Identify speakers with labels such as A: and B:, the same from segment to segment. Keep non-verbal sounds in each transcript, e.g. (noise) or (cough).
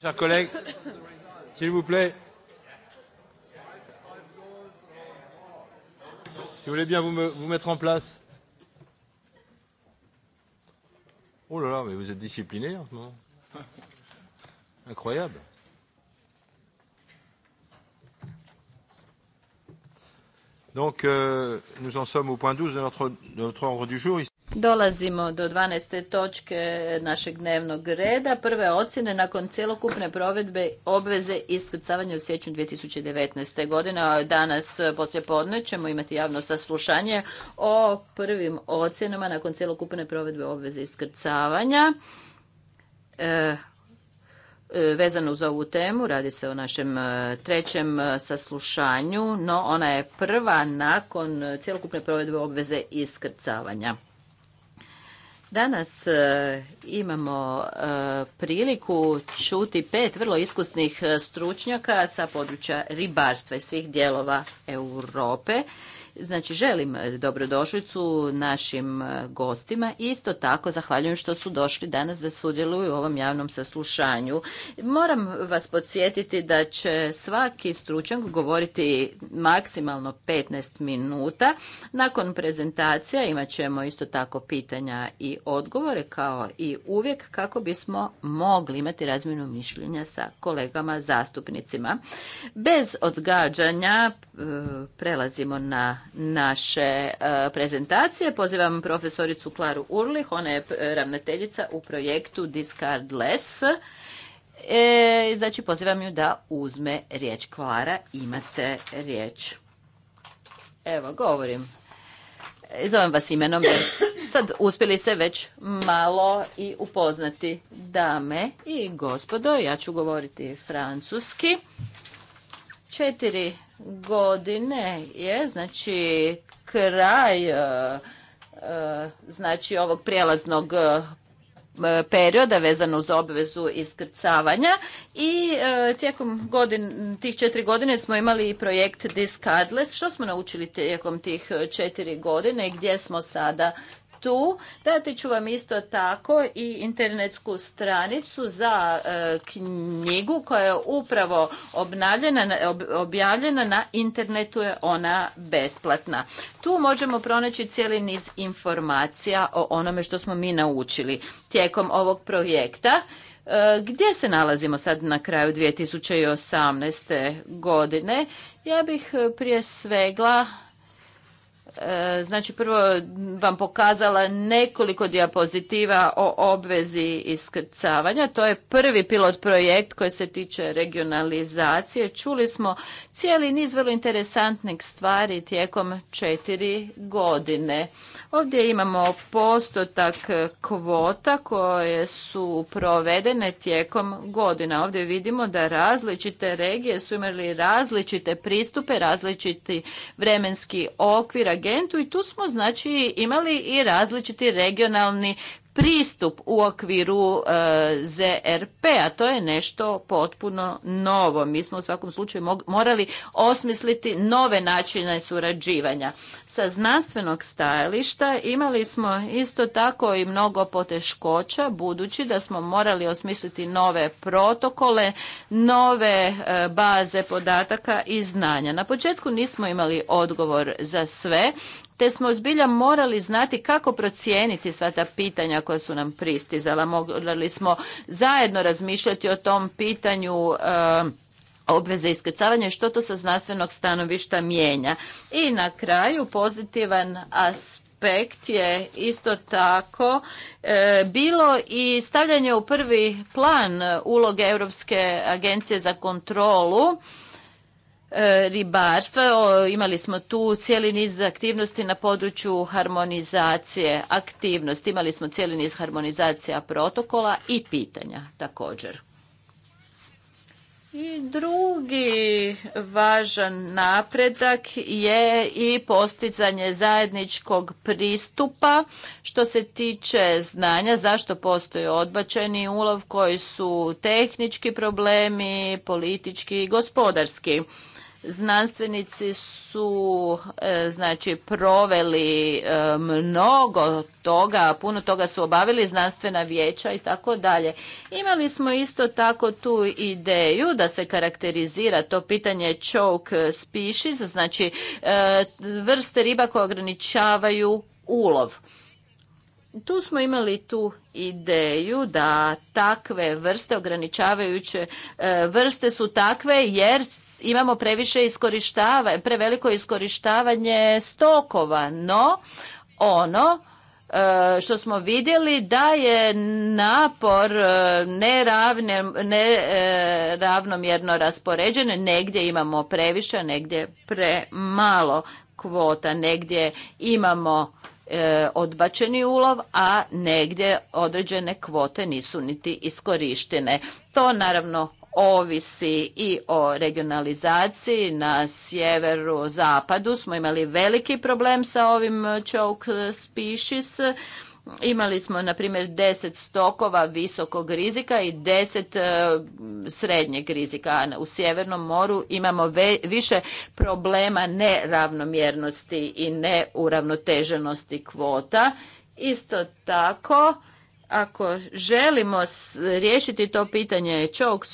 A: Chers collègues, s'il vous plaît. Si vous voulez bien vous, me, vous mettre en place. Oh là là, mais vous êtes discipliné en ce moment. Incroyable. Donc, euh, nous en sommes au point 12 de notre, de notre ordre du jour. Il
B: Dolazimo do 12. točke našeg dnevnog reda. Prve ocjene nakon cjelokupne provedbe obveze iskrcavanja u sjeću 2019. godine. Danas poslije podne ćemo imati javno saslušanje o prvim ocjenama nakon cjelokupne provedbe obveze iskrcavanja. E, e, vezano uz ovu temu, radi se o našem e, trećem saslušanju, no ona je prva nakon cjelokupne provedbe obveze iskrcavanja. Danas e, imamo e, priliku čuti pet vrlo iskusnih e, stručnjaka sa područja ribarstva i svih dijelova Europe. Znači, želim e, dobrodošlicu našim e, gostima. i Isto tako, zahvaljujem što su došli danas da sudjeluju u ovom javnom saslušanju. Moram vas podsjetiti da će svaki stručnjak govoriti maksimalno 15 minuta. Nakon prezentacija imat ćemo isto tako pitanja i odgovore, kao i uvijek, kako bismo mogli imati razmjenu mišljenja sa kolegama zastupnicima. Bez odgađanja e, prelazimo na naše e, prezentacije. Pozivam profesoricu Klaru Urlih, ona je ravnateljica u projektu Discard Less. E, znači, pozivam ju da uzme riječ. Klara, imate riječ. Evo, govorim. E, zovem vas imenom sad uspjeli se već malo i upoznati dame i gospodo. Ja ću govoriti francuski. Četiri godine je znači kraj e, e, znači ovog prijelaznog e, perioda vezano uz obvezu iskrcavanja i tijekom godin, tih četiri godine smo imali i projekt Discardless. Što smo naučili tijekom tih četiri godine i gdje smo sada tu. Dati ću vam isto tako i internetsku stranicu za e, knjigu koja je upravo objavljena na internetu je ona besplatna. Tu možemo pronaći cijeli niz informacija o onome što smo mi naučili tijekom ovog projekta. E, gdje se nalazimo sad na kraju 2018. godine? Ja bih e, prije svega E, znači prvo vam pokazala nekoliko diapozitiva o obvezi iskrcavanja. To je prvi pilot projekt koji se tiče regionalizacije. Čuli smo cijeli niz vrlo interesantnih stvari tijekom četiri godine. Ovdje imamo postotak kvota koje su provedene tijekom godina. Ovdje vidimo da različite regije su imali različite pristupe, različiti vremenski okvir, kontingentu i tu smo znači imali i različiti regionalni pristup u okviru e, ZRP-a. To je nešto potpuno novo. Mi smo u svakom slučaju morali osmisliti nove načine surađivanja. Sa znanstvenog stajališta imali smo isto tako i mnogo poteškoća budući da smo morali osmisliti nove protokole, nove e, baze podataka i znanja. Na početku nismo imali odgovor za sve te smo zbilja morali znati kako procijeniti sva ta pitanja koja su nam pristizala. Morali smo zajedno razmišljati o tom pitanju eh, obveze iskrcavanja i što to sa znanstvenog stanovišta mijenja. I na kraju pozitivan aspekt je isto tako eh, bilo i stavljanje u prvi plan uloge Europske agencije za kontrolu E, ribarstva. Imali smo tu cijeli niz aktivnosti na području harmonizacije aktivnosti. Imali smo cijeli niz harmonizacija protokola i pitanja također.
C: I drugi
B: važan napredak je i postizanje zajedničkog pristupa što se tiče znanja zašto postoji odbačeni ulov koji su tehnički problemi, politički i gospodarski. Znanstvenici su e, znači proveli e, mnogo toga, puno toga su obavili znanstvena vijeća i tako dalje. Imali smo isto tako tu ideju da se karakterizira to pitanje choke species, znači e, vrste riba koje ograničavaju ulov. Tu smo imali tu ideju da takve vrste, ograničavajuće vrste su takve jer imamo previše iskorištava, preveliko iskorištavanje stokova, no ono e, što smo vidjeli da je napor e, neravne, neravnomjerno e, raspoređen, negdje imamo previše, negdje premalo kvota, negdje imamo odbačeni ulov, a negdje određene kvote nisu niti iskorištene. To naravno ovisi i o regionalizaciji na sjeveru zapadu smo imali veliki problem sa ovim choke species imali smo na primjer 10 stokova visokog rizika i 10 e, srednjeg rizika. U Sjevernom moru imamo više problema neravnomjernosti i neuravnoteženosti kvota. Isto tako ako želimo riješiti to pitanje čovog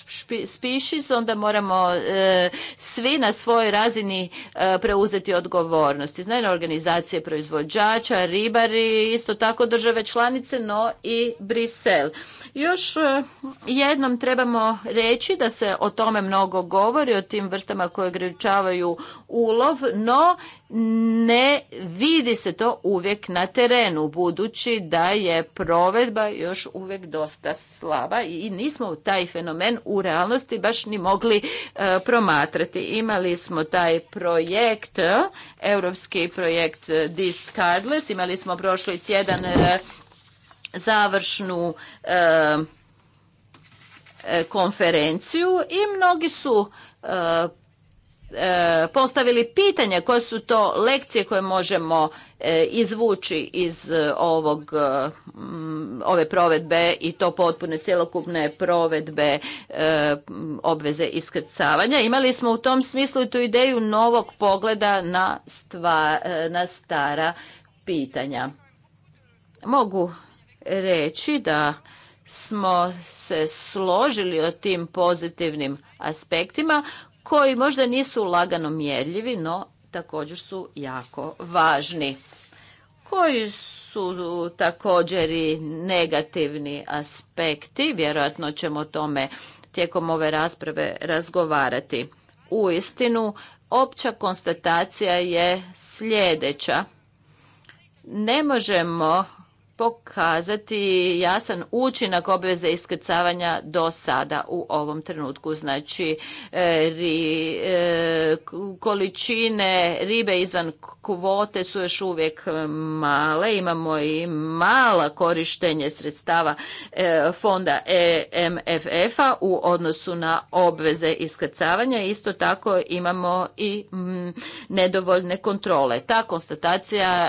B: spišis, onda moramo e, svi na svojoj razini e, preuzeti odgovornosti. Znaju organizacije proizvođača, ribari, isto tako države članice, no i Brisel. Još e, jednom trebamo reći da se o tome mnogo govori, o tim vrstama koje ograničavaju ulov, no ne vidi se to uvijek na terenu, budući da je provedba još uvijek dosta slaba i nismo taj fenomen u realnosti baš ni mogli e, promatrati. Imali smo taj projekt, europski projekt Discardless, imali smo prošli tjedan e, završnu e, konferenciju i mnogi su E, postavili pitanje koje su to lekcije koje možemo e, izvući iz e, ovog, ove provedbe i to potpune cjelokupne provedbe obveze iskrcavanja. Imali smo u tom smislu tu ideju novog pogleda na, stva, na stara pitanja. Mogu reći da smo se složili o tim pozitivnim aspektima koji možda nisu lagano mjerljivi, no također su jako važni. Koji su također i negativni aspekti, vjerojatno ćemo o tome tijekom ove rasprave razgovarati. U istinu, opća konstatacija je sljedeća. Ne možemo pokazati jasan učinak obveze iskrcavanja do sada u ovom trenutku. Znači, e, ri, e, količine ribe izvan kvote su još uvijek male. Imamo i mala korištenje sredstava e, fonda EMFF-a u odnosu na obveze iskrcavanja. Isto tako imamo i nedovoljne kontrole. Ta konstatacija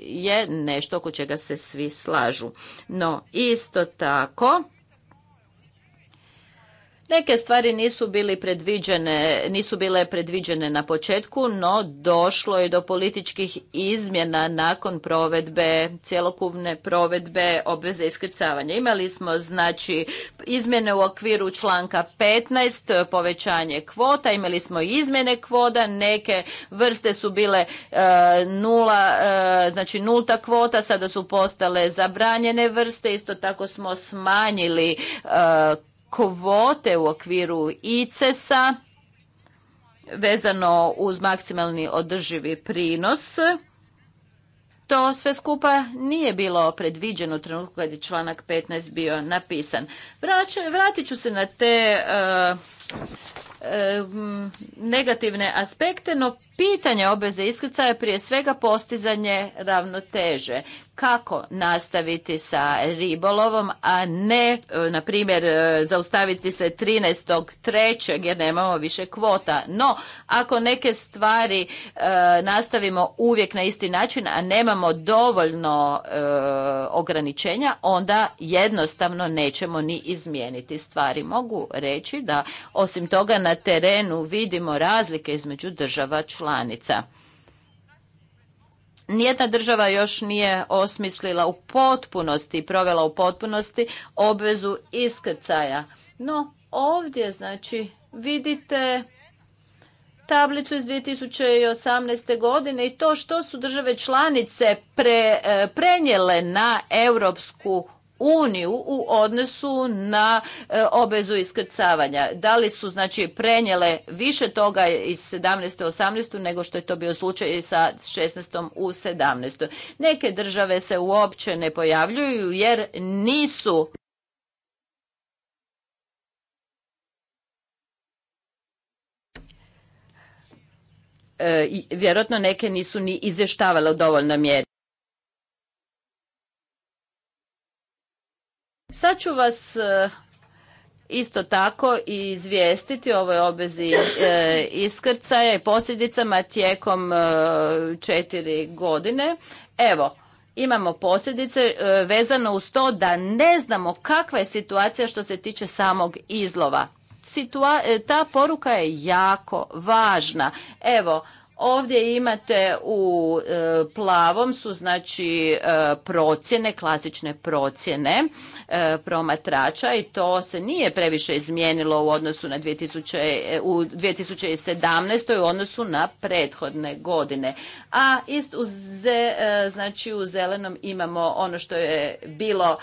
B: je nešto oko čega se svi slažu. No, isto tako, Neke stvari nisu bile predviđene, nisu bile predviđene na početku, no došlo je do političkih izmjena nakon provedbe, cjelokupne provedbe obveze iskrcavanja. Imali smo znači izmjene u okviru članka 15, povećanje kvota, imali smo izmjene kvota, neke vrste su bile e, nula, e, znači nulta kvota, sada su postale zabranjene vrste, isto tako smo smanjili e, kvote u okviru ICES-a vezano uz maksimalni održivi prinos. To sve skupa nije bilo predviđeno u trenutku kad je članak 15 bio napisan. vratit ću se na te e, e, negativne aspekte, no Pitanje obveze iskrcaja je prije svega postizanje ravnoteže. Kako nastaviti sa ribolovom, a ne, e, na primjer, e, zaustaviti se 13.3. jer nemamo više kvota. No, ako neke stvari e, nastavimo uvijek na isti način, a nemamo dovoljno ograničenja, onda jednostavno nećemo ni izmijeniti stvari. Mogu reći da, osim toga, na terenu vidimo razlike između država članica članica. Nijedna država još nije osmislila u potpunosti, provela u potpunosti obvezu iskrcaja. No ovdje znači vidite tablicu iz 2018. godine i to što su države članice prenjele prenijele na europsku uniju u odnosu na e, obezu iskrcavanja. Da li su znači prenijele više toga iz 17. 18. nego što je to bio slučaj sa 16. u 17. Neke države se uopće ne pojavljuju jer nisu e, vjerojatno neke nisu ni izvještavale u dovoljnoj mjeri. Sad ću vas e, isto tako i izvijestiti o ovoj obezi e, iskrcaja i posljedicama tijekom e, četiri godine. Evo, imamo posljedice vezano uz to da ne znamo kakva je situacija što se tiče samog izlova. ta poruka je jako važna. Evo, Ovdje imate u e, plavom su znači e, procjene, klasične procjene e, promatrača i to se nije previše izmijenilo u odnosu na 2017. u odnosu na prethodne godine. A ist u, znači u zelenom imamo ono što je bilo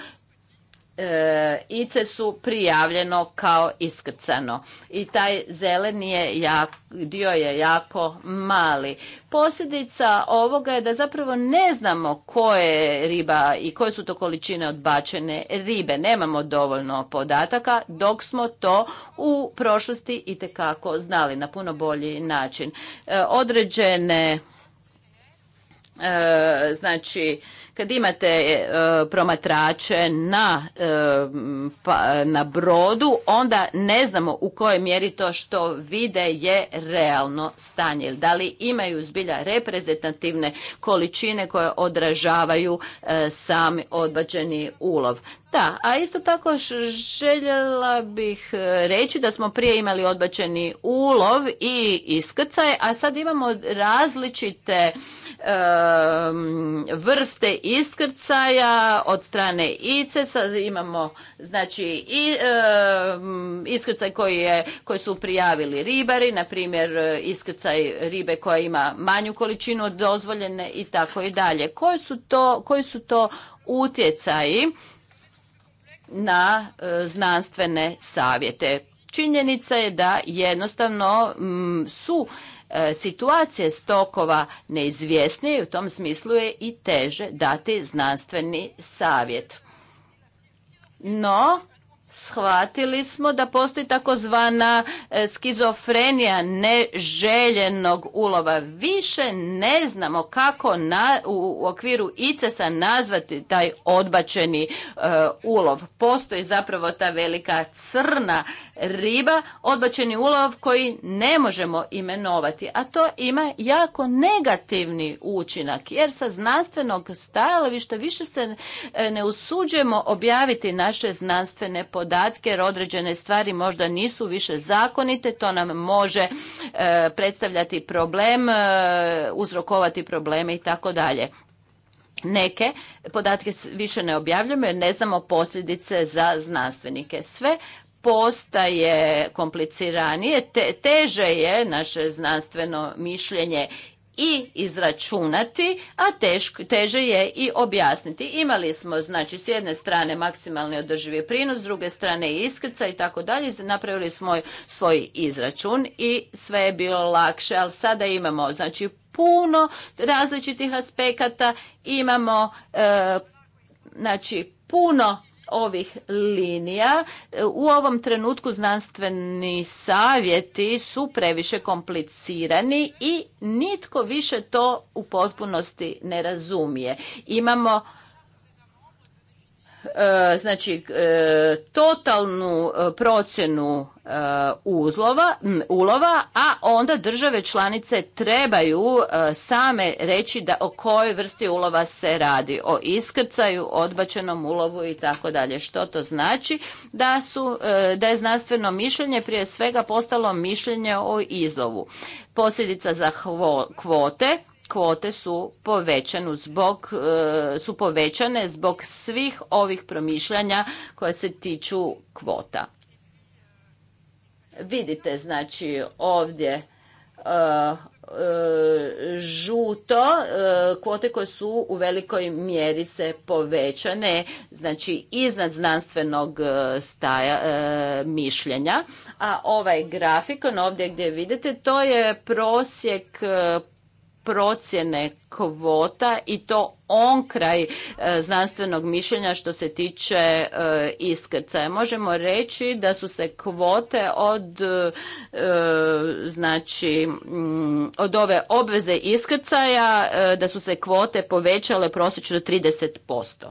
B: E, ICE-su prijavljeno kao iskrcano. I taj zeleni je jak, dio je jako mali. Posljedica ovoga je da zapravo ne znamo koje riba i koje su to količine odbačene ribe. Nemamo dovoljno podataka dok smo to u prošlosti i tekako znali na puno bolji način. E, određene E, znači kad imate e, promatrače na, e, pa, na brodu onda ne znamo u kojoj mjeri to što vide je realno stanje da li imaju zbilja reprezentativne količine koje odražavaju sami odbađeni ulov da, a isto tako željela bih e, reći da smo prije imali odbačeni ulov i iskrcaj, a sad imamo različite vrste iskrcaja od strane ICE. Imamo znači i iskrcaj koji, je, koji su prijavili ribari, na primjer e, iskrcaj ribe koja ima manju količinu dozvoljene i tako i dalje. su to, koji su to utjecaji na e, znanstvene savjete. Činjenica je da jednostavno su e, situacije stokova neizvjesnije i u tom smislu je i teže dati znanstveni savjet. No, shvatili smo da postoji takozvana e, skizofrenija neželjenog ulova. Više ne znamo kako na, u, okviru ICES-a nazvati taj odbačeni e, ulov. Postoji zapravo ta velika crna riba, odbačeni ulov koji ne možemo imenovati, a to ima jako negativni učinak, jer sa znanstvenog stajališta više se e, ne usuđujemo objaviti naše znanstvene podatke podatke jer određene stvari možda nisu više zakonite, to nam može e, predstavljati problem, e, uzrokovati probleme i tako dalje. Neke podatke više ne objavljujemo jer ne znamo posljedice za znanstvenike. Sve postaje kompliciranije, teže je naše znanstveno mišljenje i izračunati, a teško, teže je i objasniti. Imali smo znači s jedne strane maksimalni održivi prinos, s druge strane iskrca i tako dalje. Napravili smo svoj izračun i sve je bilo lakše, ali sada imamo znači puno različitih aspekata, imamo e, znači puno ovih linija. E, u ovom trenutku znanstveni savjeti su previše komplicirani i nitko više to u potpunosti ne razumije. Imamo E, znači e, totalnu e, procjenu uzlova, ulova, a onda države članice trebaju same reći da o kojoj vrsti ulova se radi, o iskrcaju, odbačenom ulovu i tako dalje. Što to znači? Da, su, da je znanstveno mišljenje prije svega postalo mišljenje o izlovu. Posljedica za kvote kvote su povećane zbog e, su povećane zbog svih ovih promišljanja koja se tiču kvota. Vidite znači ovdje e, e, žuto kvote koje su u velikoj mjeri se povećane znači iznad znanstvenog staja mišljenja a ovaj grafikon ovdje gdje vidite to je prosjek procjene kvota i to on kraj e, znanstvenog mišljenja što se tiče e, iskrcaja. Možemo reći da su se kvote od e, znači od ove obveze iskrcaja da su se kvote povećale prosječno 30%.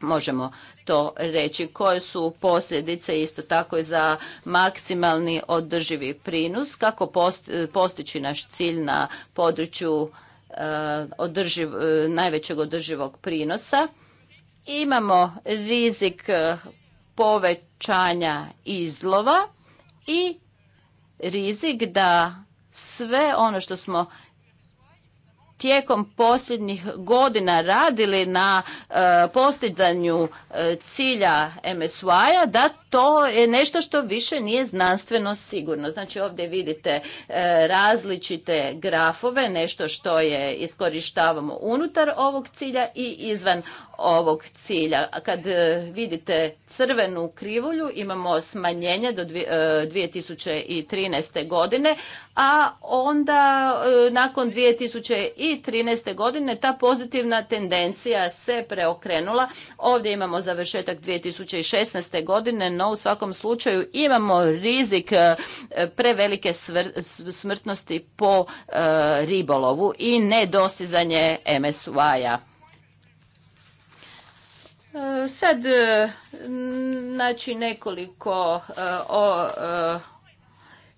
B: Možemo to reći. Koje su posljedice isto tako i za maksimalni održivi prinos, kako postići naš cilj na području eh, eh, najvećeg održivog prinosa. Imamo rizik eh, povećanja izlova i rizik da sve ono što smo tijekom posljednjih godina radili na e, postizanju e, cilja MSY-a, da to je nešto što više nije znanstveno sigurno. Znači ovdje vidite e, različite grafove, nešto što je iskorištavamo unutar ovog cilja i izvan ovog cilja. Kad e, vidite crvenu krivulju imamo smanjenje do dvi, 2013. godine, a onda nakon 2013. 2013. godine ta pozitivna tendencija se preokrenula. Ovdje imamo završetak 2016. godine, no u svakom slučaju imamo rizik e, prevelike smrtnosti po e, ribolovu i nedostizanje MSY-a. E, sad, znači nekoliko o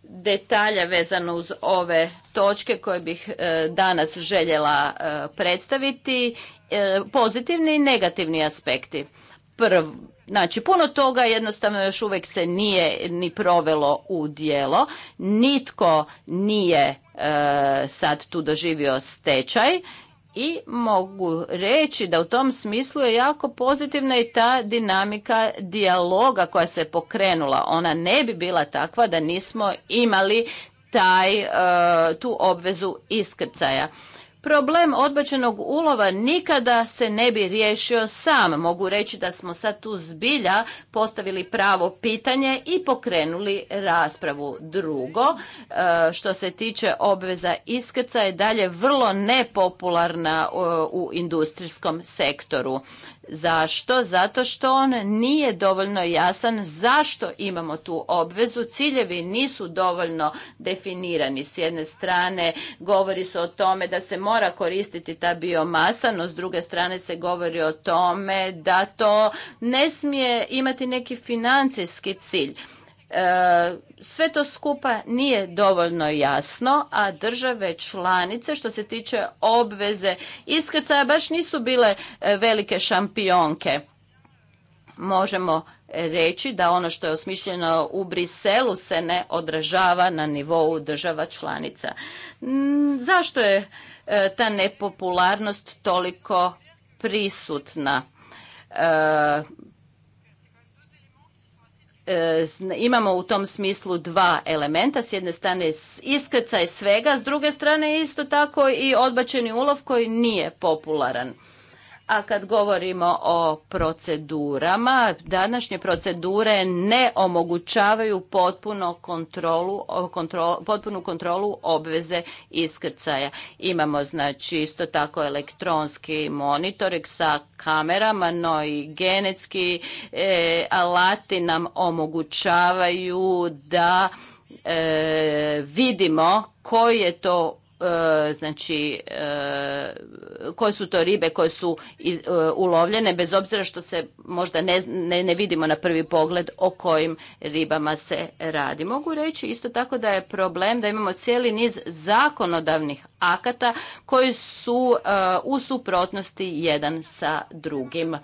B: detalja vezano uz ove točke koje bih e, danas željela e, predstaviti, e, pozitivni i negativni aspekti. Prvo, Znači, puno toga jednostavno još uvijek se nije ni provelo u dijelo. Nitko nije sad tu doživio stečaj i mogu reći da u tom smislu je jako pozitivna i ta dinamika dijaloga koja se pokrenula. Ona ne bi bila takva da nismo imali taj, e, tu obvezu iskrcaja problem odbačenog ulova nikada se ne bi riješio sam. Mogu reći da smo sad tu zbilja postavili pravo pitanje i pokrenuli raspravu. Drugo, e, što se tiče obveza iskrca je dalje vrlo nepopularna e, u industrijskom sektoru. Zašto? Zato što on nije dovoljno jasan zašto imamo tu obvezu. Ciljevi nisu dovoljno definirani. S jedne strane govori se o tome da se mora koristiti ta biomasa, no s druge strane se govori o tome da to ne smije imati neki financijski cilj. E, sve to skupa nije dovoljno jasno, a države članice što se tiče obveze iskrcaja baš nisu bile e, velike šampionke. Možemo reći da ono što je osmišljeno u Briselu se ne odražava na nivou država članica. Mm, zašto je e, ta nepopularnost toliko prisutna? E, imamo u tom smislu dva elementa, s jedne strane iskrcaj svega, s druge strane isto tako i odbačeni ulov koji nije popularan a kad govorimo o procedurama, današnje procedure ne omogućavaju potpunu kontrolu obveze iskrcaja. Imamo znači isto tako elektronski monitoring sa kamerama, no i genetski e, alati nam omogućavaju da e, vidimo koji je to E, znači e, koje su to ribe koje su e, ulovljene bez obzira što se možda ne, ne, ne vidimo na prvi pogled o kojim ribama se radi. Mogu reći isto tako da je problem da imamo cijeli niz zakonodavnih akata koji su u suprotnosti jedan sa drugim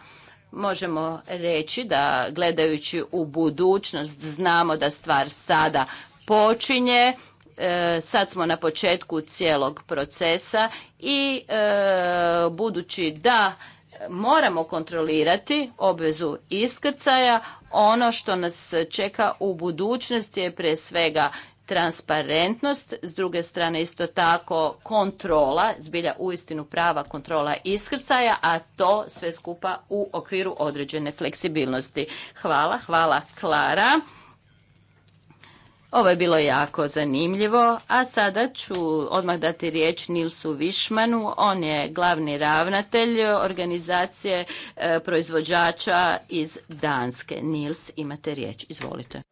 B: možemo reći da gledajući u budućnost znamo da stvar sada počinje E, sad smo na početku cijelog procesa i e, budući da moramo kontrolirati obvezu iskrcaja, ono što nas čeka u budućnosti je pre svega transparentnost, s druge strane isto tako kontrola, zbilja uistinu prava kontrola iskrcaja, a to sve skupa u okviru određene fleksibilnosti. Hvala, hvala Klara. Ovo je bilo jako zanimljivo, a sada ću odmah dati riječ Nilsu Višmanu. On je glavni ravnatelj organizacije e, proizvođača iz Danske. Nils, imate riječ, izvolite.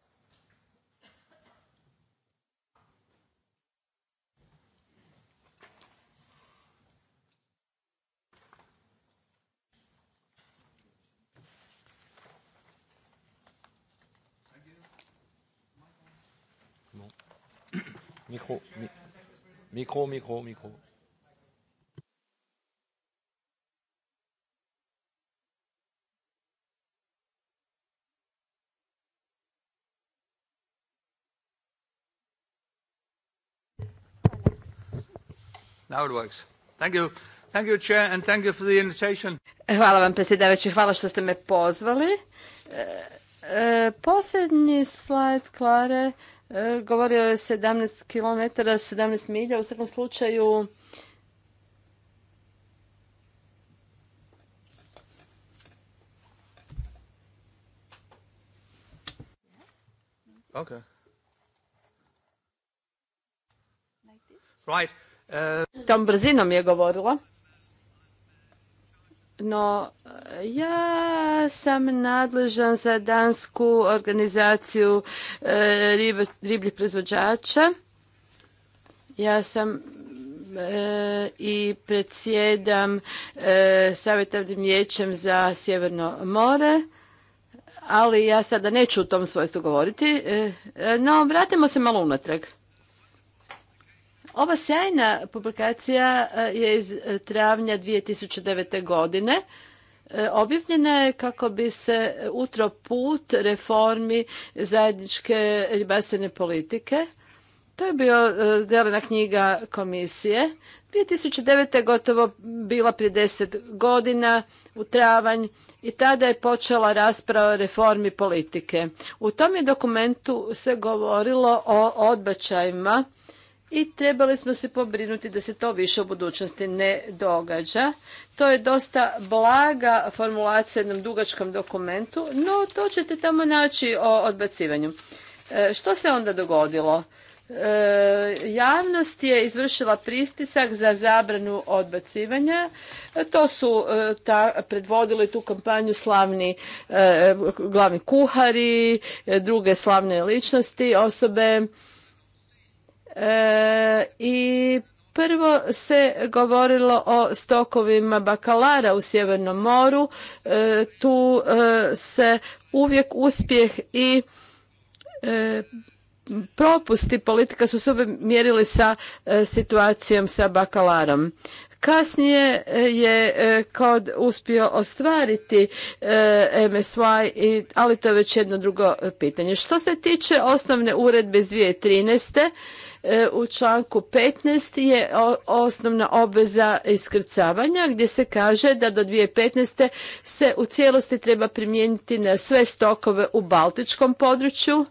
B: Now it works. Thank you. Thank you, Chair, and thank you for the
C: invitation. Hvala vam, predsjedavajući. Hvala što ste me pozvali. E, e, posljednji slajd, Klare. E, govorio je 17 km, 17 milja. U svakom slučaju
D: Okay. Right. Uh, Tom brzinom
C: je govorila no ja sam nadležan za dansku organizaciju e, ribljih proizvođača. Ja sam e, i predsjedam e, savjetavnim vijećem za Sjeverno more, ali ja sada neću u tom svojstvu govoriti. E, no, vratimo se malo unatrag. Ova sjajna publikacija eh, je iz eh, travnja 2009. godine. Eh, objavljena je kako bi se utro put reformi zajedničke ribarstvene politike. To je bio zelena knjiga komisije. 2009. je gotovo bila prije deset godina u travanj i tada je počela rasprava o reformi politike. U tom je dokumentu se govorilo o odbačajima i trebali smo se pobrinuti da se to više u budućnosti ne događa. To je dosta blaga formulacija u jednom dugačkom dokumentu, no to ćete tamo naći o odbacivanju. E, što se onda dogodilo? E, javnost je izvršila pristisak za zabranu odbacivanja. E, to su ta, predvodili tu kampanju slavni glavni kuhari, druge slavne ličnosti, osobe E, i Prvo se govorilo o stokovima bakalara u Sjevernom moru. E, tu e, se uvijek uspjeh i propusti politika su se mjerili sa situacijom sa bakalarom. Kasnije je kod uspio ostvariti MSY, ali to je već jedno drugo pitanje. Što se tiče osnovne uredbe iz 2013. E, u članku 15 je osnovna obveza iskrcavanja gdje se kaže da do 2015. se u cijelosti treba primijeniti na sve stokove u Baltičkom području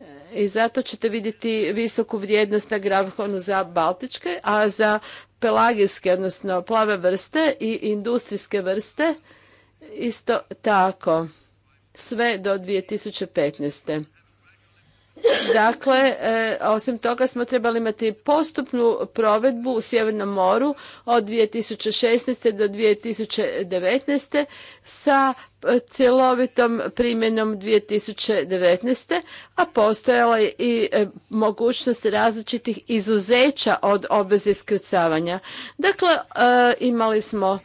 C: e, i zato ćete vidjeti visoku vrijednost na grafonu za Baltičke, a za pelagijske, odnosno plave vrste i industrijske vrste isto tako sve do 2015. Dakle, e, osim toga smo trebali imati postupnu provedbu u Sjevernom moru od 2016. do 2019. sa e, cjelovitom primjenom 2019. a postojala je i e, mogućnost različitih izuzeća od obveze skrcavanja. Dakle, imali smo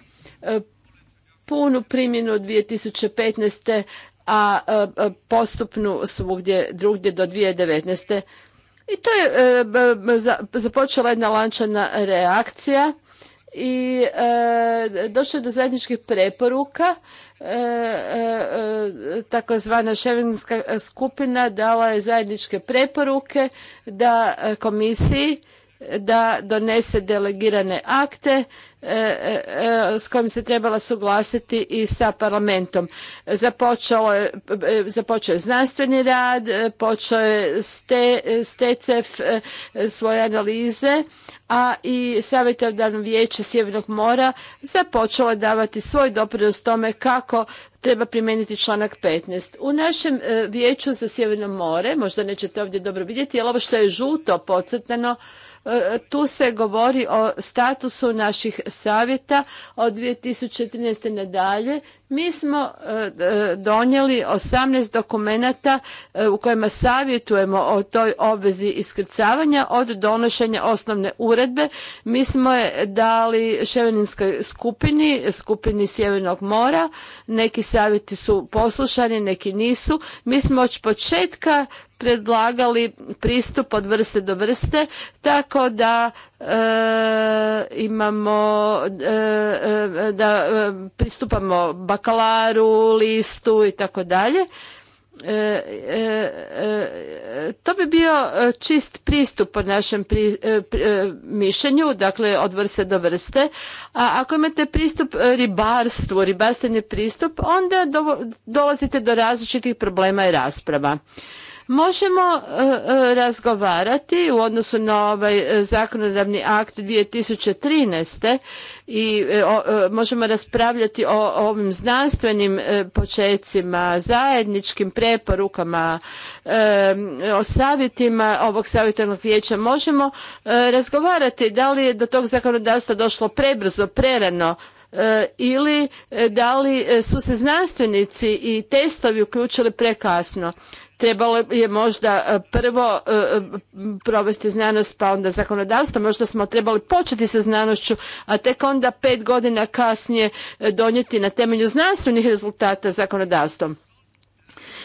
C: punu primjenu 2015 a postupnu svugdje drugdje do 2019. I to je e, započela jedna lančana reakcija i e, došlo je do zajedničkih preporuka e, takozvana ševinska skupina dala je zajedničke preporuke da komisiji da donese delegirane akte E, e, e, s kojim se trebala suglasiti i sa parlamentom. je, započeo je znanstveni rad, počeo je ste, STECEF svoje analize, a i savjetodavno vijeće Sjevernog mora započelo je davati svoj doprinos tome kako treba primijeniti članak 15. U našem vijeću za Sjeverno more, možda nećete ovdje dobro vidjeti, jer ovo što je žuto podcrtano, tu se govori o statusu naših savjeta od 2013. nadalje. Mi smo e, e, donijeli 18 dokumenata e, u kojima savjetujemo o toj obvezi iskrcavanja od donošenja osnovne uredbe. Mi smo je dali Ševeninskoj skupini, skupini Sjevernog mora. Neki savjeti su poslušani, neki nisu. Mi smo od početka predlagali pristup od vrste do vrste tako da e, imamo e, e, da pristupamo bakalaru, listu i tako dalje. To bi bio čist pristup po našem pri, mišljenju, dakle od vrste do vrste. A ako imate pristup ribarstvu, ribarstveni pristup, onda dolazite do različitih problema i rasprava. Možemo e, e, razgovarati u odnosu na ovaj e, zakonodavni akt 2013. i možemo raspravljati o ovim znanstvenim počecima, zajedničkim preporukama, o savjetima ovog savjetovnog vijeća. Možemo razgovarati da li je do tog zakonodavstva došlo prebrzo, prerano, ili da li su se znanstvenici i testovi uključili prekasno. Trebalo je možda e, prvo e, e, provesti znanost pa onda zakonodavstvo. Možda smo trebali početi sa znanošću, a tek onda pet godina kasnije donijeti na temelju znanstvenih rezultata zakonodavstvom.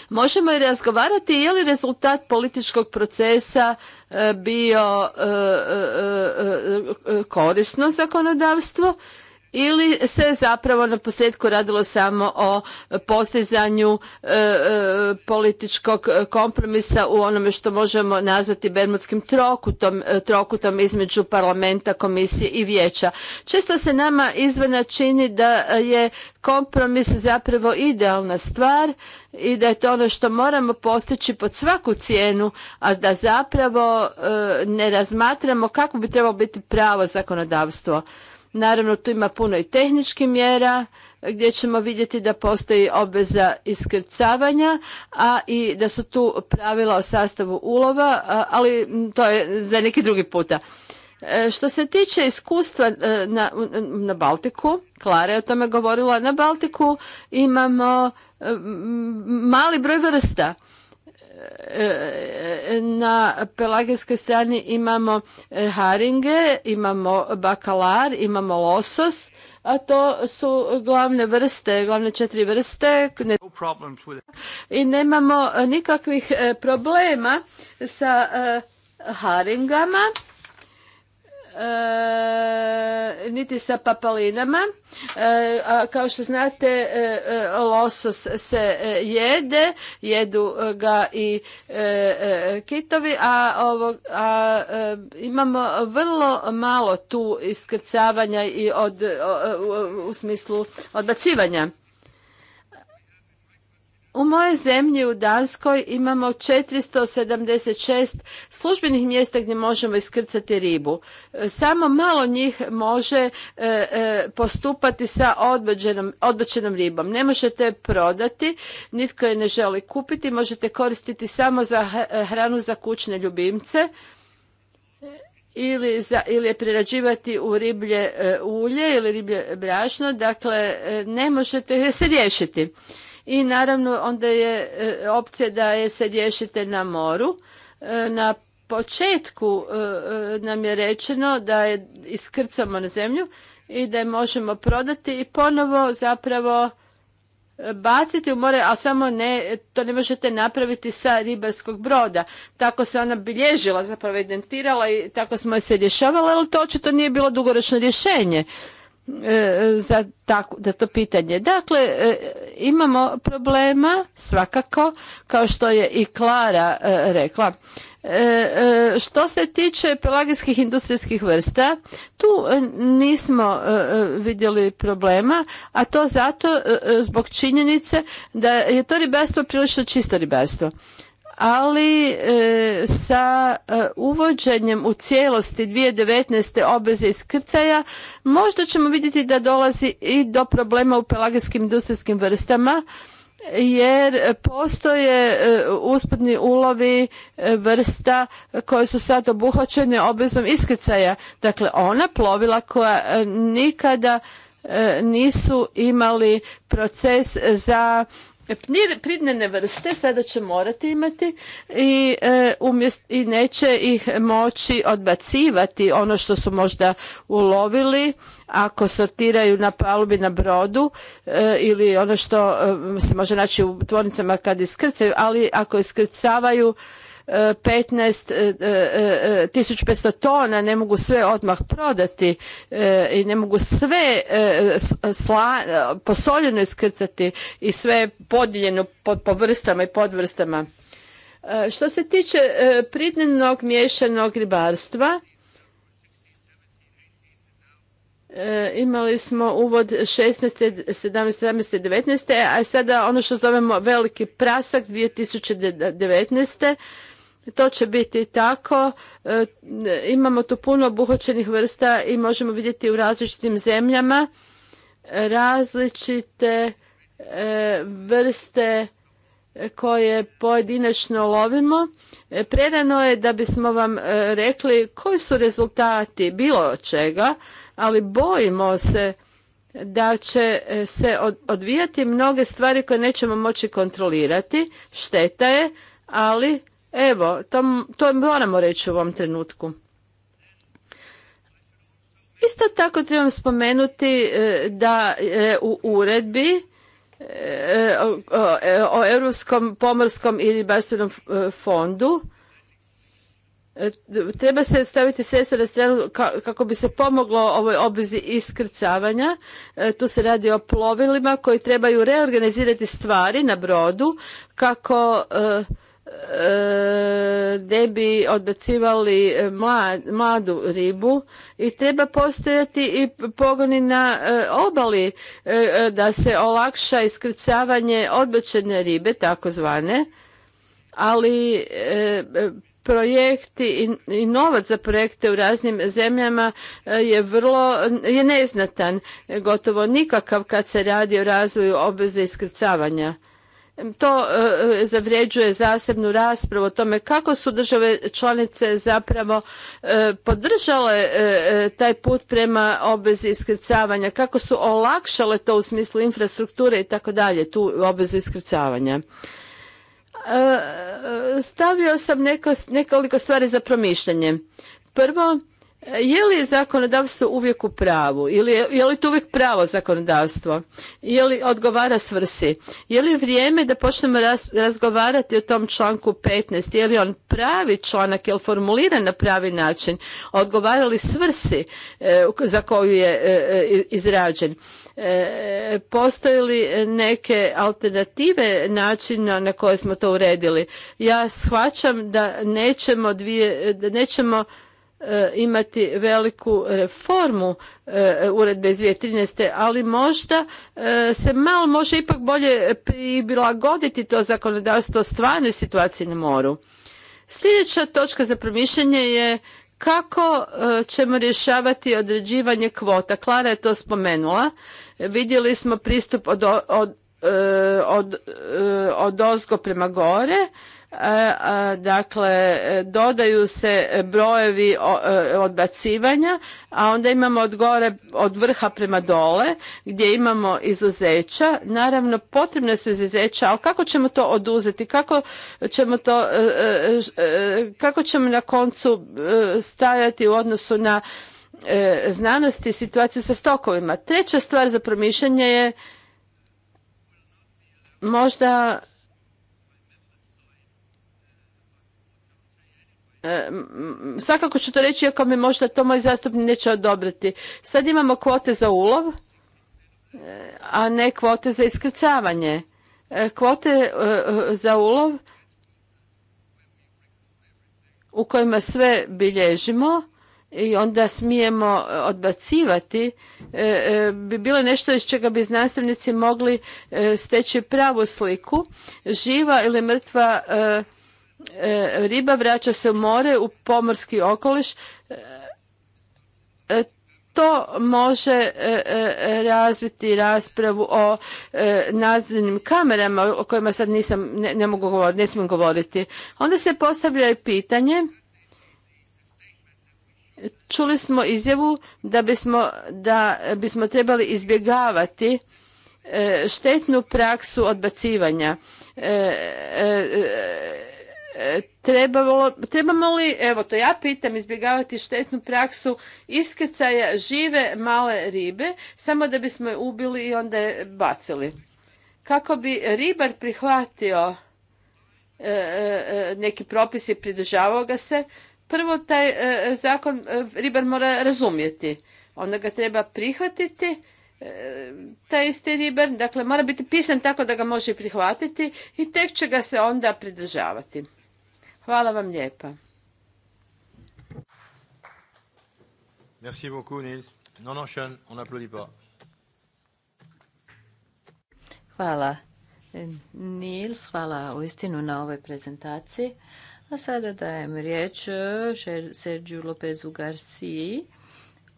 C: Možemo i razgovarati je li rezultat političkog procesa bio korisno zakonodavstvo ili se zapravo na posljedku radilo samo o postizanju e, e, političkog kompromisa u onome što možemo nazvati bermudskim trokutom, e, trokutom između parlamenta, komisije i vijeća. Često se nama izvana čini da je kompromis zapravo idealna stvar i da je to ono što moramo postići pod svaku cijenu, a da zapravo ne razmatramo kako bi trebalo biti pravo zakonodavstvo. Naravno, tu ima puno i tehničkih mjera gdje ćemo vidjeti da postoji obveza iskrcavanja, a i da su tu pravila o sastavu ulova, ali to je za neki drugi puta. E, što se tiče iskustva e, na, na Baltiku, Klara je o tome govorila, na Baltiku imamo e, mali broj vrsta na pelagijskoj strani imamo e, haringe, imamo bakalar, imamo losos, a to su glavne vrste, glavne četiri vrste. I nemamo nikakvih e, problema sa e, haringama E, niti sa papalinama. E, a kao što znate, e, losos se jede, jedu ga i kitovi, a, imamo vrlo malo tu iskrcavanja i u smislu odbacivanja. U moje zemlji u Danskoj imamo 476 službenih mjesta gdje možemo iskrcati ribu. Samo malo njih može e, e, postupati sa odbačenom, ribom. Ne možete prodati, nitko je ne želi kupiti, možete koristiti samo za e, hranu za kućne ljubimce ili, za, ili je prerađivati u riblje ulje ili riblje brašno, dakle ne možete se riješiti i naravno onda je e, opcija da je se riješite na moru. E, na početku e, nam je rečeno da je iskrcamo na zemlju i da je možemo prodati i ponovo zapravo baciti u more, ali samo ne, to ne možete napraviti sa ribarskog broda. Tako se ona bilježila, zapravo identirala i tako smo se rješavali, ali to očito nije bilo dugoročno rješenje. E, za, tako, za to pitanje. Dakle, e, imamo problema svakako, kao što je i Klara e, rekla. Što se tiče pelagijskih industrijskih vrsta, tu nismo vidjeli problema, a to zato zbog činjenice da je to ribarstvo prilično čisto ribarstvo ali e, sa e, uvođenjem u cijelosti 2019. obveze iskrcaja možda ćemo vidjeti da dolazi i do problema u pelagijskim industrijskim vrstama jer postoje e, uspodni ulovi vrsta koje su sad obuhvaćene obvezom iskrcaja. Dakle, ona plovila koja nikada nisu imali proces za E, pridnene vrste sada će morati imati i, e, umjest, i neće ih moći odbacivati ono što su možda ulovili ako sortiraju na palubi na brodu e, ili ono što se može naći u tvornicama kad iskrcaju, ali ako iskrcavaju 1500 e, e, e, tona, ne mogu sve odmah prodati i ne mogu sve posoljeno iskrcati i sve podijeljeno po, vrstama i podvrstama. Što se tiče pridnenog miješanog ribarstva, imali smo uvod 16. 17. 17. 19. a sada ono što zovemo veliki prasak 2019 to će biti tako. E, imamo tu puno obuhoćenih vrsta i možemo vidjeti u različitim zemljama različite e, vrste koje pojedinačno lovimo. E, Prerano je da bismo vam rekli koji su rezultati bilo čega, ali bojimo se da će se odvijati mnoge stvari koje nećemo moći kontrolirati. Šteta je, ali Evo, to, to moramo reći u ovom trenutku. Isto tako trebam spomenuti e, da u uredbi e, e, o Europskom pomorskom i ribarstvenom fondu treba se staviti sredstva na stranu kako bi se pomoglo ovoj obvezi iskrcavanja. Tu se radi o plovilima koji trebaju reorganizirati stvari na brodu kako gdje bi odbacivali mladu ribu i treba postojati i pogoni na e, obali e, e, da se olakša iskrcavanje odbačene ribe, takozvane, ali projekti i novac za projekte u raznim zemljama je vrlo je neznatan, gotovo nikakav kad se radi o razvoju obveze iskrcavanja to e, e, zavređuje zasebnu raspravu o tome kako su države članice zapravo e, podržale taj put prema obvezi iskrcavanja, kako su olakšale to u smislu infrastrukture i tako dalje, tu obvezu iskrcavanja. Stavio sam nekoliko stvari za promišljanje. Prvo, je li zakonodavstvo uvijek u pravu? Ili je, je li to uvijek pravo zakonodavstvo? Je li odgovara svrsi? Je li vrijeme da počnemo razgovarati o tom članku 15? Je li on pravi članak? Je formuliran na pravi način? Odgovara li svrsi e, za koju je e, e, izrađen? E, postoje li neke alternative načina na koje smo to uredili? Ja shvaćam da nećemo da nećemo E, imati veliku reformu e, uredbe iz 2013. ali možda e, se malo može ipak bolje prilagoditi to zakonodavstvo stvarnoj situaciji na moru. Sljedeća točka za promišljanje je kako ćemo rješavati određivanje kvota. Klara je to spomenula. Vidjeli smo pristup od, od ozgo prema gore dakle dodaju se brojevi e, odbacivanja, a onda imamo od gore, od vrha prema dole gdje imamo izuzeća. Naravno potrebne su izuzeća, ali kako ćemo to oduzeti, kako ćemo to, e, e, kako ćemo na koncu stajati u odnosu na znanosti i situaciju sa stokovima. Treća stvar za promišljanje je možda E, svakako ću to reći, iako mi možda to moj zastupnik neće odobriti. Sad imamo kvote za ulov, e, a ne kvote za iskrcavanje. E, kvote za ulov u kojima sve bilježimo i onda smijemo odbacivati bi bilo nešto iz čega bi znanstvenici mogli steći pravu sliku. Živa ili mrtva E, riba vraća se u more, u pomorski okoliš. E, e, to može razviti raspravu o nazivnim kamerama o kojima sad nisam, ne, mogu govoriti, ne smijem govoriti. Onda se postavlja i pitanje čuli smo izjavu da bismo, da bismo trebali izbjegavati štetnu praksu odbacivanja trebamo li, evo to ja pitam, izbjegavati štetnu praksu iskecaja žive male ribe, samo da bismo je ubili i onda je bacili. Kako bi ribar prihvatio e, e, e, neki propis i pridržavao ga se, prvo taj zakon ribar mora razumjeti. Onda ga treba prihvatiti, taj isti ribar, dakle mora biti pisan tako da ga može prihvatiti i tek će ga se onda pridržavati. Hvala vam lijepa.
B: Hvala, Nils. Hvala u istinu na ovoj prezentaciji. A sada dajem riječ e, Sergiju Lopezu Garciji.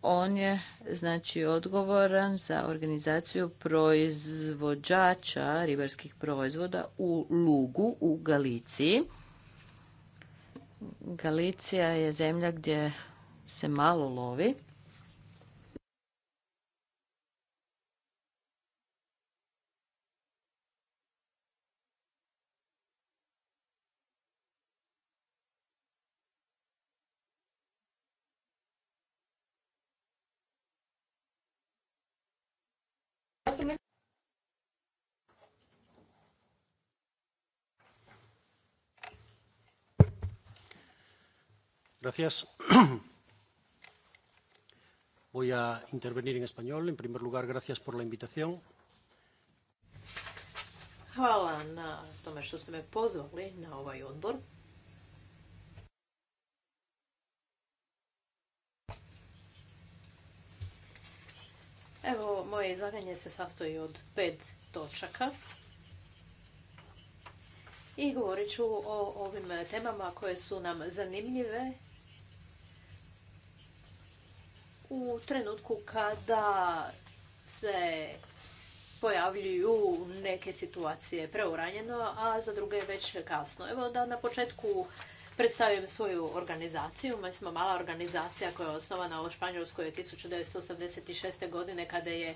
B: On je znači odgovoran za organizaciju proizvođača ribarskih proizvoda u Lugu u Galiciji. Galicija je zemlja gdje se malo lovi.
A: Gracias. (clears throat) Voy a intervenir en español. En lugar, gracias por la
D: Hvala na tome što ste me pozvali na ovaj odbor. Evo, moje izlaganje se sastoji od pet točaka. I govorit ću o ovim temama koje su nam zanimljive u trenutku kada se pojavljuju neke situacije preuranjeno, a za druge je već kasno. Evo da na početku predstavim svoju organizaciju. Mi smo mala organizacija koja je osnovana u Španjolskoj 1986. godine kada je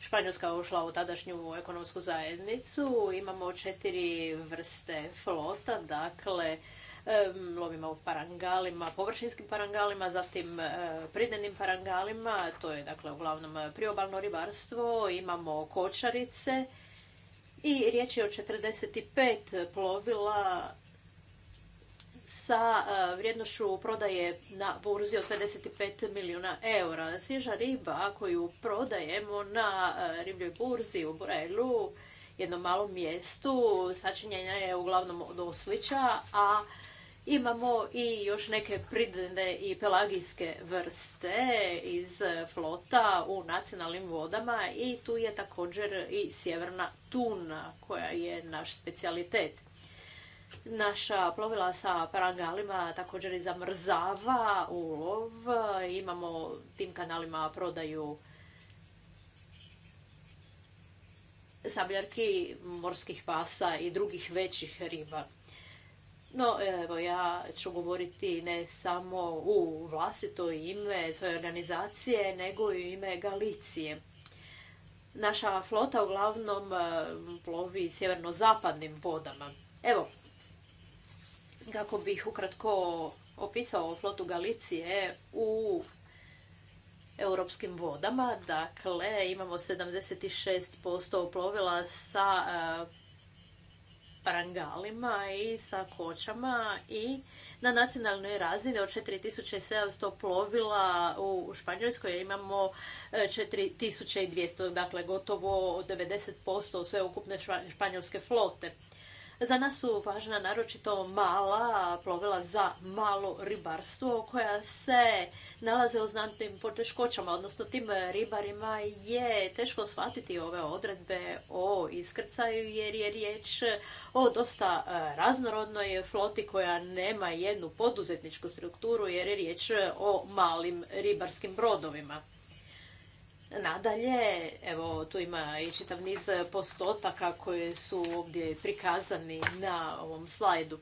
D: Španjolska ušla u tadašnju ekonomsku zajednicu. Imamo četiri vrste flota, dakle lovima u parangalima, površinskim parangalima, zatim e, pridenim parangalima, to je dakle uglavnom priobalno ribarstvo, imamo kočarice i riječ je o 45 plovila sa e, vrijednošću prodaje na burzi od 55 milijuna eura. Svježa riba koju prodajemo na e, ribljoj burzi u Borelu, jednom malom mjestu, sačinjenja je uglavnom od oslića, a Imamo i još neke pridne i pelagijske vrste iz flota u nacionalnim vodama i tu je također i sjeverna tuna koja je naš specijalitet. Naša plovila sa parangalima također i zamrzava ulov. Imamo tim kanalima prodaju sabljarki, morskih pasa i drugih većih riba. No, evo, ja ću govoriti ne samo u vlastito ime svoje organizacije, nego i u ime Galicije. Naša flota uglavnom e, plovi sjeverno-zapadnim vodama. Evo, kako bih ukratko opisao flotu Galicije u europskim vodama. Dakle, imamo 76% plovila sa e, parangalima i sa kočama i na nacionalnoj razini od 4700 plovila u Španjolskoj imamo 4200, e, dakle gotovo 90% sveukupne španjolske flote. Za nas su važna naročito mala plovila za malo ribarstvo koja se nalaze u znatnim poteškoćama, odnosno tim ribarima je teško shvatiti ove odredbe o iskrcaju jer je riječ o dosta e, raznorodnoj floti koja nema jednu poduzetničku strukturu jer je riječ o malim ribarskim brodovima. Nadalje, evo tu ima i čitav niz postotaka koje su ovdje prikazani na ovom slajdu.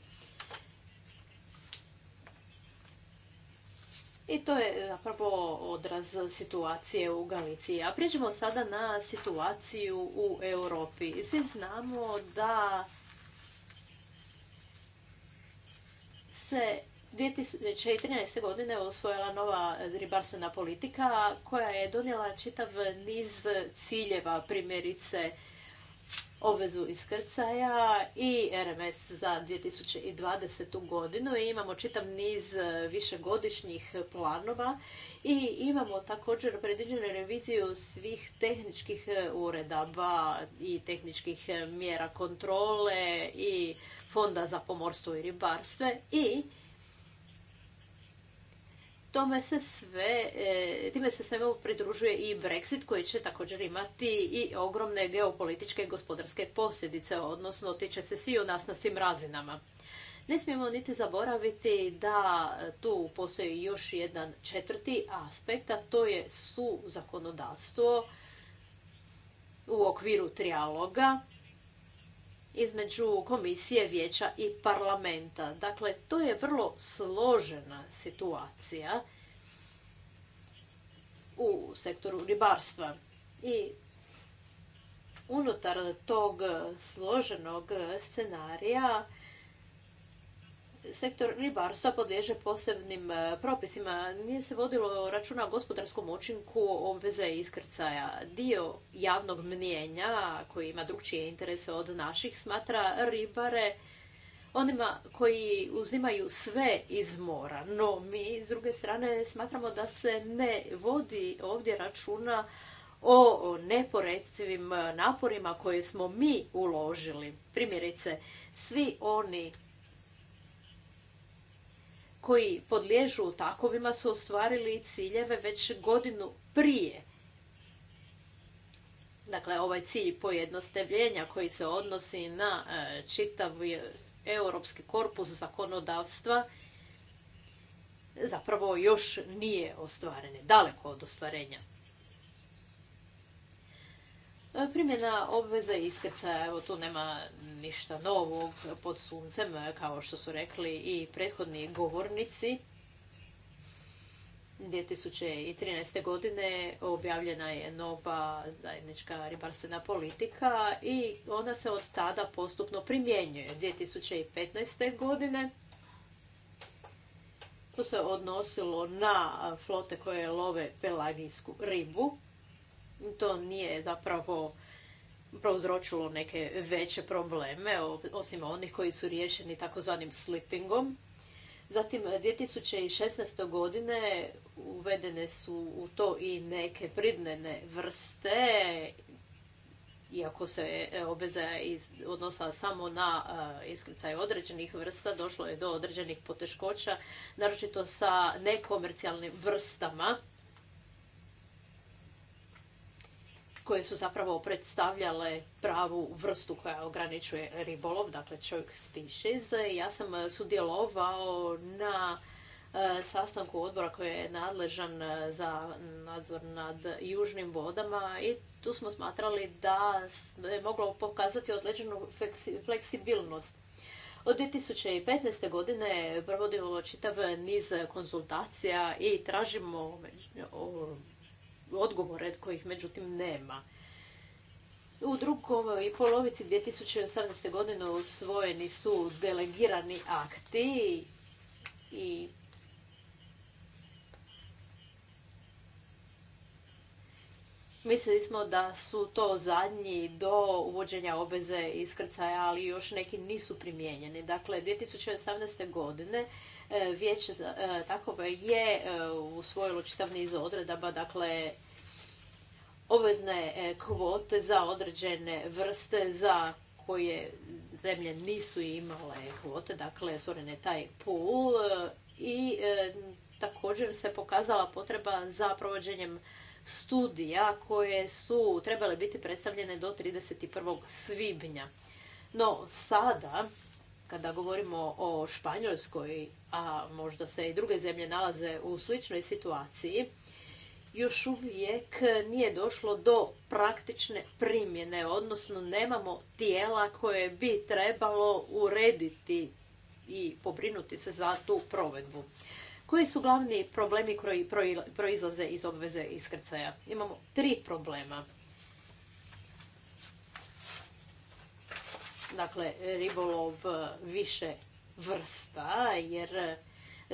D: I to je zapravo odraz situacije u Galiciji. A priđemo sada na situaciju u Europi. Svi znamo da se 2014. godine osvojila nova ribarstvena politika koja je donijela čitav niz ciljeva, primjerice obvezu iskrcaja i RMS za 2020. godinu i imamo čitav niz višegodišnjih planova i imamo također predviđenu reviziju svih tehničkih uredaba i tehničkih mjera kontrole i fonda za pomorstvo i ribarstve i Tome se sve, e, time se svemu pridružuje i Brexit koji će također imati i ogromne geopolitičke i gospodarske posljedice, odnosno tiče se svi u nas na svim razinama. Ne smijemo niti zaboraviti da tu postoji još jedan četvrti aspekt, a to je su zakonodavstvo u okviru trijaloga između komisije, vijeća i parlamenta. Dakle, to je vrlo složena situacija u sektoru ribarstva. I unutar tog složenog scenarija sektor ribarstva podliježe posebnim e, propisima. Nije se vodilo računa o gospodarskom učinku obveze iskrcaja. Dio javnog mnijenja koji ima drugčije interese od naših smatra ribare onima koji uzimaju sve iz mora. No mi s druge strane smatramo da se ne vodi ovdje računa o neporecivim naporima koje smo mi uložili. Primjerice, svi oni koji podliježu takovima su ostvarili ciljeve već godinu prije. Dakle, ovaj cilj pojednostavljenja koji se odnosi na e, čitav europski korpus zakonodavstva zapravo još nije ostvaren, daleko od ostvarenja. E, primjena obveza iskrcaja, evo tu nema ništa novog pod suncem, e, kao što su rekli i prethodni govornici. 2013. godine objavljena je nova zajednička ribarstvena politika i ona se od tada postupno primjenjuje. 2015. godine to se odnosilo na flote koje love pelagijsku ribu to nije zapravo prouzročilo neke veće probleme, osim onih koji su riješeni takozvanim slippingom. Zatim, 2016. godine uvedene su u to i neke pridnene vrste, iako se e, obeza odnosila samo na e, iskricaj određenih vrsta, došlo je do određenih poteškoća, naročito sa nekomercijalnim vrstama koje su zapravo predstavljale pravu vrstu koja ograničuje ribolov, dakle čovjek species. Ja sam e, sudjelovao na e, sastanku odbora koji je nadležan e, za nadzor nad južnim vodama i tu smo smatrali da je moglo pokazati određenu fleksibilnost. Od 2015. godine provodimo čitav niz konzultacija i tražimo odgovore kojih međutim nema. U drugoj polovici 2018. godine usvojeni su delegirani akti i Mislili smo da su to zadnji do uvođenja obveze iskrcaja, ali još neki nisu primijenjeni. Dakle, 2018. godine E, vijeće e, takove je e, usvojilo čitav niz odredaba, dakle obvezne kvote za određene vrste za koje zemlje nisu imale kvote, dakle stvoren je taj pool i također se pokazala potreba za provođenjem studija koje su trebale biti predstavljene do 31. svibnja. No sada kada govorimo o Španjolskoj, a možda se i druge zemlje nalaze u sličnoj situaciji, još uvijek nije došlo do praktične primjene, odnosno nemamo tijela koje bi trebalo urediti i pobrinuti se za tu provedbu. Koji su glavni problemi koji proizlaze iz obveze iskrcaja? Imamo tri problema. dakle, ribolov e, više vrsta, jer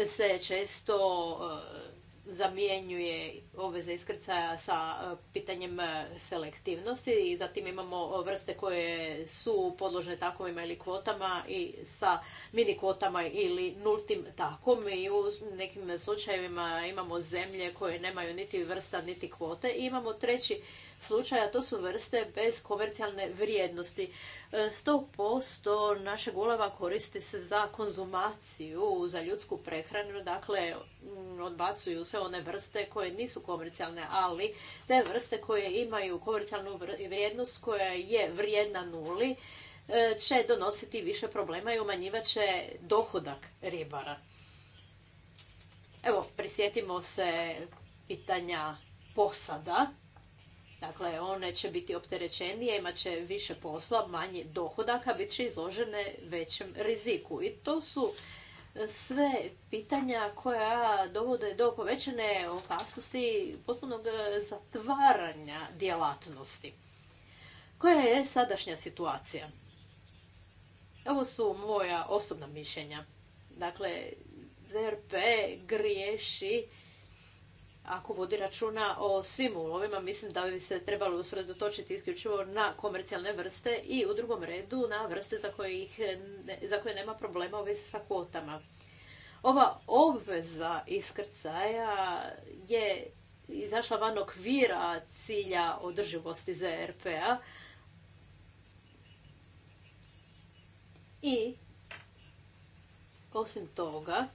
D: se često e, zamjenjuje obveze iskrcaja sa e, pitanjem selektivnosti i zatim imamo vrste koje su podložne takovima ili kvotama i sa mini kvotama ili nultim takom i u nekim slučajevima imamo zemlje koje nemaju niti vrsta niti kvote i imamo treći slučaja to su vrste bez komercijalne vrijednosti. 100% e, našeg ulova koristi se za konzumaciju, za ljudsku prehranu, dakle mm, odbacuju se one vrste koje nisu komercijalne, ali te vrste koje imaju komercijalnu vrijednost koja je vrijedna nuli, e, će donositi više problema i će dohodak ribara. Evo, prisjetimo se pitanja posada Dakle, one će biti opterećenije, imat će više posla, manje dohodaka, bit će izložene većem riziku. I to su e, sve pitanja koja dovode do povećane opasnosti potpunog e, zatvaranja djelatnosti. Koja je sadašnja situacija? Ovo su moja osobna mišljenja. Dakle, ZRP griješi ako vodi računa o svim ulovima, mislim da bi se trebalo usredotočiti isključivo na komercijalne vrste i u drugom redu na vrste za koje, ih, za koje nema problema u vezi sa kvotama. Ova obveza iskrcaja je izašla van okvira cilja održivosti ZRP-a i osim toga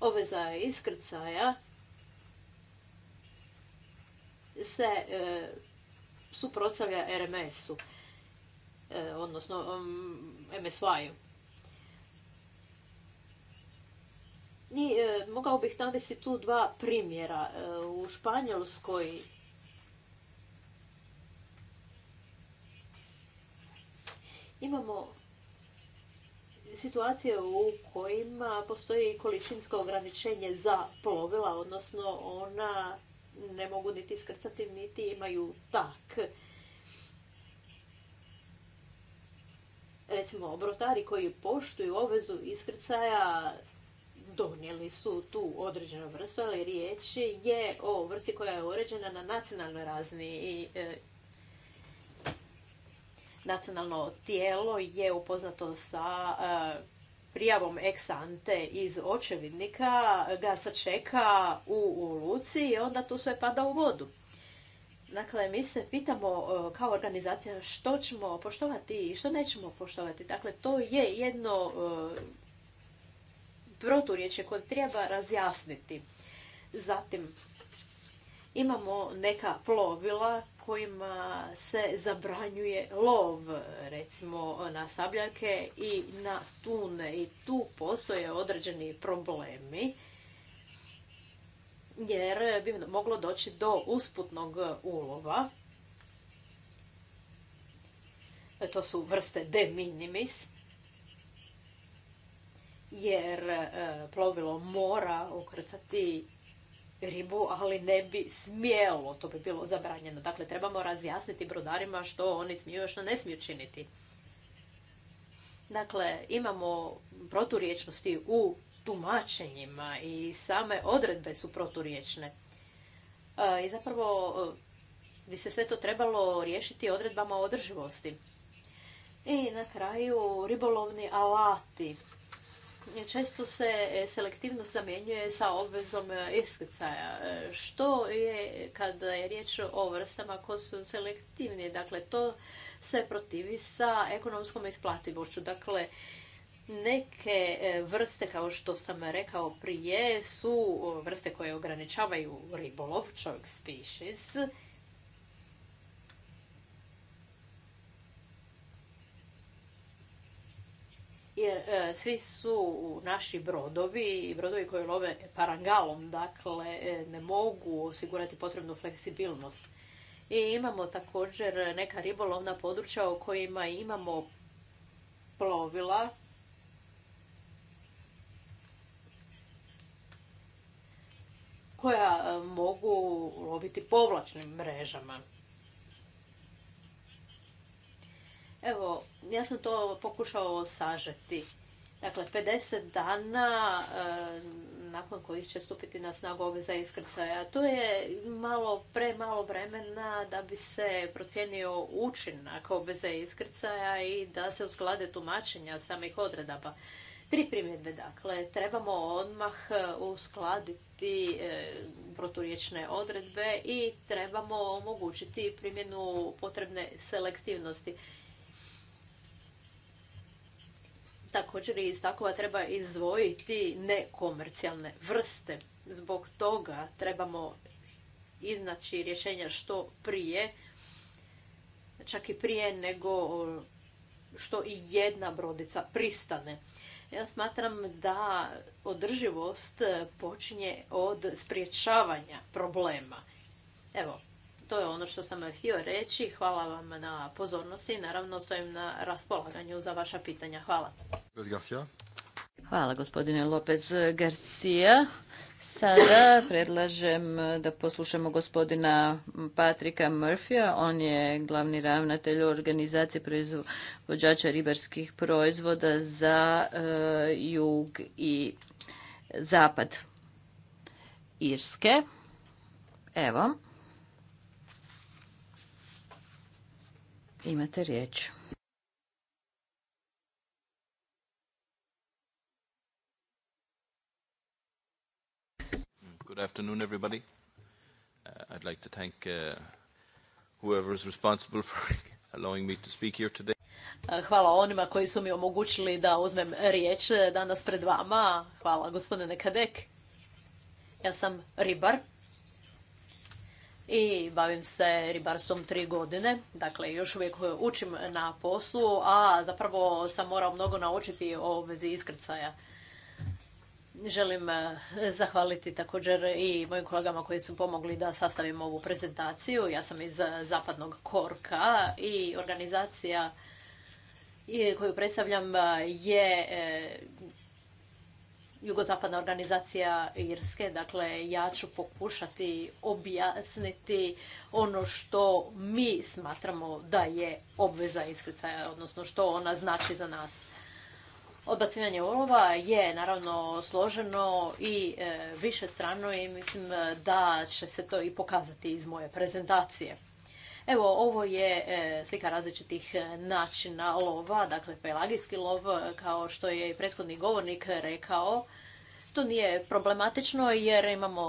D: obveza iskrcaja se e, suprotstavlja RMS-u, e, odnosno MSY-u. Um, e, mogao bih navesti tu dva primjera. E, u Španjolskoj imamo situacije u kojima postoji količinsko ograničenje za plovila, odnosno ona ne mogu niti iskrcati, niti imaju tak. Recimo, obrotari koji poštuju obvezu iskrcaja donijeli su tu određenu vrstu, ali riječ je o vrsti koja je uređena na nacionalnoj razini i e, nacionalno tijelo je upoznato sa e, prijavom ex ante iz očevidnika ga sačeka u, u luci i onda tu sve pada u vodu. Dakle, mi se pitamo e, kao organizacija što ćemo poštovati i što nećemo poštovati. Dakle, to je jedno e, proturječje koje treba razjasniti. Zatim, imamo neka plovila kojima se zabranjuje lov, recimo na sabljarke i na tune. I tu postoje određeni problemi jer bi moglo doći do usputnog ulova. To su vrste de minimis jer e, plovilo mora ukrcati ribu, ali ne bi smjelo, to bi bilo zabranjeno. Dakle, trebamo razjasniti brodarima što oni smiju a što ne smiju činiti. Dakle, imamo proturječnosti u tumačenjima i same odredbe su proturječne. E, I zapravo e, bi se sve to trebalo riješiti odredbama održivosti. I na kraju ribolovni alati često se e, selektivnost zamjenjuje sa obvezom e, iskrcaja. E, što je kada je riječ o vrstama koje su selektivnije? Dakle, to se protivi sa ekonomskom isplativošću. Dakle, neke vrste, kao što sam rekao prije, su vrste koje ograničavaju ribolov, čovjek species, jer e, svi su naši brodovi i brodovi koji love parangalom, dakle e, ne mogu osigurati potrebnu fleksibilnost. I imamo također neka ribolovna područja u kojima imamo plovila koja e, mogu loviti povlačnim mrežama. Evo, ja sam to pokušao sažeti. Dakle, 50 dana e, nakon kojih će stupiti na snagu obveza iskrcaja. To je malo malo vremena da bi se procijenio učinak obveze iskrcaja i da se usklade tumačenja samih odredaba. Tri primjedbe, dakle, trebamo odmah e, uskladiti e, proturječne odredbe i trebamo omogućiti primjenu potrebne selektivnosti. Također iz takova treba izvojiti nekomercijalne vrste. Zbog toga trebamo iznaći rješenja što prije, čak i prije nego što i jedna brodica pristane. Ja smatram da održivost počinje od spriječavanja problema. Evo, to je ono što sam htio reći. Hvala vam na pozornosti i naravno stojim na raspolaganju za vaša pitanja. Hvala.
B: Hvala gospodine Lopez Garcia. Sada predlažem da poslušamo gospodina Patrika Murphya. On je glavni ravnatelj organizacije proizvođača ribarskih proizvoda za e, jug i zapad Irske. Evo. Imate riječ.
A: Good afternoon, everybody. Uh, I'd like to thank uh, whoever is responsible (laughs) for allowing me to speak here today.
D: Uh, hvala onima koji su mi omogućili da uzmem riječ uh, danas pred vama. Hvala gospodine Kadek. Ja sam ribar i bavim se ribarstvom tri godine. Dakle, još uvijek učim na poslu, a zapravo sam morao mnogo naučiti o vezi iskrcaja. Želim eh, zahvaliti također i mojim kolegama koji su pomogli da sastavim ovu prezentaciju. Ja sam iz Zapadnog Korka i organizacija koju predstavljam eh, je eh, jugozapadna organizacija Irske. Dakle, ja ću pokušati objasniti ono što mi smatramo da je obveza iskrcaja, odnosno što ona znači za nas. Odbacivanje olova je naravno složeno i e, više strano i mislim da će se to i pokazati iz moje prezentacije. Evo, ovo je e, slika različitih e, načina lova, dakle pelagijski lov, e, kao što je i prethodni govornik rekao. To nije problematično jer imamo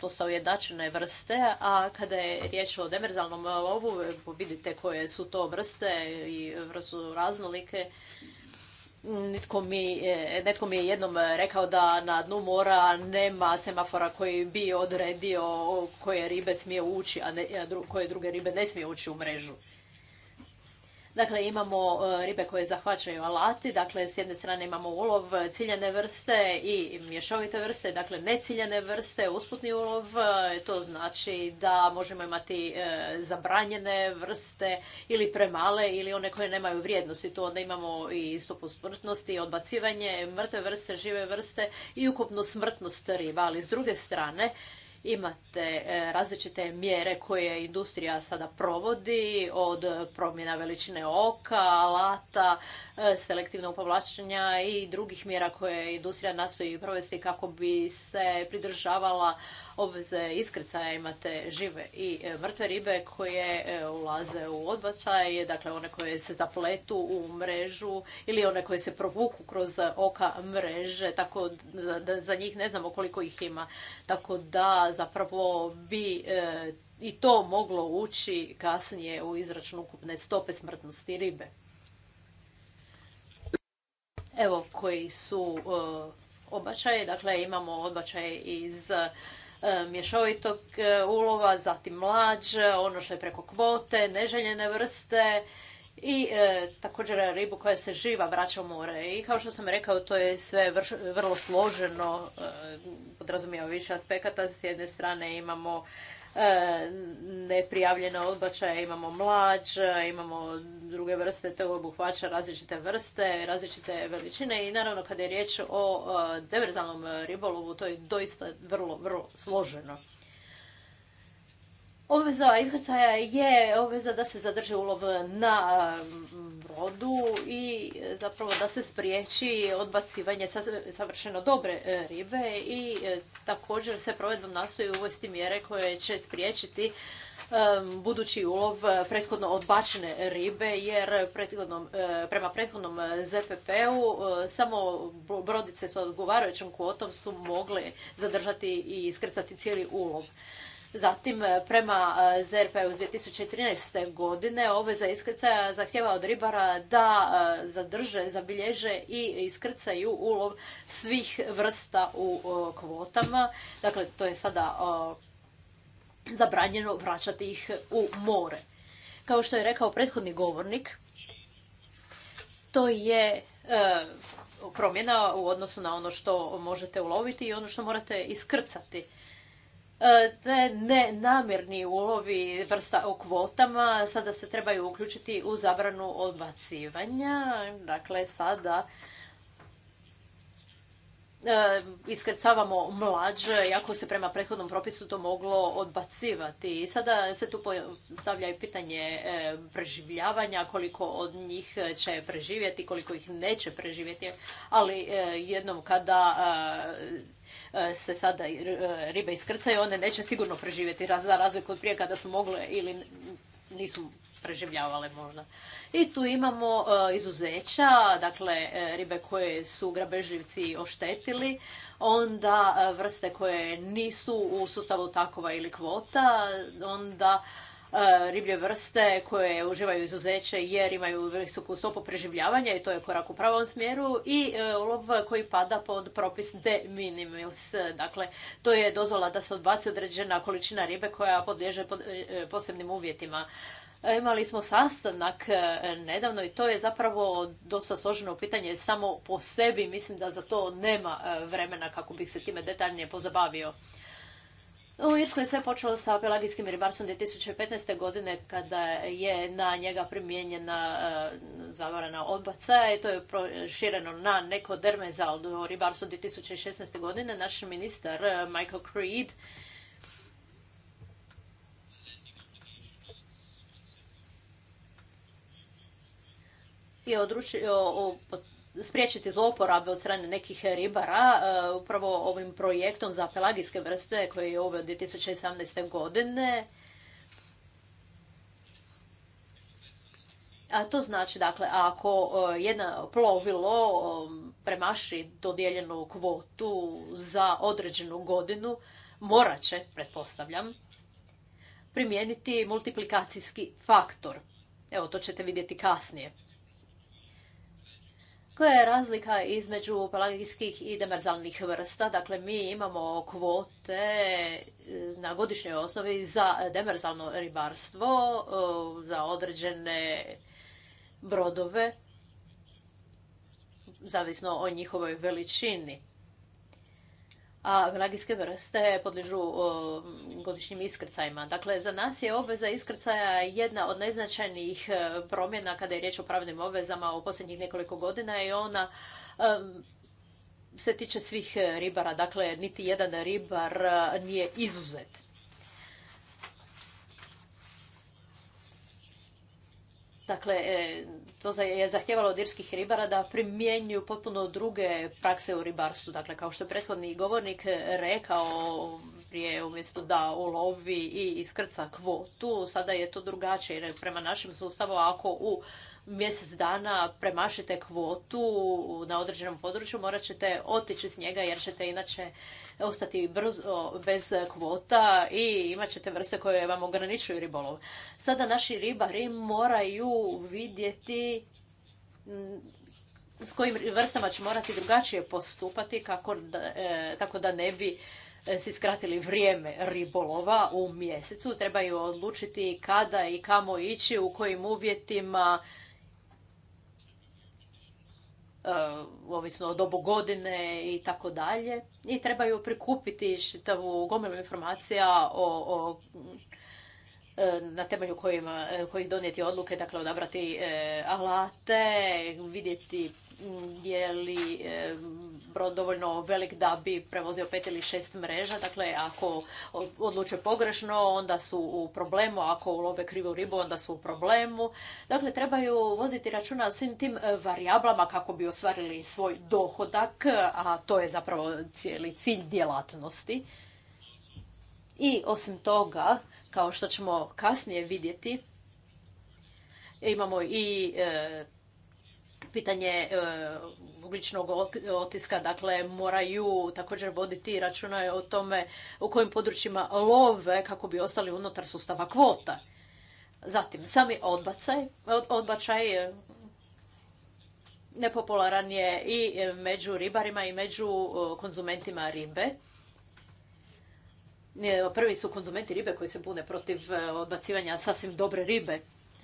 D: dosta ujednačene vrste, a kada je riječ o demerzalnom lovu, vidite koje su to vrste i vrstu raznolike, Netko mi, je jednom rekao da na dnu mora nema semafora koji bi odredio koje ribe smije ući, a, koje druge ribe ne smije ući u mrežu. Dakle, imamo e, ribe koje zahvaćaju alati, dakle, s jedne strane imamo ulov e, ciljene vrste i mješovite vrste, dakle, neciljene vrste, usputni ulov, e, to znači da možemo imati zabranjene vrste ili premale ili one koje nemaju vrijednosti. Tu onda imamo i stopu smrtnosti, odbacivanje mrtve vrste, žive vrste i ukupnu smrtnost riba, ali s druge strane, Imate e, različite mjere koje industrija sada provodi, od promjena veličine oka, alata, e, selektivnog povlačenja i drugih mjera koje industrija nastoji provesti kako bi se pridržavala obveze iskrcaja, imate žive i e, mrtve ribe koje e, ulaze u odbačaje, dakle one koje se zapletu u mrežu ili one koje se provuku kroz oka mreže, tako da za njih ne znamo koliko ih ima. Tako da zapravo bi e, i to moglo ući kasnije u izračun ukupne stope smrtnosti ribe. Evo koji su obačaje, Dakle, imamo odbačaje iz E, mješovitog e, ulova, zatim mlađ, e, ono što je preko kvote, neželjene vrste i također ribu koja se živa vraća u more. I kao što sam rekao, to je sve vrlo složeno, e, više aspekata. S jedne strane imamo E, neprijavljena odbačaja, imamo mlađ, imamo druge vrste, to obuhvaća različite vrste, različite veličine i naravno kada je riječ o e, deverzalnom ribolovu, to je doista vrlo, vrlo složeno. Obveza izgrcaja je obveza da se zadrži ulov na vodu i e, zapravo da se spriječi odbacivanje savršeno dobre e, ribe i e, također se provedbom nastoji uvesti mjere koje će spriječiti budući ulov prethodno odbačene ribe jer prema prethodnom ZPP-u samo brodice s odgovarajućom kvotom su mogle zadržati i iskrcati cijeli ulov. Zatim, e, prema e, ZRP-u 2013. godine, obveza iskrcaja zahtjeva od ribara da e, zadrže, zabilježe i iskrcaju ulov svih vrsta u kvotama. Dakle, to je sada zabranjeno vraćati ih u more. Kao što je rekao prethodni govornik, to je promjena u odnosu na ono što možete uloviti i ono što morate iskrcati te nenamjerni ulovi vrsta u kvotama sada se trebaju uključiti u zabranu odbacivanja. Dakle, sada e, iskrcavamo mlađe, jako se prema prethodnom propisu to moglo odbacivati. sada se tu stavlja i pitanje e, preživljavanja, koliko od njih će preživjeti, koliko ih neće preživjeti. Ali e, jednom kada E, se sada e, ribe iskrcaju, one neće sigurno preživjeti za razliku od prije kada su mogle ili nisu preživljavale možda. I tu imamo e, izuzeća, dakle ribe koje su grabežljivci oštetili, onda vrste koje nisu u sustavu takova ili kvota, onda E, riblje vrste koje uživaju izuzeće jer imaju visoku stopu preživljavanja i to je korak u pravom smjeru i e, ulov koji pada pod propis de minimis. Dakle, to je dozvola da se odbaci određena količina ribe koja podliježe e, posebnim uvjetima. Imali smo sastanak nedavno i to je zapravo dosta složeno pitanje samo po sebi. Mislim da za to nema vremena kako bih se time detaljnije pozabavio. U Irskoj je sve počelo sa pelagijskim ribarstvom 2015. godine kada je na njega primijenjena e, zavarana odbaca i to je prošireno na neko derme za ribarstvo 2016. godine. Naš ministar e, Michael Creed je odručio spriječiti zlouporabe od strane nekih ribara e, upravo ovim projektom za pelagijske vrste koji je uveo 2017. godine. A to znači, dakle, ako e, jedno plovilo e, premaši dodijeljenu kvotu za određenu godinu, morat će, pretpostavljam, primijeniti multiplikacijski faktor. Evo, to ćete vidjeti kasnije koja je razlika između pelagijskih i demerzalnih vrsta. Dakle, mi imamo kvote e, na godišnjoj osnovi za demerzalno ribarstvo, e, za određene brodove, zavisno o njihovoj veličini a pelagijske vrste podližu godišnjim iskrcajima. Dakle, za nas je obveza iskrcaja jedna od najznačajnijih e, promjena kada je riječ o pravnim obvezama u posljednjih nekoliko godina i ona se tiče svih ribara, dakle niti jedan ribar e, nije izuzet. Dakle, e, to je zahtjevalo od irskih ribara da primjenjuju potpuno druge prakse u ribarstvu. Dakle, kao što je prethodni govornik rekao prije umjesto da ulovi i iskrca kvotu, sada je to drugačije jer prema našem sustavu ako u mjesec dana premašite kvotu na određenom području, morat ćete otići s njega jer ćete inače ostati brzo bez kvota i imat ćete vrste koje vam ograničuju ribolov. Sada naši ribari moraju vidjeti mm, s kojim vrstama će morati drugačije postupati kako da, e, tako da ne bi e, si skratili vrijeme ribolova u mjesecu. Trebaju odlučiti kada i kamo ići, u kojim uvjetima Eh, ovisno o dobu godine i tako dalje. I trebaju prikupiti čitavu gomilu informacija o, o E, na temelju koji e, kojih donijeti odluke, dakle odabrati e, alate, vidjeti je li brod dovoljno velik da bi prevozio pet ili šest mreža. Dakle, ako odluče pogrešno, onda su u problemu. Ako ulove krivu ribu, onda su u problemu. Dakle, trebaju voziti računa o svim tim varijablama kako bi ostvarili svoj dohodak, a to je zapravo cijeli cilj djelatnosti. I osim toga, kao što ćemo kasnije vidjeti. Imamo i e, pitanje e, ugljičnog otiska, dakle moraju također voditi računa o tome u kojim područjima love kako bi ostali unutar sustava kvota. Zatim, sami odbacaj, odbačaj e, nepopularan je i među ribarima i među konzumentima ribe. E, prvi su konzumenti ribe koji se bune protiv e, odbacivanja sasvim dobre ribe.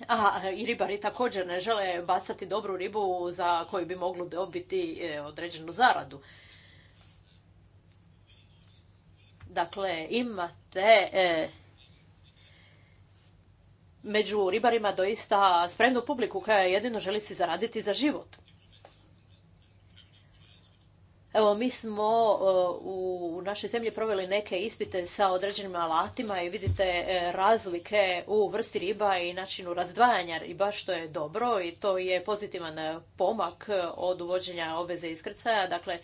D: A i ribari također ne žele bacati dobru ribu za koju bi moglo dobiti e, određenu zaradu. Dakle, imate među ribarima doista spremnu publiku koja jedino želi si zaraditi za život. Evo, mi smo e, u našoj zemlji proveli neke ispite sa određenim alatima i vidite e, razlike u vrsti riba i načinu razdvajanja riba, što je dobro i to je pozitivan e, pomak od uvođenja obveze iskrcaja. Dakle,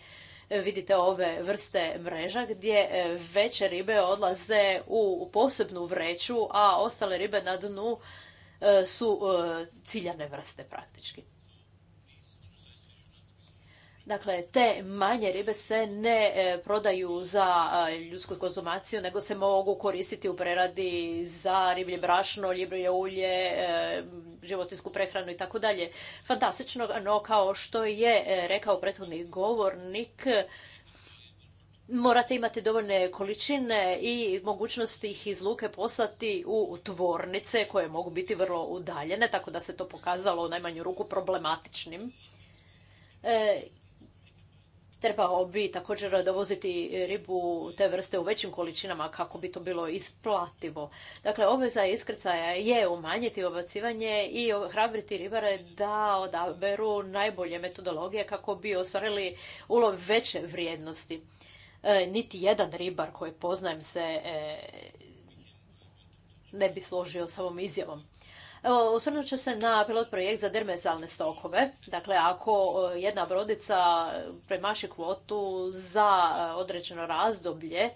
D: vidite ove vrste mreža gdje veće ribe odlaze u posebnu vreću, a ostale ribe na dnu su ciljane vrste praktički. Dakle, te manje ribe se ne e, prodaju za e, ljudsku konzumaciju, nego se mogu koristiti u preradi za riblje brašno, riblje ulje, e, životinsku prehranu i tako dalje. Fantastično, no kao što je rekao prethodni govornik, morate imati dovoljne količine i mogućnosti ih iz luke poslati u tvornice koje mogu biti vrlo udaljene, tako da se to pokazalo u najmanju ruku problematičnim trebao bi također dovoziti ribu te vrste u većim količinama kako bi to bilo isplativo. Dakle, obveza iskrcaja je umanjiti obacivanje i hrabriti ribare da odaberu najbolje metodologije kako bi ostvarili ulov veće vrijednosti. E, niti jedan ribar koji poznajem se e, ne bi složio s ovom izjavom. Osvrnut ću se na pilot projekt za dermezalne stokove. Dakle, ako e, jedna brodica e, premaši kvotu za e, određeno razdoblje,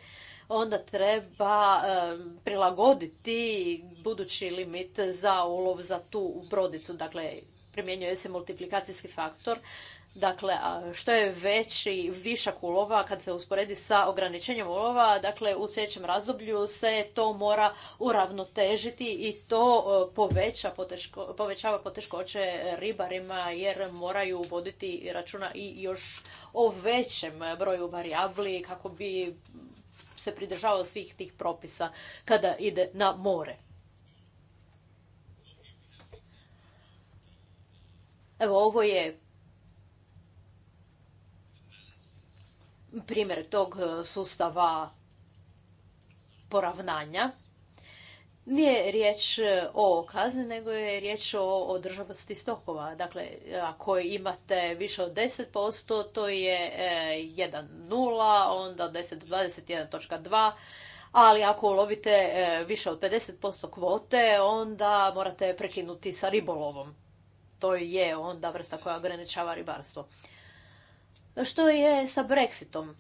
D: onda treba prilagoditi budući limit za ulov za tu brodicu. Dakle, primjenjuje se multiplikacijski faktor Dakle, što je veći višak ulova kad se usporedi sa ograničenjem ulova, dakle u sljedećem razdoblju se to mora uravnotežiti i to e, poteško, povećava poteškoće ribarima jer moraju voditi računa i još o većem broju varijabli kako bi se pridržavao svih tih propisa kada ide na more. Evo, ovo je primjer tog e, sustava poravnanja. Nije riječ e, o kazni, nego je riječ o održavosti stokova. Dakle, ako imate više od 10%, to je 1.0, e, onda 10 do 21.2, ali ako ulovite više od 50% kvote, onda morate prekinuti sa ribolovom. To je onda vrsta koja ograničava ribarstvo. Što je sa Brexitom?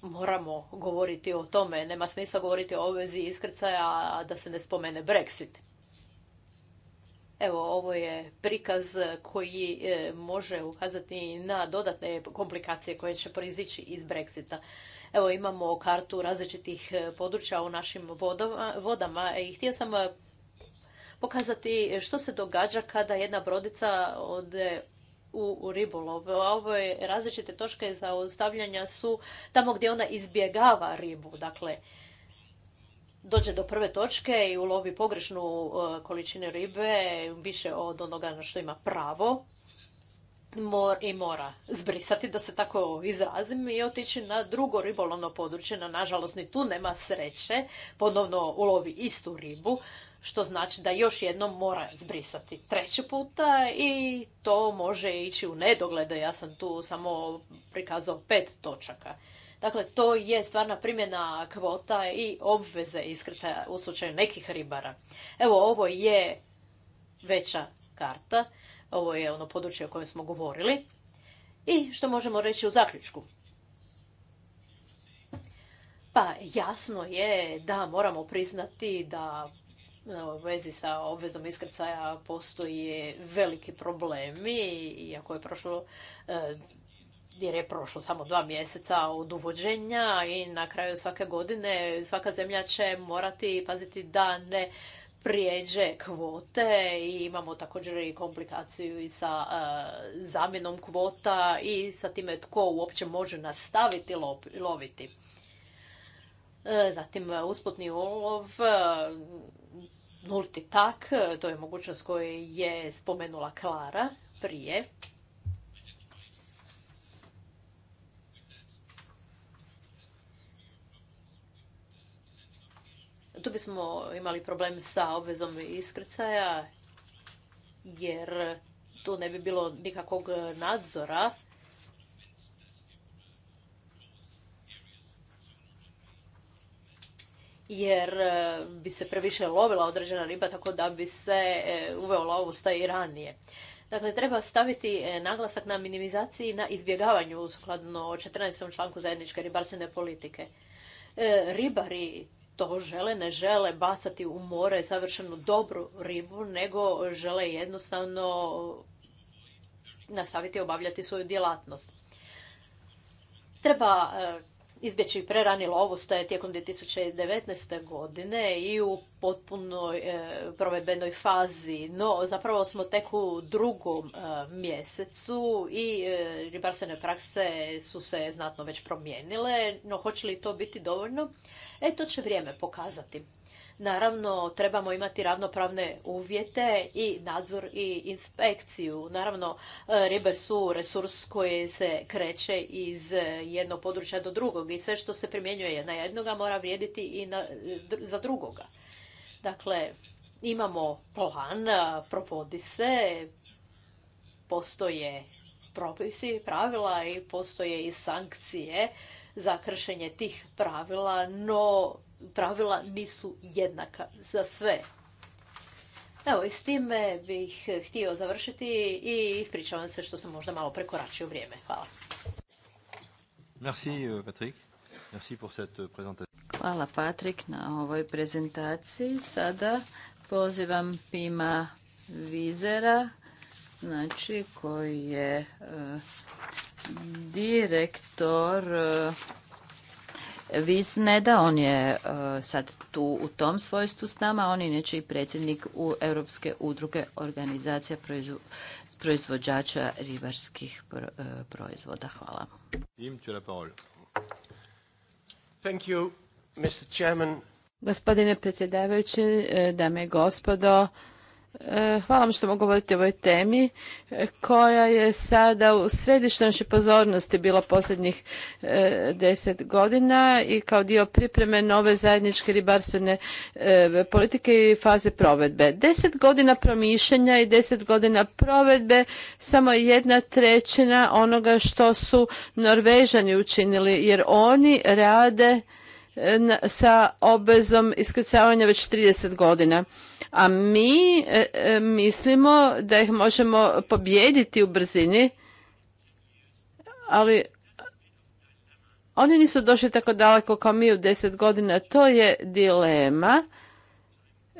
D: Moramo govoriti o tome. Nema smisla govoriti o obvezi iskrcaja da se ne spomene Brexit. Evo, ovo je prikaz koji e, može ukazati na dodatne komplikacije koje će proizići iz Brexita. Evo, imamo kartu različitih e, područja u našim vodama i htio sam e, pokazati što se događa kada jedna brodica ode u ribolov. Ove različite točke zaustavljanja su tamo gdje ona izbjegava ribu. Dakle, dođe do prve točke i ulovi pogrešnu e, količinu ribe, više od onoga na što ima pravo i mora zbrisati, da se tako izrazim, i otići na drugo ribolovno područje. nažalost, ni tu nema sreće. Ponovno ulovi istu ribu što znači da još jednom mora izbrisati treći puta i to može ići u nedoglede. Ja sam tu samo prikazao pet točaka. Dakle, to je stvarna primjena kvota i obveze iskrcaja u slučaju nekih ribara. Evo, ovo je veća karta. Ovo je ono područje o kojem smo govorili. I što možemo reći u zaključku? Pa jasno je da moramo priznati da E, u vezi sa obvezom iskrcaja postoji veliki problemi, iako je prošlo e, jer je prošlo samo dva mjeseca od uvođenja i na kraju svake godine svaka zemlja će morati paziti da ne prijeđe kvote i imamo također i komplikaciju i sa e, zamjenom kvota i sa time tko uopće može nastaviti loviti. Zatim usputni ulov nulti tak, to je mogućnost koju je spomenula Klara prije. Tu bismo imali problem sa obvezom iskrcaja, jer tu ne bi bilo nikakvog nadzora jer e, bi se previše lovila određena riba tako da bi se e, uveo staje i ranije. Dakle, treba staviti e, naglasak na minimizaciji na izbjegavanju skladno 14. članku zajedničke ribarstvene politike. Ribari to žele, ne žele bacati u more savršenu dobru ribu, nego žele jednostavno nastaviti obavljati svoju djelatnost. Treba izbjeći prerani staje tijekom 2019. godine i u potpunoj e, provedbenoj fazi. No, zapravo smo tek u drugom e, mjesecu i e, ribarstvene prakse su se znatno već promijenile, no hoće li to biti dovoljno? E, to će vrijeme pokazati. Naravno, trebamo imati ravnopravne uvjete i nadzor i inspekciju. Naravno, e, ribe su resurs koji se kreće iz e, jednog područja do drugog i sve što se primjenjuje na jednoga mora vrijediti i na, e, za drugoga. Dakle, imamo plan, provodi se, postoje propisi, pravila i postoje i sankcije za kršenje tih pravila, no pravila nisu jednaka za sve. Evo, i s time bih htio završiti i ispričavam se što sam možda malo prekoračio vrijeme. Hvala.
A: Merci, euh, Patrick. Merci pour cette euh,
B: Hvala, Patrik, na ovoj prezentaciji. Sada pozivam Pima Vizera, znači koji je eh, direktor eh, da on je e, sad tu u tom svojstvu s nama, on je inače i predsjednik u Europske udruge organizacija proizvođača ribarskih
A: e, proizvoda. Hvala.
C: Gospodine predsjedavajući, e, dame i gospodo, E, hvala vam što mogu govoriti o ovoj temi e, koja je sada u središnjoj našoj pozornosti bila posljednjih e, deset godina i kao dio pripreme nove zajedničke ribarstvene politike i faze provedbe. Deset godina promišljanja i deset godina provedbe samo jedna trećina onoga što su Norvežani učinili jer oni rade sa obezom iskrcavanja već 30 godina. A mi e, e, mislimo da ih možemo pobijediti u brzini, ali oni nisu došli tako daleko kao mi u 10 godina. To je dilema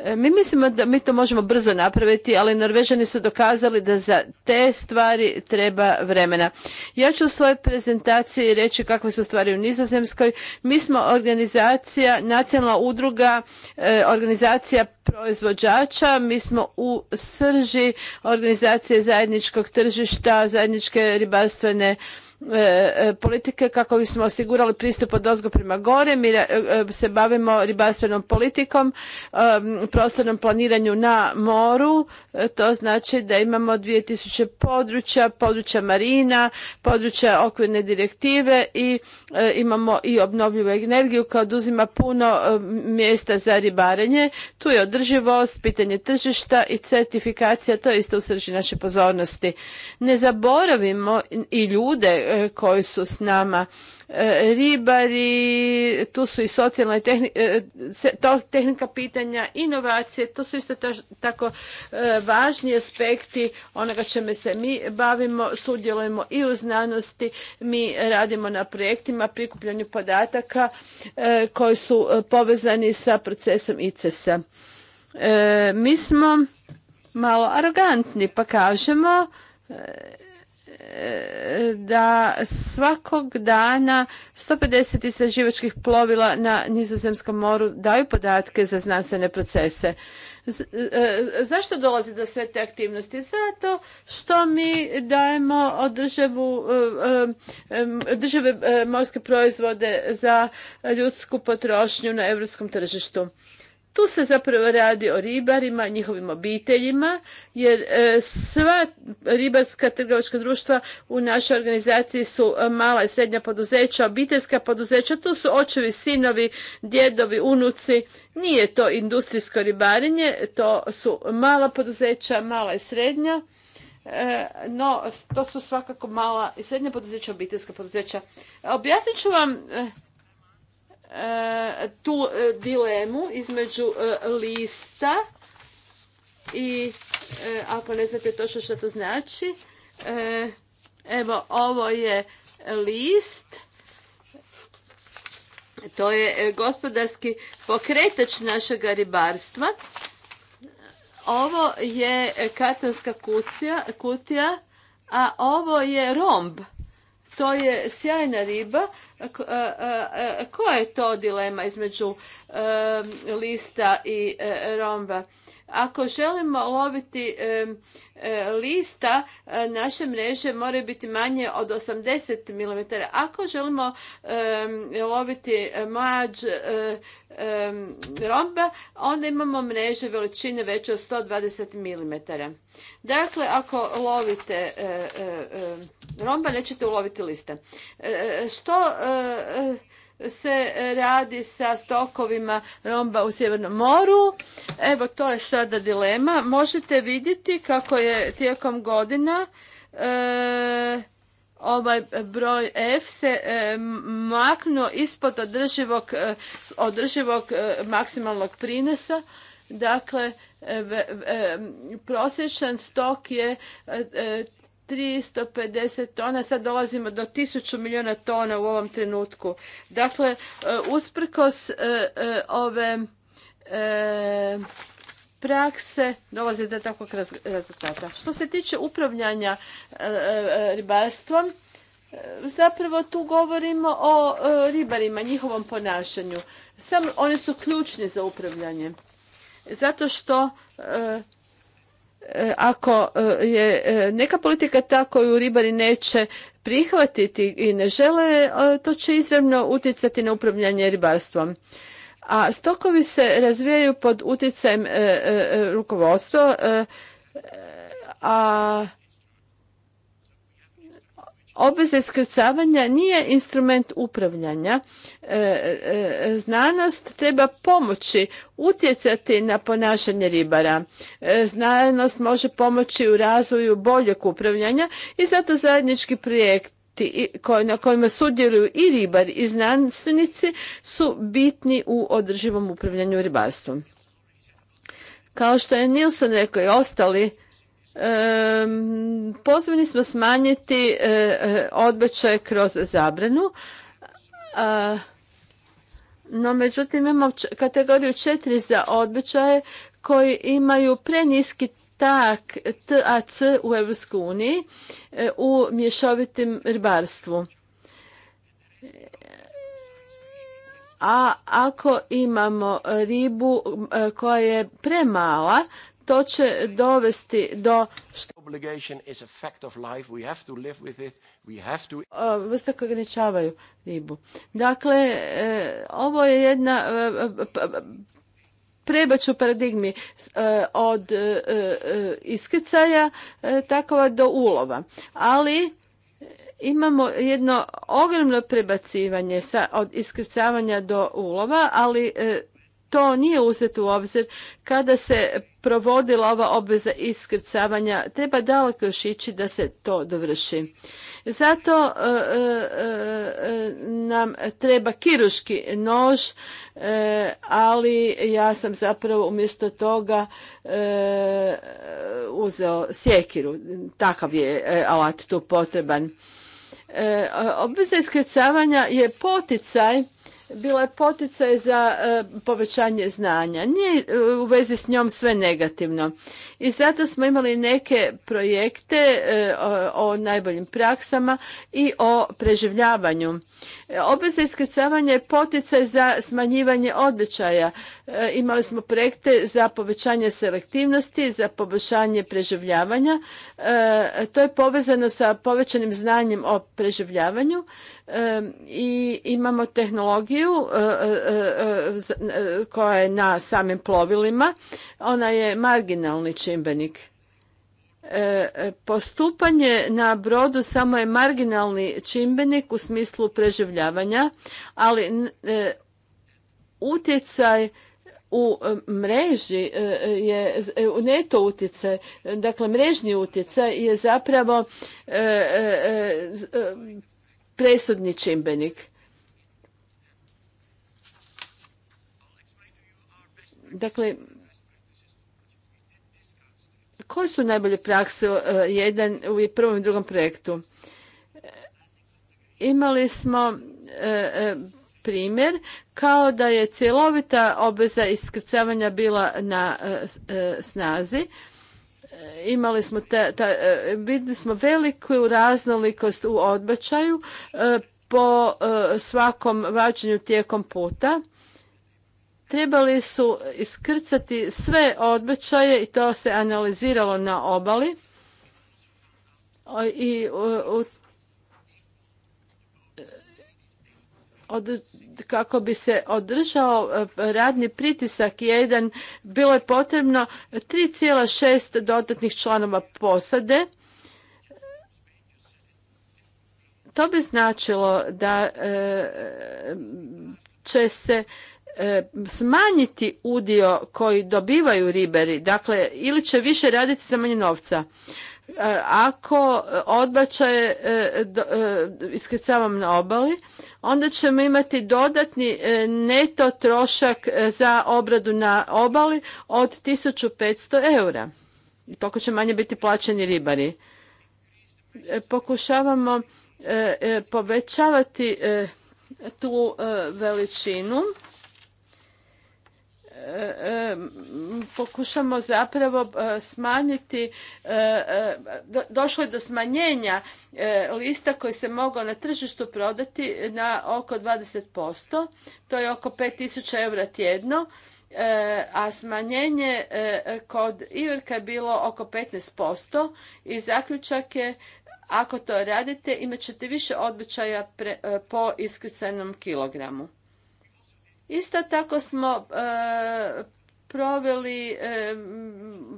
C: E, mi mislimo da mi to možemo brzo napraviti, ali Norvežani su dokazali da za te stvari treba vremena. Ja ću u svojoj prezentaciji reći kakve su stvari u Nizozemskoj. Mi smo organizacija, nacionalna udruga, e, organizacija proizvođača, mi smo u srži organizacije zajedničkog tržišta, zajedničke ribarstvene E, e, politike kako bismo osigurali pristup od ozgo prema gore. Mi e, se bavimo ribarstvenom politikom, prostornom planiranju na moru. To znači da imamo 2000 područja, područja marina, područja okvirne direktive i imamo i obnovljivu energiju koja oduzima puno mjesta za ribarenje. Tu je održivost, pitanje tržišta i certifikacija. To je isto u srži naše pozornosti. Ne zaboravimo i ljude E, koji su s nama e, ribari, tu su i socijalna e, tehnika pitanja, inovacije, to su isto tako važni aspekti onoga čime se mi bavimo, sudjelujemo i u znanosti, mi radimo na projektima, prikupljanju podataka koji su povezani sa procesom ICES-a. Mi smo malo arogantni pa kažemo da svakog dana 150 istraživačkih plovila na nizozemskom moru daju podatke za znanstvene procese. E, zašto dolazi do sve te aktivnosti? Zato što mi dajemo održave e, e, države morske proizvode za ljudsku potrošnju na europskom tržištu. Tu se zapravo radi o ribarima, njihovim obiteljima, jer e, sva ribarska trgovačka društva u našoj organizaciji su e, mala i srednja poduzeća, obiteljska poduzeća, to su očevi, sinovi, djedovi, unuci. Nije to industrijsko ribarenje, to su mala poduzeća, mala i srednja. E, no, to su svakako mala i srednja poduzeća, obiteljska poduzeća. Objasnit ću vam tu e, dilemu između e, lista i e, ako ne znate to što to znači, evo ovo je list. To je gospodarski pokretač našeg ribarstva. Ovo je katanska kutija, a ovo je romb. To je sjajna riba. E, e, e, koja je to dilema između lista i romba? Ako želimo loviti e, lista, e, naše mreže moraju biti manje od 80 mm. Ako želimo loviti mađ e, romba, onda imamo mreže veličine veće od 120 mm. Dakle, ako lovite romba, nećete uloviti lista. Što se radi sa stokovima romba u Sjevernom moru. Evo, to je sada dilema. Možete vidjeti kako je tijekom godina e, ovaj broj F se e, maknuo ispod održivog, e, održivog e, maksimalnog prinesa. Dakle, e, prosječan stok je 350 tona, sad dolazimo do 1000 milijuna tona u ovom trenutku. Dakle, e, usprkos e, e, ove prakse dolaze do takvog rezultata. Što se tiče upravljanja ribarstvom, zapravo tu govorimo o ribarima, njihovom ponašanju. Samo oni su ključni za upravljanje. Zato što E, ako e, je e, neka politika ta koju ribari neće prihvatiti i ne žele, to će izravno utjecati na upravljanje ribarstvom. A stokovi se razvijaju pod utjecajem rukovodstva, a obveza iskrcavanja nije instrument upravljanja. E, e, znanost treba pomoći utjecati na ponašanje ribara. E, znanost može pomoći u razvoju boljeg upravljanja i zato zajednički projekti na kojima sudjeluju i ribar i znanstvenici su bitni u održivom upravljanju ribarstvom. Kao što je Nilsson rekao i ostali, pozvani smo smanjiti e, e, odbeće kroz zabranu. No, međutim, imamo kategoriju četiri za odbećaje koji imaju preniski tak TAC u EU e, u mješovitim ribarstvu. A ako imamo ribu koja je premala, to će dovesti do vrsta koje ograničavaju ribu. Dakle, e, ovo je jedna e, e, prebač u paradigmi od iskrcaja takova do ulova. Ali imamo jedno ogromno prebacivanje od iskrcavanja do ulova, ali to nije uzeto u obzir kada se provodila ova obveza iskrcavanja. Treba daleko još ići da se to dovrši. Zato e, e, e, nam treba kiruški nož, ali ja sam zapravo umjesto toga uzeo sjekiru. Takav je alat tu potreban. Obveza iskrcavanja je poticaj bila je poticaj za e, povećanje znanja. Nije e, u vezi s njom sve negativno. I zato smo imali neke projekte e, o, najboljim praksama i o preživljavanju. Obveza iskrcavanja je poticaj za smanjivanje odličaja. Imali smo projekte za povećanje selektivnosti, za poboljšanje preživljavanja E, to je povezano sa povećanim znanjem o preživljavanju e, i imamo tehnologiju e, koja je na samim plovilima. Ona je marginalni čimbenik. Postupanje na brodu samo je marginalni čimbenik u smislu preživljavanja, ali utjecaj u e, mreži e, je e, neto utjecaj, dakle mrežni utjecaj je zapravo presudni čimbenik. Dakle, koje su najbolje prakse jedan u prvom i drugom projektu? Imali smo primjer kao da je cjelovita obveza iskrcavanja bila na e, e, snazi e, imali smo te, ta, vidjeli smo veliku raznolikost u odbačaju po svakom vađenju tijekom puta. Trebali su iskrcati sve odbačaje i to se analiziralo na obali i u od, kako bi se održao e, radni pritisak jedan, bilo je potrebno 3,6 dodatnih članova posade. To bi značilo da e, će se e, smanjiti udio koji dobivaju riberi dakle ili će više raditi za manje novca. E, ako e, odbačaje e, iskrcavam na obali, onda ćemo imati dodatni neto trošak za obradu na obali od 1500 eura. Toliko će manje biti plaćeni ribari. Pokušavamo povećavati tu veličinu pokušamo zapravo e, smanjiti, e, e, došlo je do smanjenja lista koji se mogao na tržištu prodati na oko 20%, to je oko 5000 eura tjedno, a smanjenje kod Iverka je bilo oko 15% i zaključak je ako to radite imat ćete više odbičaja po iskrcajnom kilogramu. Isto tako smo e, proveli e,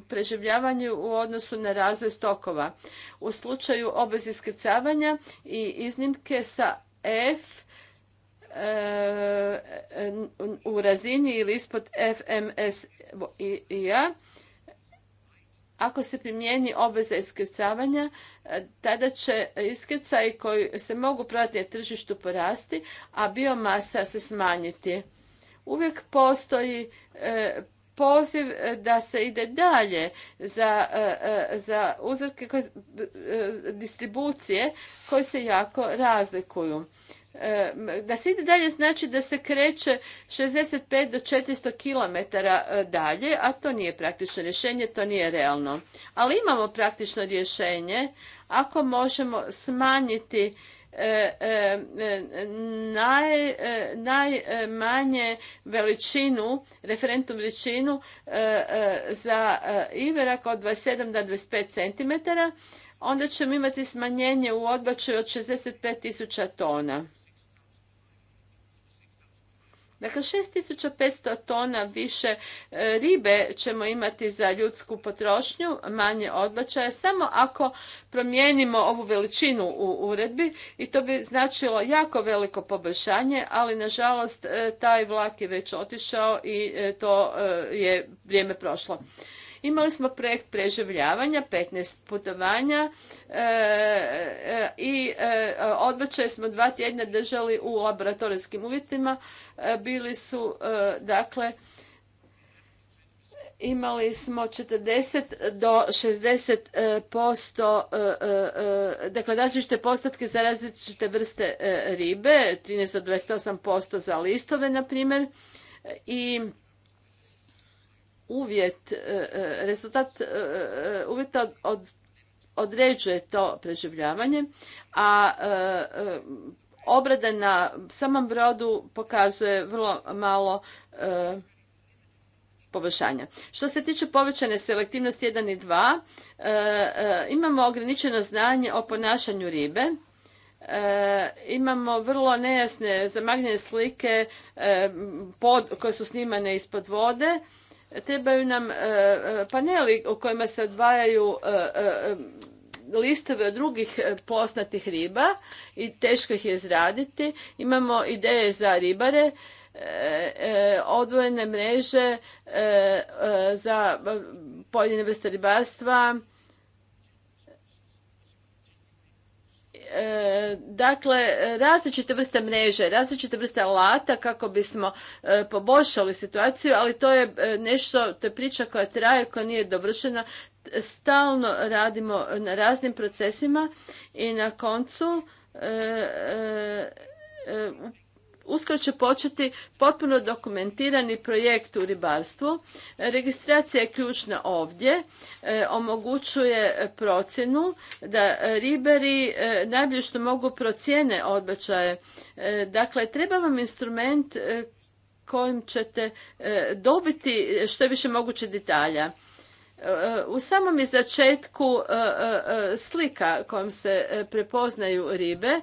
C: preživljavanje u odnosu na razvoj stokova. U slučaju obvez iskrcavanja i iznimke sa F e, u razini ili ispod FMS i ako se primijeni obveza iskrcavanja, tada će iskrcaj koji se mogu prodati na tržištu porasti, a biomasa se smanjiti uvijek postoji e, poziv e, da se ide dalje za, e, za uzorke koje, distribucije koje se jako razlikuju. Da se ide dalje znači da se kreće 65 do 400 km dalje, a to nije praktično rješenje, to nije realno. Ali imamo praktično rješenje ako možemo smanjiti E, e, e, najmanje veličinu, referentnu veličinu za iverak od 27 do 25 cm, onda ćemo imati smanjenje u odbačaju od 65 tisuća tona. Dakle, 6500 tona više e, ribe ćemo imati za ljudsku potrošnju, manje odbačaja, samo ako promijenimo ovu veličinu u uredbi i to bi značilo jako veliko poboljšanje, ali nažalost e, taj vlak je već otišao i e, to je vrijeme prošlo. Imali smo projekt preživljavanja, 15 putovanja e, e, i e, odbačaj smo dva tjedna držali u laboratorijskim uvjetima. Bili su, dakle, imali smo 40 do 60 posto, dakle različite postatke za različite vrste ribe, 13 do 28 posto za listove, na primjer, i uvjet, e, e, rezultat e, uvjeta određuje to preživljavanje, a obrada obrade na samom brodu pokazuje vrlo malo poboljšanja. Što se tiče povećane selektivnosti 1 i 2, imamo ograničeno znanje o ponašanju ribe, imamo vrlo nejasne zamagljene slike koje su snimane ispod vode, Trebaju nam e, e, paneli u kojima se odvajaju e, listove od drugih poznatih riba i teško ih je izraditi. Imamo ideje za ribare, odvojene mreže za pojedine vrste ribarstva, E, dakle različite vrste mreže, različite vrste alata kako bismo e, poboljšali situaciju, ali to je e, nešto, to je priča koja traje, koja nije dovršena. Stalno radimo na raznim procesima i na koncu uskoro će početi potpuno dokumentirani projekt u ribarstvu. Registracija je ključna ovdje, e, omogućuje procjenu da ribari e, najbolje što mogu procijene odbačaje. E, dakle, treba vam instrument kojim ćete dobiti što je više moguće detalja. U samom je začetku slika kojom se prepoznaju ribe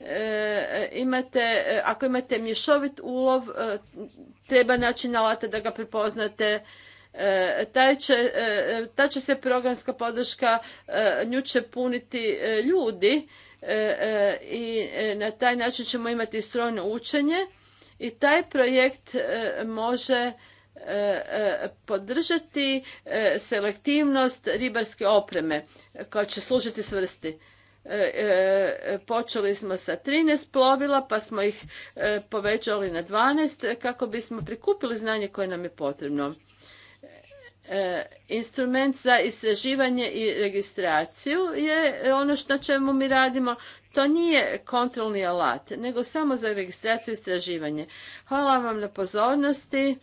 C: E, e, imate, e, ako imate mješovit ulov, treba naći nalata da ga prepoznate. Taj će, ta će se programska podrška, nju će puniti ljudi i na taj način ćemo imati strojno učenje i taj projekt može podržati selektivnost ribarske opreme koja će služiti svrsti. E, e, počeli smo sa 13 plovila pa smo ih e, povećali na 12 kako bismo prikupili znanje koje nam je potrebno. Instrument za istraživanje i registraciju je ono što na čemu mi radimo. To nije kontrolni alat, nego samo za registraciju i istraživanje. Hvala vam na pozornosti.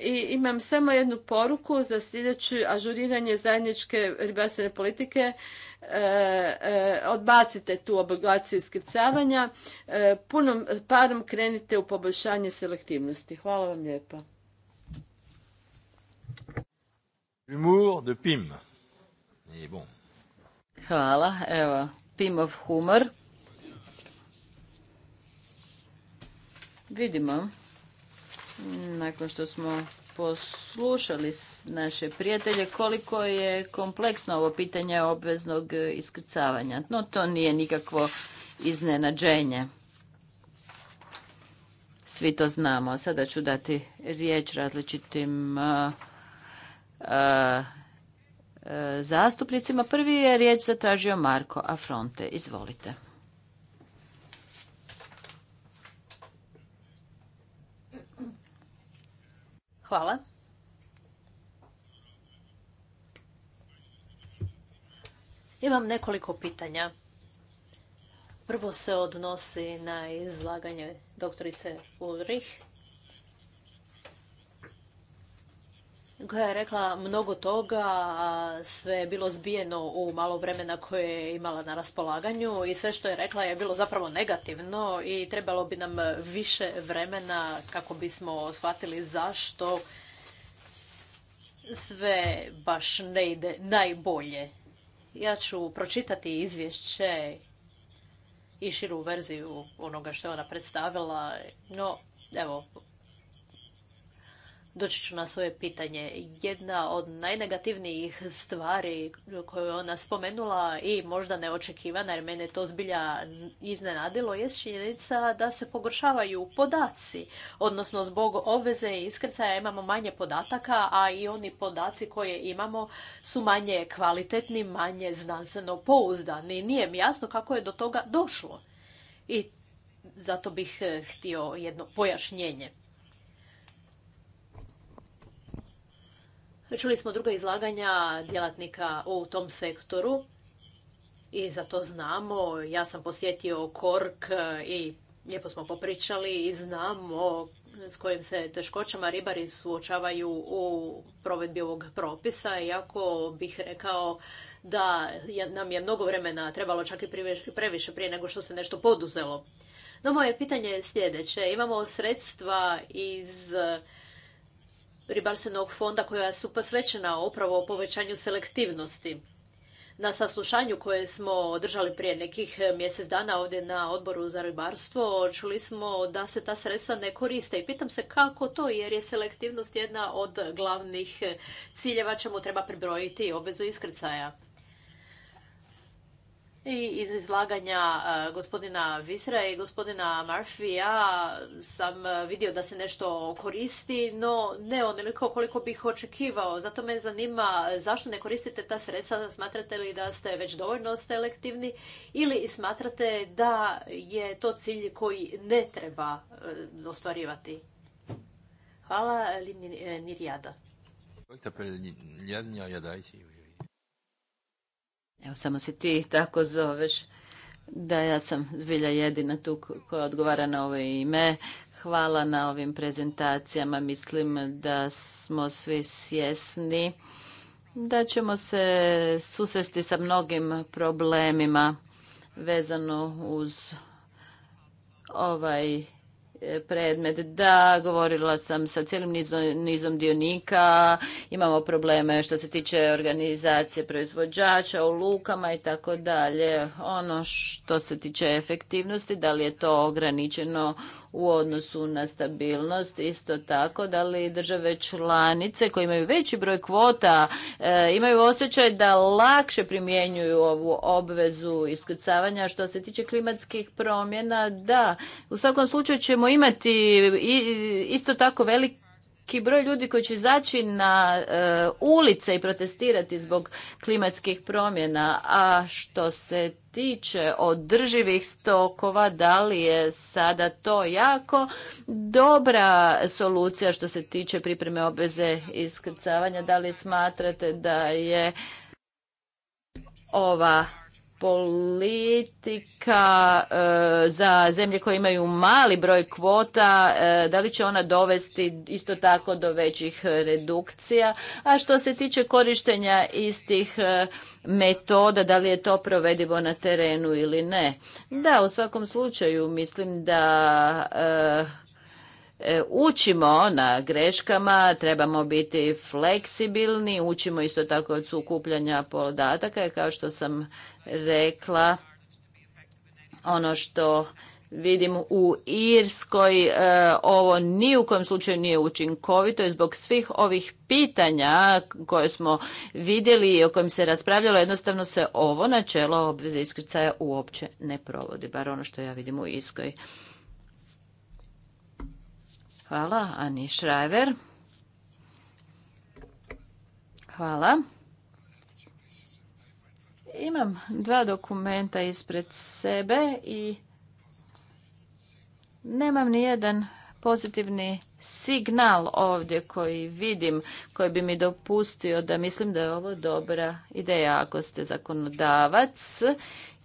C: I imam samo jednu poruku za sljedeće ažuriranje zajedničke ribarstvene politike. E, e, odbacite tu obligaciju iskrcavanja. E, punom parom krenite u poboljšanje selektivnosti. Hvala vam lijepa.
A: de Pim. Bon.
B: Hvala, evo, Pimov humor. Vidimo nakon što smo poslušali naše prijatelje koliko je kompleksno ovo pitanje obveznog iskrcavanja. No to nije nikakvo iznenađenje. Svi to znamo. Sada ću dati riječ različitim uh, uh, zastupnicima. Prvi je riječ zatražio Marko Afronte. Izvolite.
D: Hvala. Imam nekoliko pitanja. Prvo se odnosi na izlaganje doktorice Ulrich. koja je rekla mnogo toga, sve je bilo zbijeno u malo vremena koje je imala na raspolaganju i sve što je rekla je bilo zapravo negativno i trebalo bi nam više vremena kako bismo shvatili zašto sve baš ne ide najbolje. Ja ću pročitati izvješće i širu verziju onoga što je ona predstavila, no evo, doći ću na svoje pitanje. Jedna od najnegativnijih stvari koju je ona spomenula i možda neočekivana jer mene to zbilja iznenadilo je činjenica da se pogoršavaju podaci. Odnosno zbog obveze i iskrcaja imamo manje podataka, a i oni podaci koje imamo su manje kvalitetni, manje znanstveno pouzdani. Nije mi jasno kako je do toga došlo. I zato bih eh, htio jedno pojašnjenje. Čuli smo druga izlaganja djelatnika u tom sektoru i za to znamo. Ja sam posjetio Kork i lijepo smo popričali i znamo s kojim se teškoćama ribari suočavaju u provedbi ovog propisa. Iako bih rekao da nam je mnogo vremena trebalo čak i previše prije nego što se nešto poduzelo. No moje pitanje je sljedeće. Imamo sredstva iz ribarstvenog fonda koja su posvećena upravo povećanju selektivnosti. Na saslušanju koje smo održali prije nekih eh, mjesec dana ovdje na odboru za ribarstvo čuli smo da se ta sredstva ne koriste i pitam se kako to jer je selektivnost jedna od glavnih eh, ciljeva čemu treba pribrojiti obvezu iskrcaja. I iz izlaganja e, gospodina Visra i gospodina Marfija sam e, vidio da se nešto koristi, no ne onoliko koliko bih očekivao. Zato me zanima e, zašto ne koristite ta sredstva, smatrate li da ste već dovoljno selektivni ili smatrate da je to cilj koji ne treba ostvarivati? Hvala, Nirijada.
A: Hvala,
B: samo se ti tako zoveš. Da, ja sam zbilja jedina tu koja odgovara na ovo ime. Hvala na ovim prezentacijama. Mislim da smo svi svjesni da ćemo se susresti sa mnogim problemima vezano uz ovaj predmet. Da, govorila sam sa cijelim nizom, dionika, imamo probleme što se tiče organizacije proizvođača u lukama i tako dalje. Ono što se tiče efektivnosti, da li je to ograničeno u odnosu na stabilnost. Isto tako, da li države članice koje imaju veći broj kvota e, imaju osjećaj da lakše primjenjuju ovu obvezu iskrcavanja što se tiče klimatskih promjena? Da, u svakom slučaju ćemo imati isto tako velik veliki broj ljudi koji će izaći na e, ulice i protestirati zbog klimatskih promjena. A što se tiče održivih stokova, da li je sada to jako dobra solucija što se tiče pripreme obveze iskrcavanja? Da li smatrate da je ova politika e, za zemlje koje imaju mali broj kvota, e, da li će ona dovesti isto tako do većih redukcija? A što se tiče korištenja istih e, metoda, da li je to provedivo na terenu ili ne? Da, u svakom slučaju mislim da E, učimo na greškama, trebamo biti fleksibilni, učimo isto tako od sukupljanja podataka i kao što sam rekla, ono što vidim u Irskoj e, ovo ni u kojem slučaju nije učinkovito i zbog svih ovih pitanja koje smo vidjeli i o kojim se raspravljalo jednostavno se ovo načelo obveze iskrcaja uopće ne provodi, bar ono što ja vidim u Irskoj. Hvala, Ani Šrajver. Hvala. Imam dva dokumenta ispred sebe i nemam ni jedan pozitivni signal ovdje koji vidim, koji bi mi dopustio da mislim da je ovo dobra ideja ako ste zakonodavac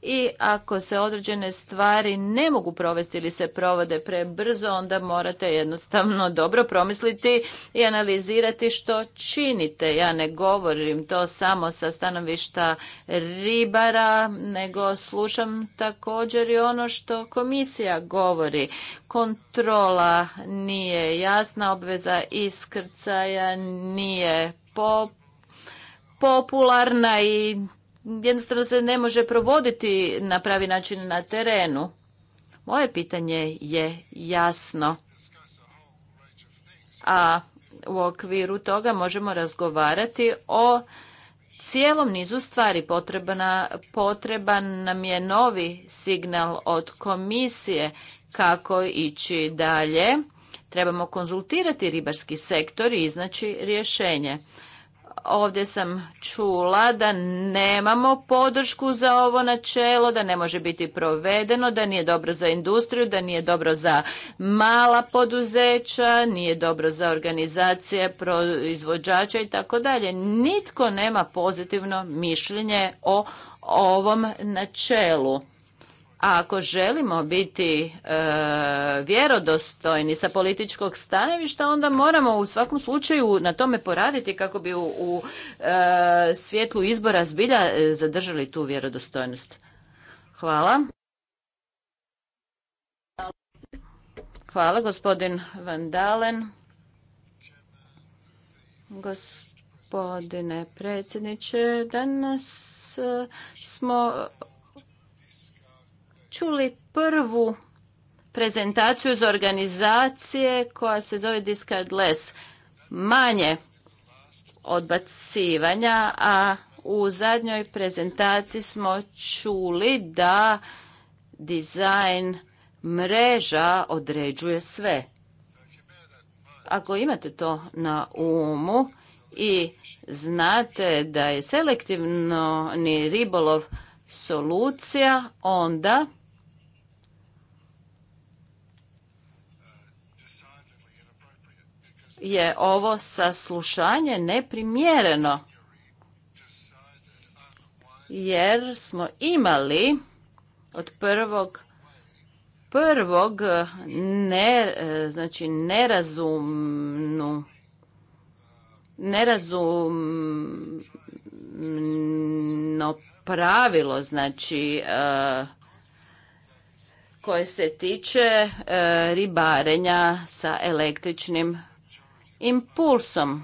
B: i ako se određene stvari ne mogu provesti ili se provode prebrzo, onda morate jednostavno dobro promisliti i analizirati što činite. Ja ne govorim to samo sa stanovišta ribara, nego slušam također i ono što komisija govori. Kontrola nije jasna, obveza iskrcaja nije popularna i jednostavno se ne može provoditi na pravi način na terenu. Moje pitanje je jasno. A u okviru toga možemo razgovarati o cijelom nizu stvari. Potrebna, potreban nam je novi signal od komisije kako ići dalje. Trebamo konzultirati ribarski sektor i iznaći rješenje. Ovdje sam čula da nemamo podršku za ovo načelo, da ne može biti provedeno, da nije dobro za industriju, da nije dobro za mala poduzeća, nije dobro za organizacije proizvođača i tako dalje. Nitko nema pozitivno mišljenje o ovom načelu. A ako želimo biti e, vjerodostojni sa političkog stanovišta, onda moramo u svakom slučaju na tome poraditi kako bi u, u e, svjetlu izbora zbilja e, zadržali tu vjerodostojnost. Hvala. Hvala, gospodin Van Dalen. Gospodine predsjedniče, danas smo čuli prvu prezentaciju iz organizacije koja se zove Less. Manje odbacivanja, a u zadnjoj prezentaciji smo čuli da dizajn mreža određuje sve. Ako imate to na umu i znate da je selektivno ni ribolov solucija, onda je ovo saslušanje neprimjereno jer smo imali od prvog prvog ne, znači nerazumnu nerazumno pravilo znači e, koje se tiče e, ribarenja sa električnim impulsom.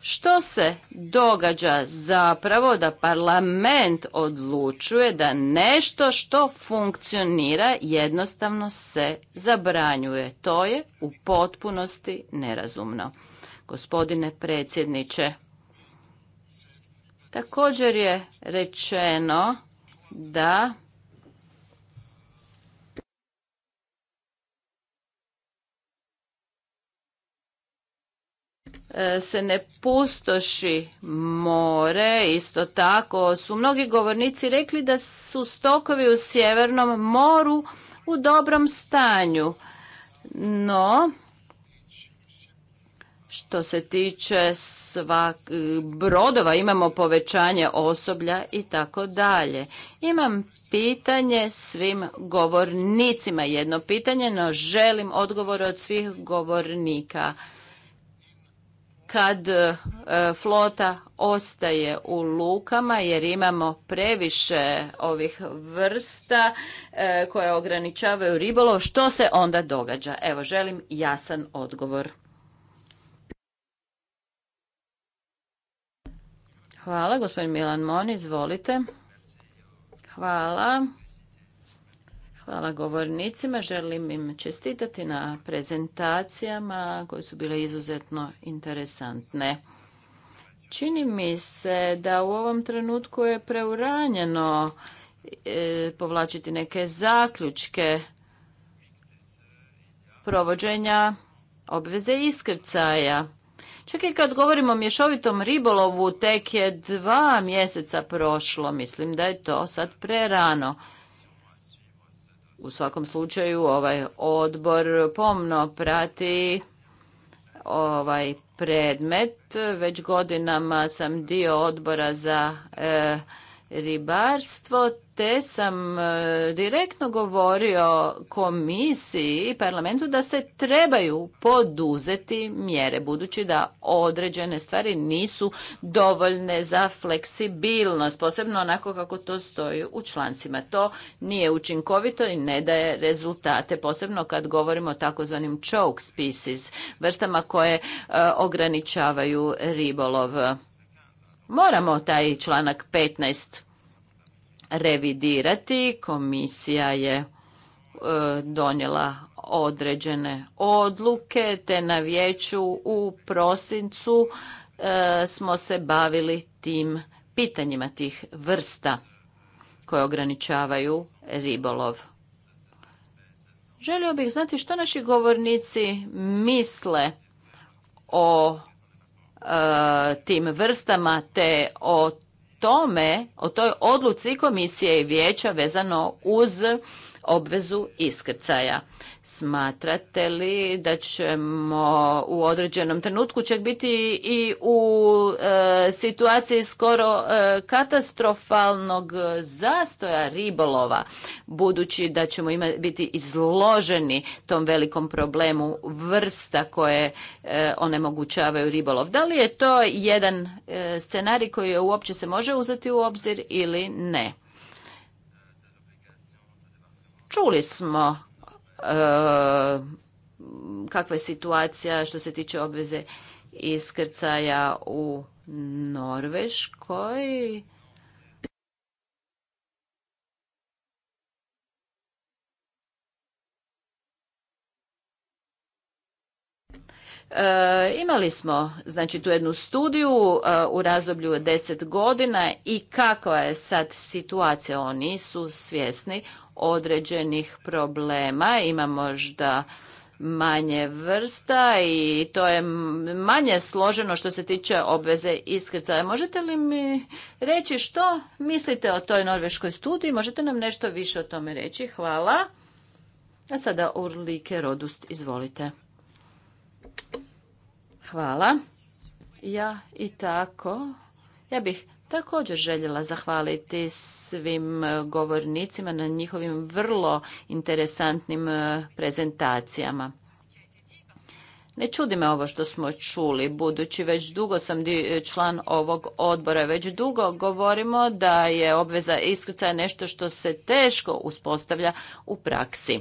B: Što se događa zapravo da parlament odlučuje da nešto što funkcionira jednostavno se zabranjuje? To je u potpunosti nerazumno. Gospodine predsjedniče, također je rečeno da E, se ne pustoši more. Isto tako su mnogi govornici rekli da su stokovi u Sjevernom moru u dobrom stanju. No, što se tiče svak brodova imamo povećanje osoblja i tako dalje. Imam pitanje svim govornicima, jedno pitanje, no želim odgovore od svih govornika kad e, e, flota ostaje u lukama jer imamo previše ovih vrsta e, koje ograničavaju ribolov, što se onda događa? Evo, želim jasan odgovor. Hvala, gospodin Milan Moni, izvolite. Hvala. Hvala govornicima. Želim im čestitati na prezentacijama koje su bile izuzetno interesantne. Čini mi se da u ovom trenutku je preuranjeno e, povlačiti neke zaključke provođenja obveze iskrcaja. Čak i kad govorimo o mješovitom ribolovu, tek je dva mjeseca prošlo. Mislim da je to sad prerano. U svakom slučaju ovaj odbor pomno prati ovaj predmet. Već godinama sam dio odbora za eh, ribarstvo, te sam e, direktno govorio komisiji i parlamentu da se trebaju poduzeti mjere, budući da određene stvari nisu dovoljne za fleksibilnost, posebno onako kako to stoji u člancima. To nije učinkovito i ne daje rezultate, posebno kad govorimo o takozvanim choke species, vrstama koje e, ograničavaju ribolov. Moramo taj članak 15 revidirati. Komisija je e, donijela određene odluke te na vijeću u prosincu e, smo se bavili tim pitanjima tih vrsta koje ograničavaju ribolov. Želio bih znati što naši govornici misle o e, tim vrstama te o tome, o toj odluci komisije i vijeća vezano uz obvezu iskrcaja. Smatrate li da ćemo u određenom trenutku čak biti i u e, situaciji skoro e, katastrofalnog zastoja ribolova, budući da ćemo biti izloženi tom velikom problemu vrsta koje e, onemogućavaju ribolov? Da li je to jedan scenarij koji je uopće se može uzeti u obzir ili ne? Čuli smo E, kakva je situacija što se tiče obveze iskrcaja u Norveškoj. E, imali smo znači tu jednu studiju e, u razdoblju 10 godina i kakva je sad situacija. Oni su svjesni određenih problema, ima možda manje vrsta i to je manje složeno što se tiče obveze iskrcaja. Možete li mi reći što mislite o toj norveškoj studiji? Možete nam nešto više o tome reći? Hvala. A sada Urlike Rodust, izvolite. Hvala. Ja i tako. Ja bih također željela zahvaliti svim e, govornicima na njihovim vrlo interesantnim e, prezentacijama. Ne čudi me ovo što smo čuli, budući već dugo sam e, član ovog odbora. Već dugo govorimo da je obveza iskrcaja nešto što se teško uspostavlja u praksi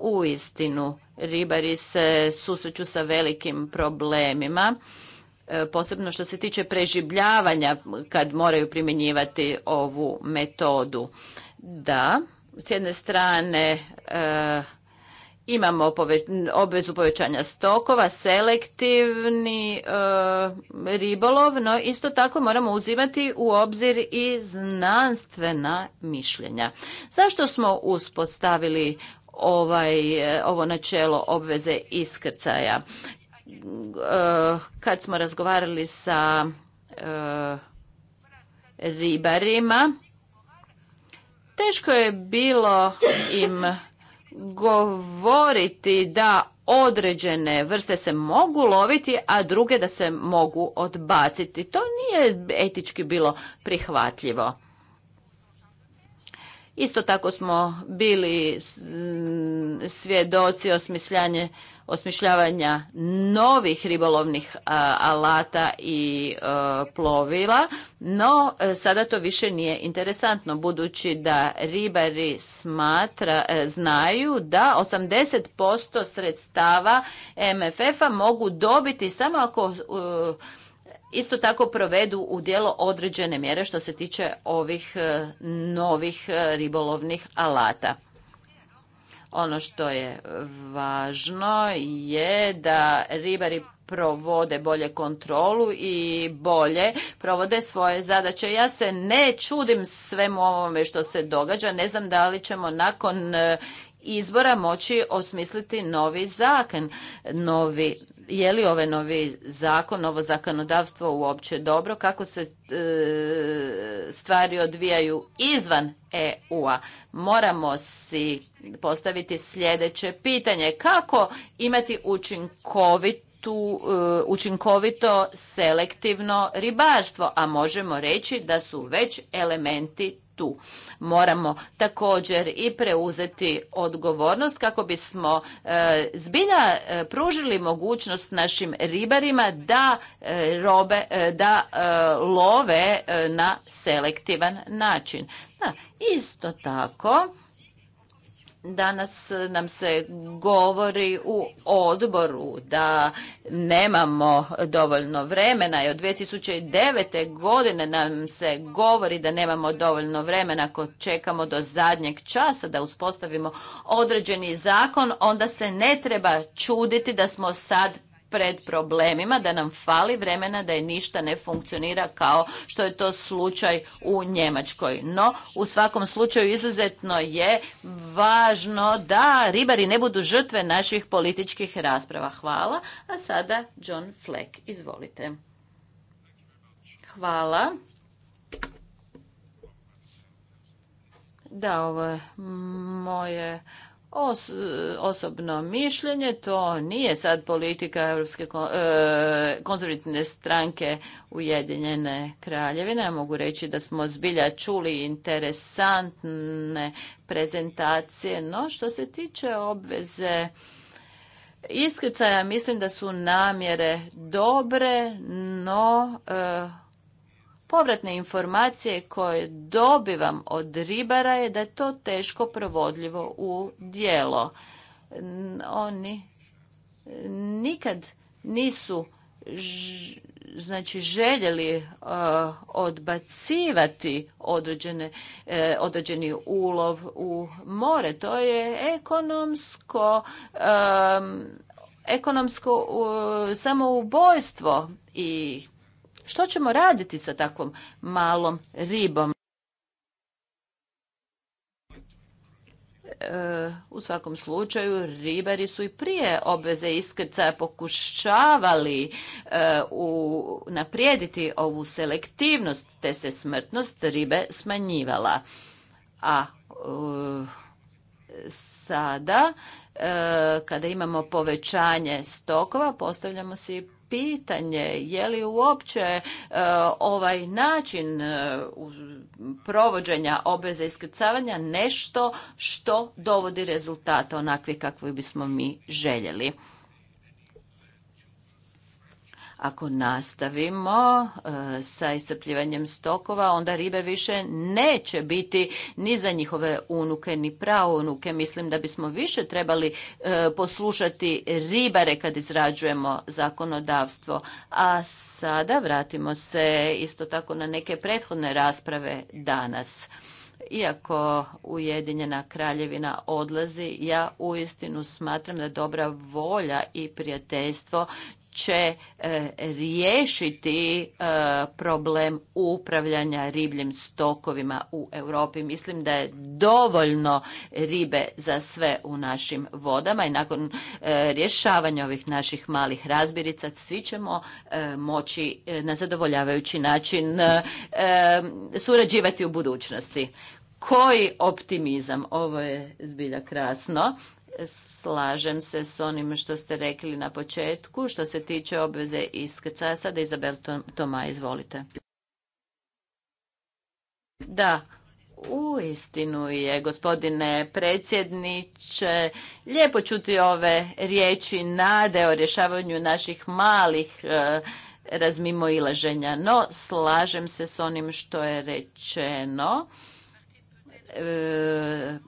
B: u istinu ribari se susreću sa velikim problemima e, posebno što se tiče preživljavanja kad moraju primjenjivati ovu metodu. Da, s jedne strane e, imamo obvezu povećanja stokova, selektivni e, ribolov, no isto tako moramo uzimati u obzir i znanstvena mišljenja. Zašto smo uspostavili ovaj, e, ovo načelo obveze iskrcaja. E, kad smo razgovarali sa e, ribarima, teško je bilo im govoriti da određene vrste se mogu loviti, a druge da se mogu odbaciti. To nije etički bilo prihvatljivo. Isto tako smo bili mm, svjedoci osmišljavanja novih ribolovnih alata i e, plovila, no e, sada to više nije interesantno budući da ribari smatra, e, znaju da 80% sredstava MFF-a mogu dobiti samo ako isto tako provedu u djelo određene mjere što se tiče ovih e, novih e, ribolovnih alata. Ono što je važno je da ribari provode bolje kontrolu i bolje provode svoje zadaće. Ja se ne čudim svemu ovome što se događa. Ne znam da li ćemo nakon e, izbora moći osmisliti novi zakon, novi je li ovaj novi zakon, ovo zakonodavstvo uopće dobro, kako se e, stvari odvijaju izvan EU-a. Moramo si postaviti sljedeće pitanje. Kako imati učinkovitu, e, učinkovito selektivno ribarstvo, a možemo reći da su već elementi tu. Moramo također i preuzeti odgovornost kako bismo e, zbilja e, pružili mogućnost našim ribarima da e, robe, da love na selektivan način. Da, isto tako Danas nam se govori u odboru da nemamo dovoljno vremena i od 2009. godine nam se govori da nemamo dovoljno vremena ako čekamo do zadnjeg časa da uspostavimo određeni zakon, onda se ne treba čuditi da smo sad pred problemima, da nam fali vremena da je ništa ne funkcionira kao što je to slučaj u Njemačkoj. No, u svakom slučaju izuzetno je važno da ribari ne budu žrtve naših političkih rasprava. Hvala. A sada John Fleck, izvolite. Hvala. Da, ovo je moje osobno mišljenje, to nije sad politika Europske e, konzervativne stranke Ujedinjene kraljevine. Ja mogu reći da smo zbilja čuli interesantne prezentacije, no što se tiče obveze iskrcaja, mislim da su namjere dobre, no... E, Povratne informacije koje dobivam od ribara je da je to teško provodljivo u dijelo. Oni nikad nisu znači željeli e, odbacivati određene, e, određeni ulov u more. To je ekonomsko e, ekonomsko samoubojstvo i što ćemo raditi sa takvom malom ribom? E, u svakom slučaju ribari su i prije obveze iskrcaja pokušavali e, naprijediti ovu selektivnost te se smrtnost ribe smanjivala. A e, sada kada imamo povećanje stokova postavljamo si pitanje je li uopće e, ovaj način e, provođenja obveze iskrcavanja nešto što dovodi rezultate onakvi kakve bismo mi željeli. Ako nastavimo e, sa iscrpljivanjem stokova, onda ribe više neće biti ni za njihove unuke, ni unuke. Mislim da bismo više trebali e, poslušati ribare kad izrađujemo zakonodavstvo. A sada vratimo se isto tako na neke prethodne rasprave danas iako Ujedinjena kraljevina odlazi, ja uistinu smatram da dobra volja i prijateljstvo će e, riješiti e, problem upravljanja ribljim stokovima u Europi. Mislim da je dovoljno ribe za sve u našim vodama i nakon e, rješavanja ovih naših malih razbirica svi ćemo moći na zadovoljavajući način surađivati u budućnosti. Koji optimizam, ovo je zbilja krasno slažem se s onim što ste rekli na početku. Što se tiče obveze iskrcaja, sada Izabel Toma, izvolite. Da, u istinu je, gospodine predsjedniče, lijepo čuti ove riječi nade o rješavanju naših malih e, razmimoilaženja. No, slažem se s onim što je rečeno. E,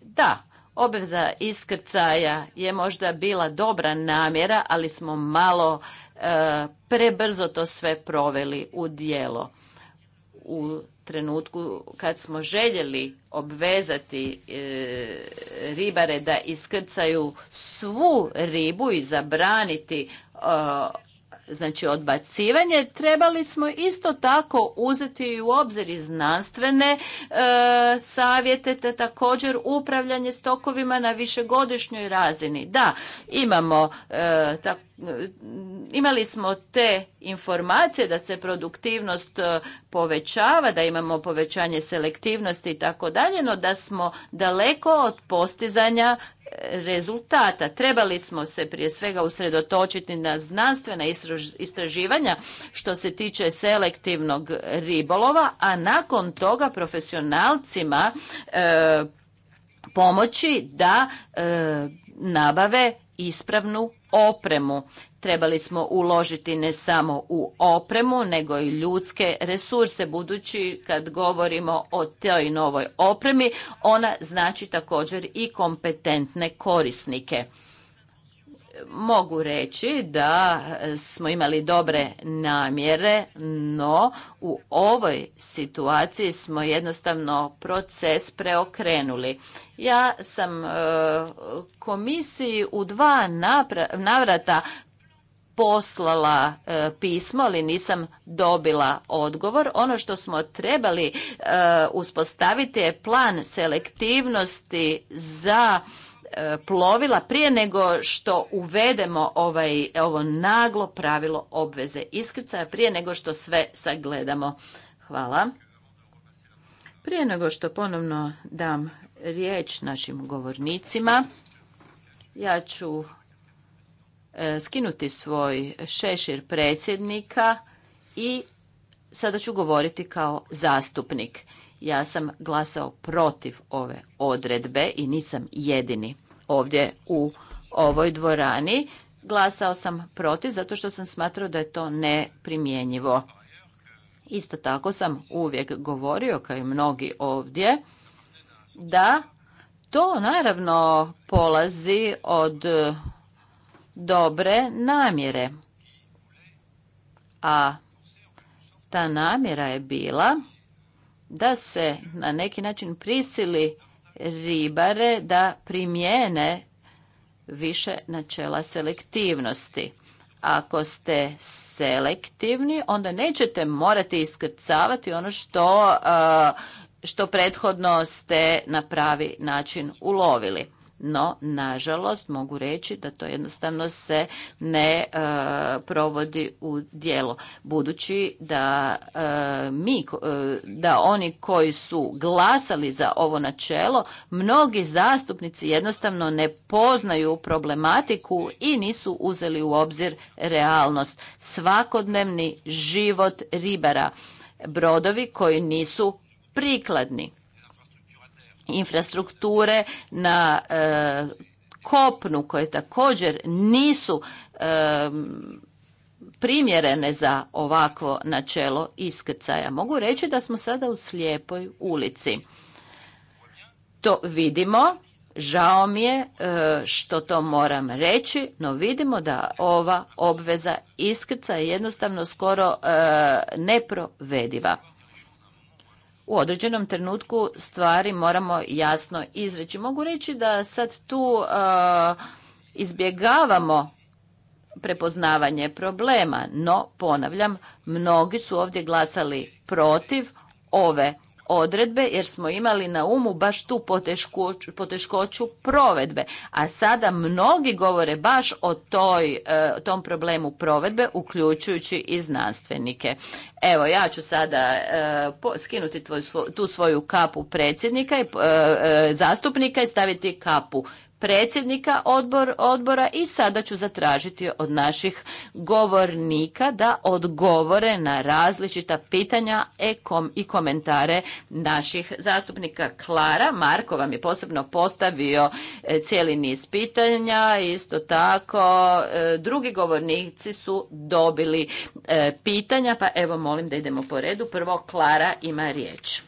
B: da, Obveza iskrcaja je možda bila dobra namjera, ali smo malo e, prebrzo to sve proveli u dijelo. U trenutku kad smo željeli obvezati e, ribare da iskrcaju svu ribu i zabraniti e, znači odbacivanje, trebali smo isto tako uzeti u obzir i znanstvene e, savjete, te također upravljanje stokovima na višegodišnjoj razini. Da, imamo e, e, imali smo te informacije da se produktivnost e, povećava, da imamo povećanje selektivnosti i tako dalje, no da smo daleko od postizanja rezultata. Trebali smo se prije svega usredotočiti na znanstvena istraživanja što se tiče selektivnog ribolova, a nakon toga profesionalcima e, pomoći da e, nabave ispravnu opremu. Trebali smo uložiti ne samo u opremu, nego i ljudske resurse, budući kad govorimo o toj novoj opremi, ona znači također i kompetentne korisnike mogu reći da smo imali dobre namjere, no u ovoj situaciji smo jednostavno proces preokrenuli. Ja sam e, komisiji u dva navrata poslala e, pismo, ali nisam dobila odgovor. Ono što smo trebali e, uspostaviti je plan selektivnosti za E, plovila prije nego što uvedemo ovaj, ovo naglo pravilo obveze iskrcaja, prije nego što sve sagledamo. Hvala. Prije nego što ponovno dam riječ našim govornicima, ja ću e, skinuti svoj šešir predsjednika i sada ću govoriti kao zastupnik. Ja sam glasao protiv ove odredbe i nisam jedini ovdje u ovoj dvorani. Glasao sam protiv zato što sam smatrao da je to neprimjenjivo. Isto tako sam uvijek govorio, kao i mnogi ovdje, da to naravno polazi od dobre namjere. A ta namjera je bila da se na neki način prisili ribare da primijene više načela selektivnosti. Ako ste selektivni, onda nećete morati iskrcavati ono što, eh, što prethodno ste na pravi način ulovili no nažalost mogu reći da to jednostavno se ne e, provodi u dijelo. budući da e, mi e, da oni koji su glasali za ovo načelo mnogi zastupnici jednostavno ne poznaju problematiku i nisu uzeli u obzir realnost svakodnevni život ribara brodovi koji nisu prikladni infrastrukture na e, kopnu koje također nisu e, primjerene za ovakvo načelo iskrcaja. Mogu reći da smo sada u slijepoj ulici. To vidimo, žao mi je e, što to moram reći, no vidimo da ova obveza iskrca je jednostavno skoro neprovediva u određenom trenutku stvari moramo jasno izreći. Mogu reći da sad tu uh, izbjegavamo prepoznavanje problema, no ponavljam, mnogi su ovdje glasali protiv ove odredbe jer smo imali na umu baš tu poteškoću, poteškoću provedbe. A sada mnogi govore baš o toj, e, tom problemu provedbe, uključujući i znanstvenike. Evo, ja ću sada e, skinuti tu svoju kapu predsjednika i e, zastupnika i staviti kapu predsjednika odbor, odbora i sada ću zatražiti od naših govornika da odgovore na različita pitanja e i komentare naših zastupnika. Klara Marko vam je posebno postavio e, cijeli niz pitanja, isto tako e, drugi govornici su dobili pitanja, pa evo molim da idemo po redu. Prvo Klara ima riječ.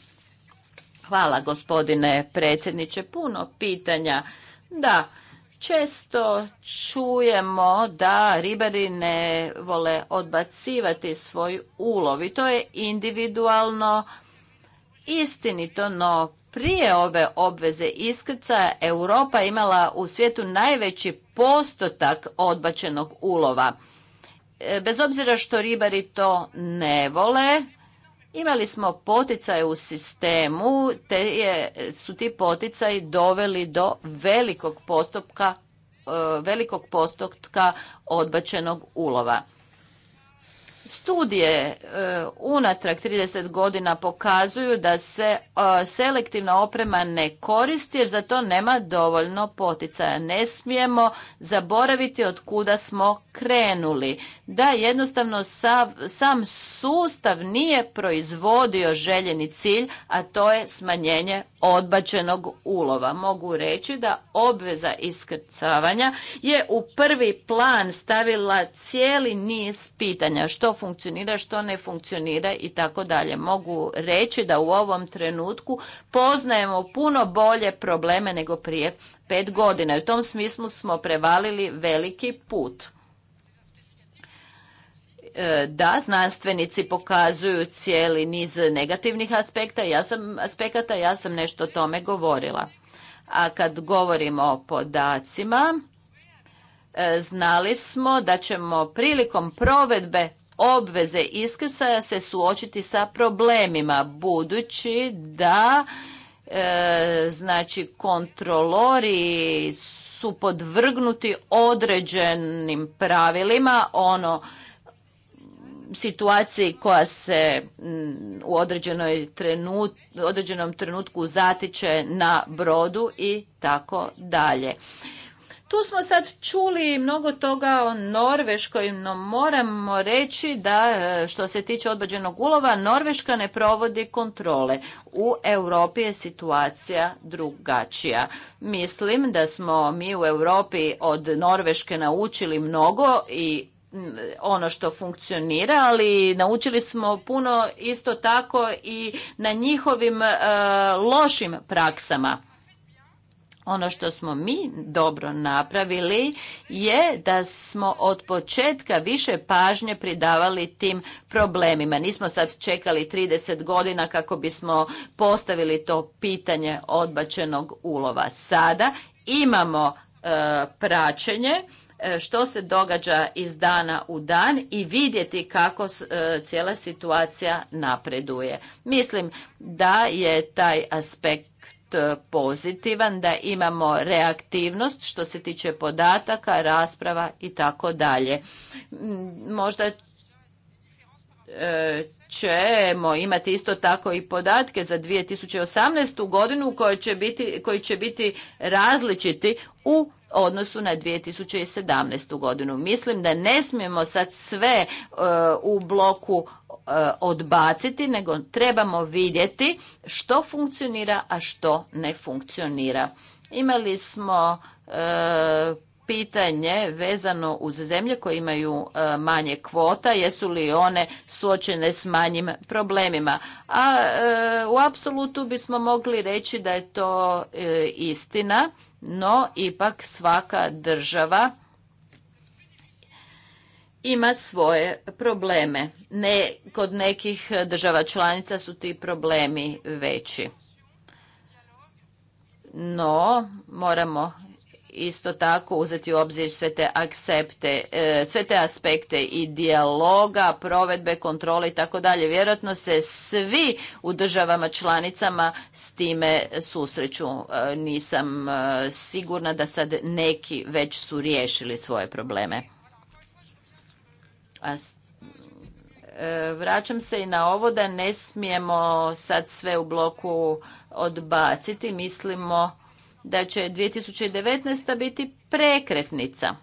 B: Hvala gospodine predsjedniče, puno pitanja da, često čujemo da ribari ne vole odbacivati svoj ulov i to je individualno istinito, no prije ove obveze iskrca Europa imala u svijetu najveći postotak odbačenog ulova. E, bez obzira što ribari to ne vole, Imali smo poticaje u sistemu, te je, su ti poticaji doveli do velikog postupka e, velikog postotka odbačenog ulova. Studije e, unatrag 30 godina pokazuju da se e, selektivna oprema ne koristi jer za to nema dovoljno poticaja. Ne smijemo zaboraviti od kuda smo krenuli. Da jednostavno sam sustav nije proizvodio željeni cilj, a to je smanjenje odbačenog ulova. Mogu reći da obveza iskrcavanja je u prvi plan stavila cijeli niz pitanja što funkcionira, što ne funkcionira i tako dalje. Mogu reći da u ovom trenutku poznajemo puno bolje probleme nego prije pet godina. U tom smislu smo prevalili veliki put e, da znanstvenici pokazuju cijeli niz negativnih aspekta, ja sam aspekata, ja sam nešto o tome govorila. A kad govorimo o podacima, e, znali smo da ćemo prilikom provedbe obveze iskrsaja se suočiti sa problemima budući da e, znači kontrolori su podvrgnuti određenim pravilima ono situaciji koja se mm, u određenoj trenut, određenom trenutku zatiče na brodu i tako dalje. Tu smo sad čuli mnogo toga o Norveškoj, no moramo reći da e, što se tiče odbađenog ulova, Norveška ne provodi kontrole. U Europi je situacija drugačija. Mislim da smo mi u Europi od Norveške naučili mnogo i ono što funkcionira, ali naučili smo puno isto tako i na njihovim e, lošim praksama ono što smo mi dobro napravili je da smo od početka više pažnje pridavali tim problemima. Nismo sad čekali 30 godina kako bismo postavili to pitanje odbačenog ulova. Sada imamo e, praćenje e, što se događa iz dana u dan i vidjeti kako e, cijela situacija napreduje. Mislim da je taj aspekt E, pozitivan, da imamo reaktivnost što se tiče podataka, rasprava i tako dalje. Mm, možda e, ćemo imati isto tako i podatke za 2018. godinu koji će biti, koji će biti različiti u odnosu na 2017. godinu. Mislim da ne smijemo sad sve e, u bloku e, odbaciti, nego trebamo vidjeti što funkcionira, a što ne funkcionira. Imali smo e, pitanje vezano uz zemlje koje imaju manje kvota, jesu li one suočene s manjim problemima. A u apsolutu bismo mogli reći da je to istina no ipak svaka država ima svoje probleme. Ne, kod nekih država članica su ti problemi veći. No, moramo isto tako uzeti u obzir sve te aksepte, e, sve te aspekte i dijaloga, provedbe, kontrole i tako dalje. Vjerojatno se svi u državama članicama s time susreću. E, nisam e, sigurna da sad neki već su riješili svoje probleme. vraćam se i na ovo da ne smijemo sad sve u bloku odbaciti. Mislimo da će 2019. biti prekretnica.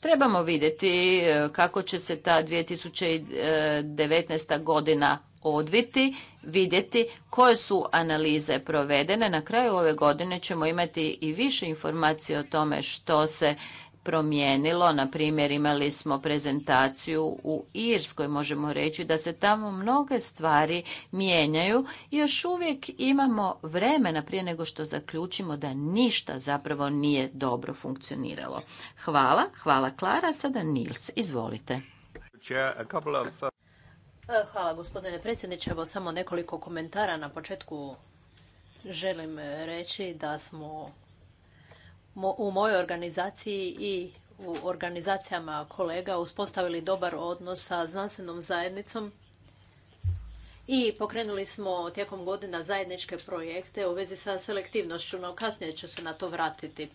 B: Trebamo vidjeti e, kako će se ta 2019. godina odviti, vidjeti koje su analize provedene. Na kraju ove godine ćemo imati i više informacije o tome što se promijenilo. Na primjer, imali smo prezentaciju u Irskoj, možemo reći da se tamo mnoge stvari mijenjaju. Još uvijek imamo vremena prije nego što zaključimo da ništa zapravo nije dobro funkcioniralo. Hvala, hvala Klara, sada Nils, izvolite.
D: Hvala gospodine predsjedniče, evo samo nekoliko komentara na početku. Želim reći da smo u mojoj organizaciji i u organizacijama kolega uspostavili dobar odnos sa znanstvenom zajednicom i pokrenuli smo tijekom godina zajedničke projekte u vezi sa selektivnošću, no kasnije ću se na to vratiti.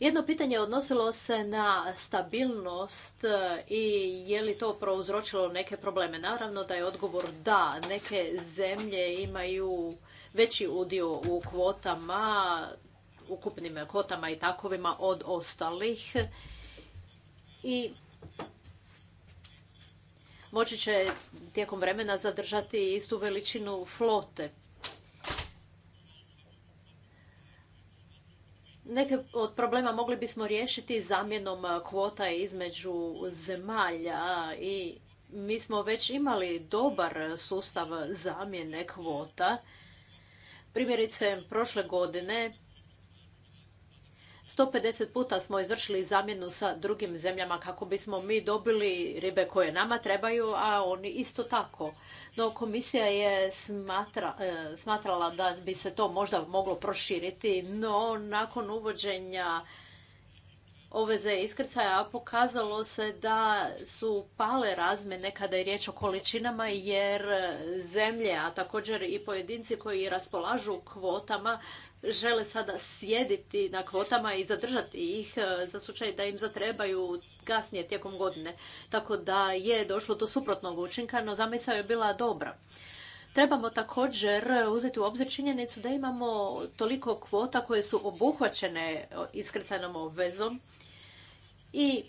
D: Jedno pitanje odnosilo se na stabilnost e, i je li to prouzročilo neke probleme. Naravno da je odgovor da, neke zemlje imaju veći udio u kvotama ukupnim kvotama i takovima od ostalih i moći će tijekom vremena zadržati istu veličinu flote. Neke od problema mogli bismo riješiti zamjenom kvota između zemalja i mi smo već imali dobar sustav zamjene kvota. Primjerice, prošle godine 150 puta smo izvršili zamjenu sa drugim zemljama kako bismo mi dobili ribe koje nama trebaju, a oni isto tako. No komisija je e, smatrala da bi se to možda moglo proširiti, no nakon uvođenja oveze iskrcaja pokazalo se da su pale razmjene kada je riječ o količinama jer zemlje, a također i pojedinci koji raspolažu kvotama žele sada sjediti na kvotama i zadržati ih e, za slučaj da im zatrebaju kasnije tijekom godine. Tako da je došlo do suprotnog učinka, no zamisao je bila dobra. Trebamo također uzeti u obzir činjenicu da imamo toliko kvota koje su obuhvaćene iskrcanom obvezom i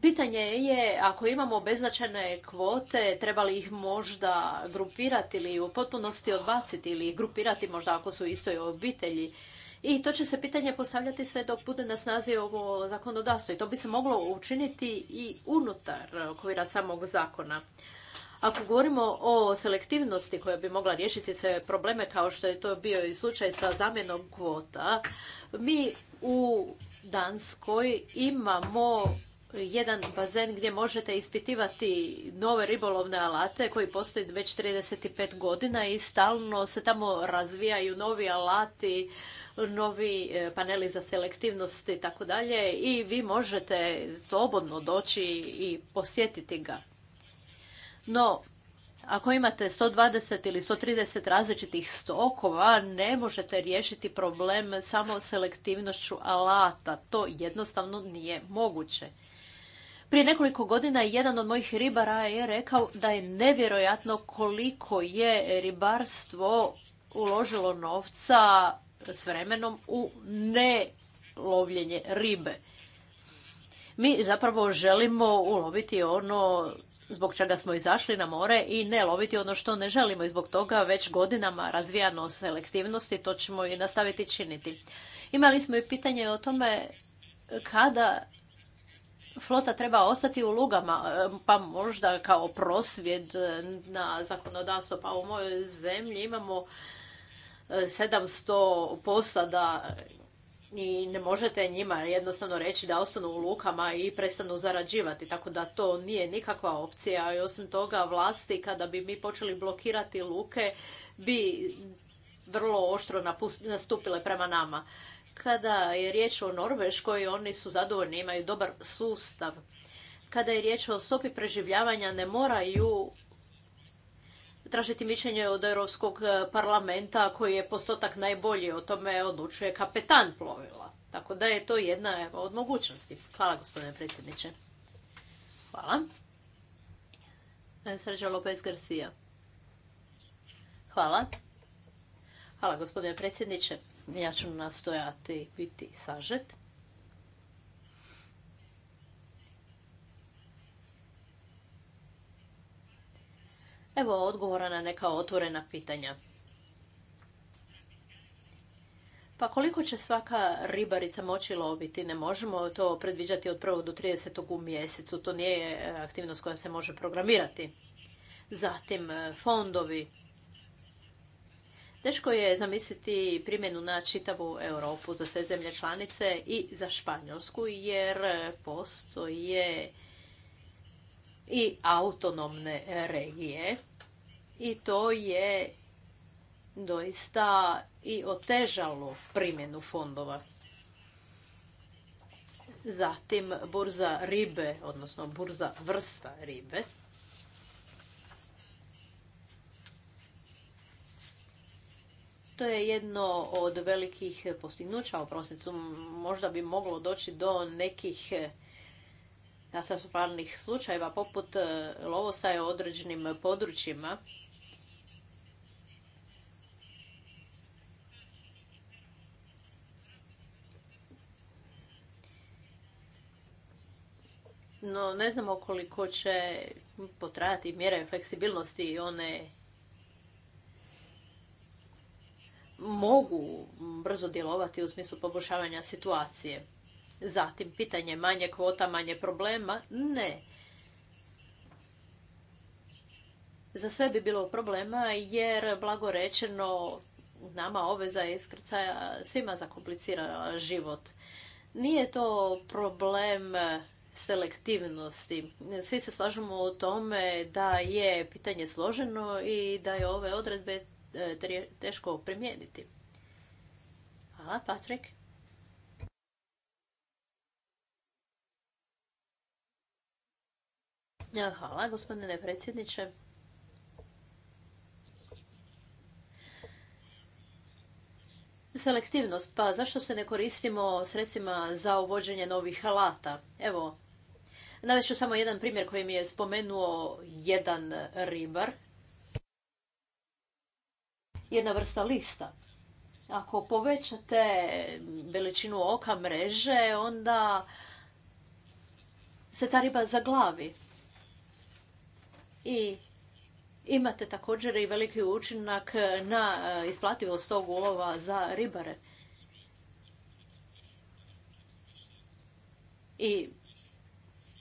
D: Pitanje je, ako imamo beznačajne kvote, treba li ih možda grupirati ili u potpunosti odbaciti ili ih grupirati možda ako su istoj obitelji. I to će se pitanje postavljati sve dok bude na snazi ovo zakonodavstvo i to bi se moglo učiniti i unutar okvira samog zakona. Ako govorimo o selektivnosti koja bi mogla riješiti sve probleme kao što je to bio i slučaj sa zamjenom kvota, mi u Danskoj imamo jedan bazen gdje možete ispitivati nove ribolovne alate koji postoji već 35 godina i stalno se tamo razvijaju novi alati, novi e, paneli za selektivnost i tako dalje i vi možete slobodno doći i posjetiti ga. No, ako imate 120 ili 130 različitih stokova, ne možete riješiti problem samo selektivnošću alata. To jednostavno nije moguće. Prije nekoliko godina jedan od mojih ribara je rekao da je nevjerojatno koliko je ribarstvo uložilo novca s vremenom u ne lovljenje ribe. Mi zapravo želimo uloviti ono zbog čega smo izašli na more i ne loviti ono što ne želimo i zbog toga već godinama razvijano selektivnosti, to ćemo i nastaviti činiti. Imali smo i pitanje o tome kada flota treba ostati u lugama, e, pa možda kao prosvjed e, na zakonodavstvo. Pa u mojoj zemlji imamo 700 e, posada i ne možete njima jednostavno reći da ostanu u lukama i prestanu zarađivati, tako da to nije nikakva opcija i osim toga vlasti kada bi mi počeli blokirati luke bi vrlo oštro nastupile prema nama. Kada je riječ o Norveškoj, oni su zadovoljni, imaju dobar sustav. Kada je riječ o stopi preživljavanja, ne moraju tražiti mišljenje od Europskog parlamenta koji je postotak najbolji, o tome odlučuje kapetan plovila. Tako da je to jedna od mogućnosti. Hvala gospodine predsjedniče. Hvala. Sređa Lopez Garcia. Hvala. Hvala gospodine predsjedniče. Ja ću nastojati biti sažet. Evo odgovora na neka otvorena pitanja. Pa koliko će svaka ribarica moći loviti? Ne možemo to predviđati od 1. do 30. u mjesecu. To nije e, aktivnost koja se može programirati. Zatim e, fondovi. Teško je zamisliti primjenu na čitavu Europu za sve zemlje članice i za Španjolsku, jer postoje i autonomne regije i to je doista i otežalo primjenu fondova. Zatim burza ribe, odnosno burza vrsta ribe. To je jedno od velikih postignuća u prosincu. Možda bi moglo doći do nekih nasapravnih e, slučajeva poput e, lovosa u određenim područjima. No, ne znamo koliko će potrajati mjere fleksibilnosti one mogu brzo djelovati u smislu poboljšavanja situacije. Zatim, pitanje manje kvota, manje problema? Ne. Za sve bi bilo problema jer, blago rečeno, nama obveza iskrcaja svima zakomplicira život. Nije to problem selektivnosti. Svi se slažemo o tome da je pitanje složeno i da je ove odredbe E, teško primijeniti. Hvala, Patrik. Hvala, gospodine predsjedniče. Selektivnost, pa zašto se ne koristimo sredstvima za uvođenje novih alata? Evo, navest ću samo jedan primjer koji mi je spomenuo jedan ribar jedna vrsta lista. Ako povećate veličinu oka mreže, onda se ta riba zaglavi. I imate također i veliki učinak na eh, isplativost tog ulova za ribare. I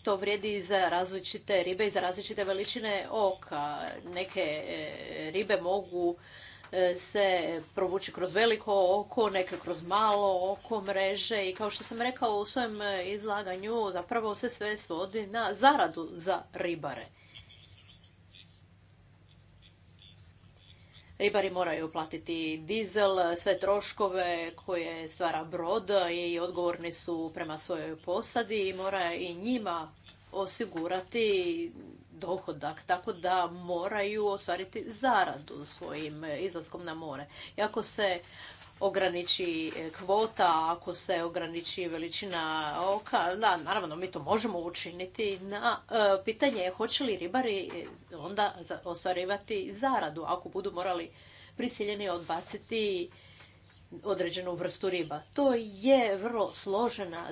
D: to vrijedi i za različite ribe i za različite veličine oka. Neke eh, ribe mogu E, se provući kroz veliko oko, neke kroz malo oko mreže i kao što sam rekao u svojem e, izlaganju zapravo se sve svodi na zaradu za ribare. Ribari moraju platiti dizel, sve troškove koje stvara brod i odgovorni su prema svojoj posadi i mora i njima osigurati dohodak, tako da moraju ostvariti zaradu svojim izlaskom na more. I ako se ograniči e, kvota, ako se ograniči veličina oka, da, naravno mi to možemo učiniti. Na, e, pitanje je hoće li ribari e, onda ostvarivati zaradu ako budu morali prisiljeni odbaciti određenu vrstu riba. To je vrlo složena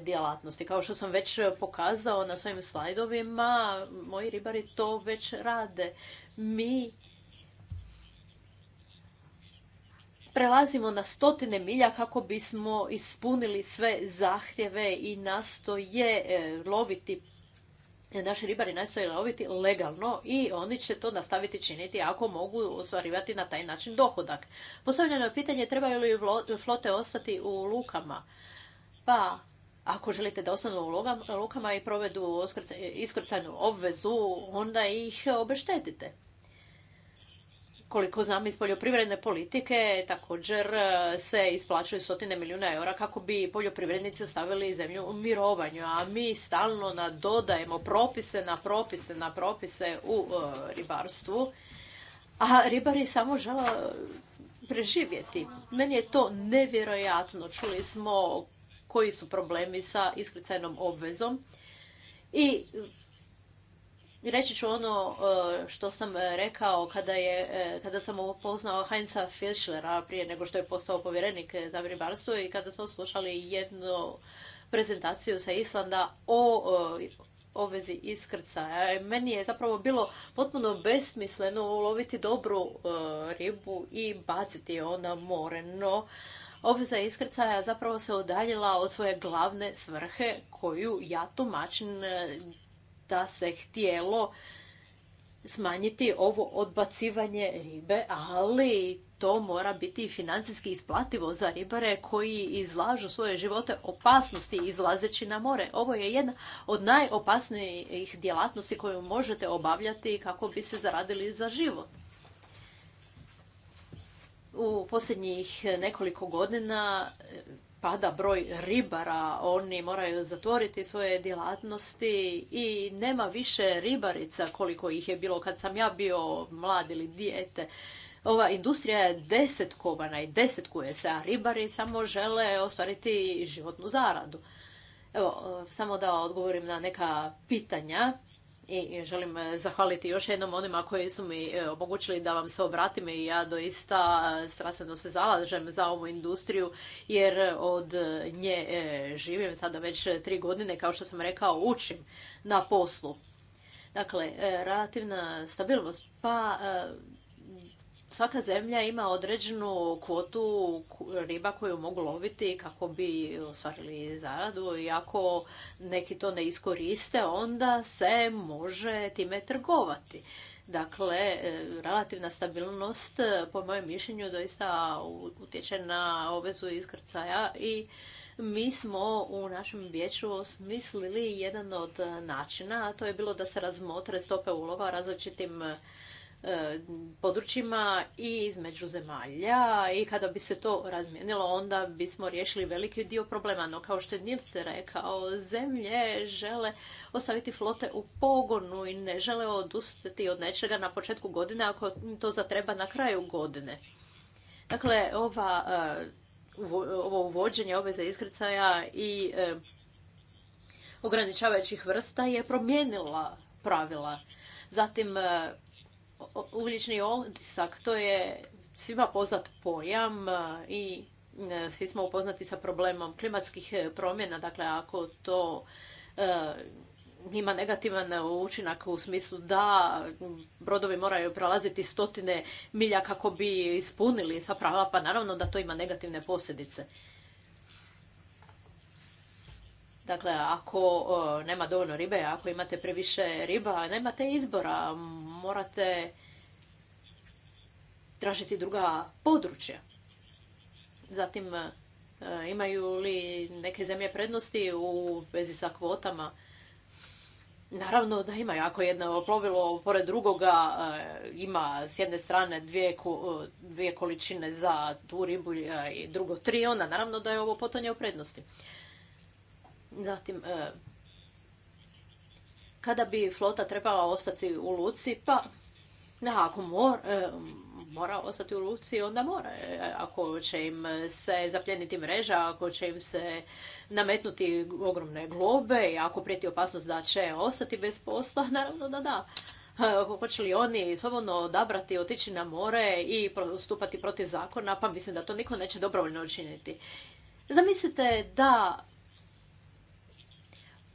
D: djelatnost i kao što sam već pokazao na svojim slajdovima, moji ribari to već rade. Mi prelazimo na stotine milja kako bismo ispunili sve zahtjeve i nastoje e, loviti naši ribari nastoje loviti legalno i oni će to nastaviti činiti ako mogu ostvarivati na taj način dohodak. Postavljeno je pitanje trebaju li flote ostati u lukama. Pa, ako želite da ostanu u lukama i provedu iskrcanu obvezu, onda ih obeštetite koliko znam iz poljoprivredne politike, također e, se isplaćuju stotine milijuna eura kako bi poljoprivrednici ostavili zemlju u mirovanju, a mi stalno nadodajemo propise na propise na propise u e, ribarstvu, a ribari samo žele preživjeti. Meni je to nevjerojatno. Čuli smo koji su problemi sa iskrcajnom obvezom i Reći ću ono e, što sam e, rekao kada, je, e, kada sam upoznao Heinza Fischlera prije nego što je postao povjerenik za ribarstvo i kada smo slušali jednu prezentaciju sa Islanda o obvezi iskrcaja. Meni je zapravo bilo potpuno besmisleno uloviti dobru ribu i baciti je ona moreno. no obveza iskrcaja zapravo se udaljila od svoje glavne svrhe koju ja tumačim da se htjelo smanjiti ovo odbacivanje ribe, ali to mora biti financijski isplativo za ribare koji izlažu svoje živote opasnosti izlazeći na more. Ovo je jedna od najopasnijih djelatnosti koju možete obavljati kako bi se zaradili za život. U posljednjih nekoliko godina pada broj ribara, oni moraju zatvoriti svoje djelatnosti i nema više ribarica koliko ih je bilo kad sam ja bio mlad ili dijete. Ova industrija je desetkovana i desetkuje se, a ribari samo žele ostvariti životnu zaradu. Evo, samo da odgovorim na neka pitanja i želim e, zahvaliti još jednom onima koji su mi e, omogućili da vam se obratim i ja doista e, strastveno se zalažem za ovu industriju jer od nje živim sada već tri godine, kao što sam rekao, učim na poslu. Dakle, relativna stabilnost, pa svaka zemlja ima određenu kvotu riba koju mogu loviti kako bi ostvarili zaradu i ako neki to ne iskoriste onda se može time trgovati. Dakle, e, relativna stabilnost, po mojem mišljenju, doista utječe na obvezu iskrcaja i mi smo u našem vijeću osmislili jedan od načina, a to je bilo da se razmotre stope ulova različitim E, područjima i između zemalja i kada bi se to razmijenilo onda bismo riješili veliki dio problema. No kao što je Nils rekao, zemlje žele ostaviti flote u pogonu i ne žele odustati od nečega na početku godine ako to zatreba na kraju godine. Dakle, ova, e, ovo uvođenje obveze iskrcaja i e, ograničavajućih vrsta je promijenila pravila. Zatim ugljični odisak, to je svima poznat pojam i svi smo upoznati sa problemom klimatskih e, promjena. Dakle, ako to e, ima negativan učinak u smislu da brodovi moraju prelaziti stotine milja kako bi ispunili sva prava, pa naravno da to ima negativne posljedice. Dakle, ako e, nema dovoljno ribe, ako imate previše riba, nemate izbora, morate tražiti druga područja. Zatim, e, imaju li neke zemlje prednosti u vezi sa kvotama? Naravno da imaju. Ako jedno plovilo pored drugoga e, ima s jedne strane dvije, količine za tu ribu i drugo tri, onda naravno da je ovo potonje u prednosti. Zatim, e, kada bi flota trebala ostati u luci, pa ako e, mora ostati u luci, onda mora. E, ako će im se zapljeniti mreža, ako će im se nametnuti ogromne globe i ako prijeti opasnost da će ostati bez posla, (laughs) naravno da da. Ako hoće li oni slobodno odabrati, otići na more i stupati protiv zakona, pa mislim da to niko neće dobrovoljno učiniti. Zamislite da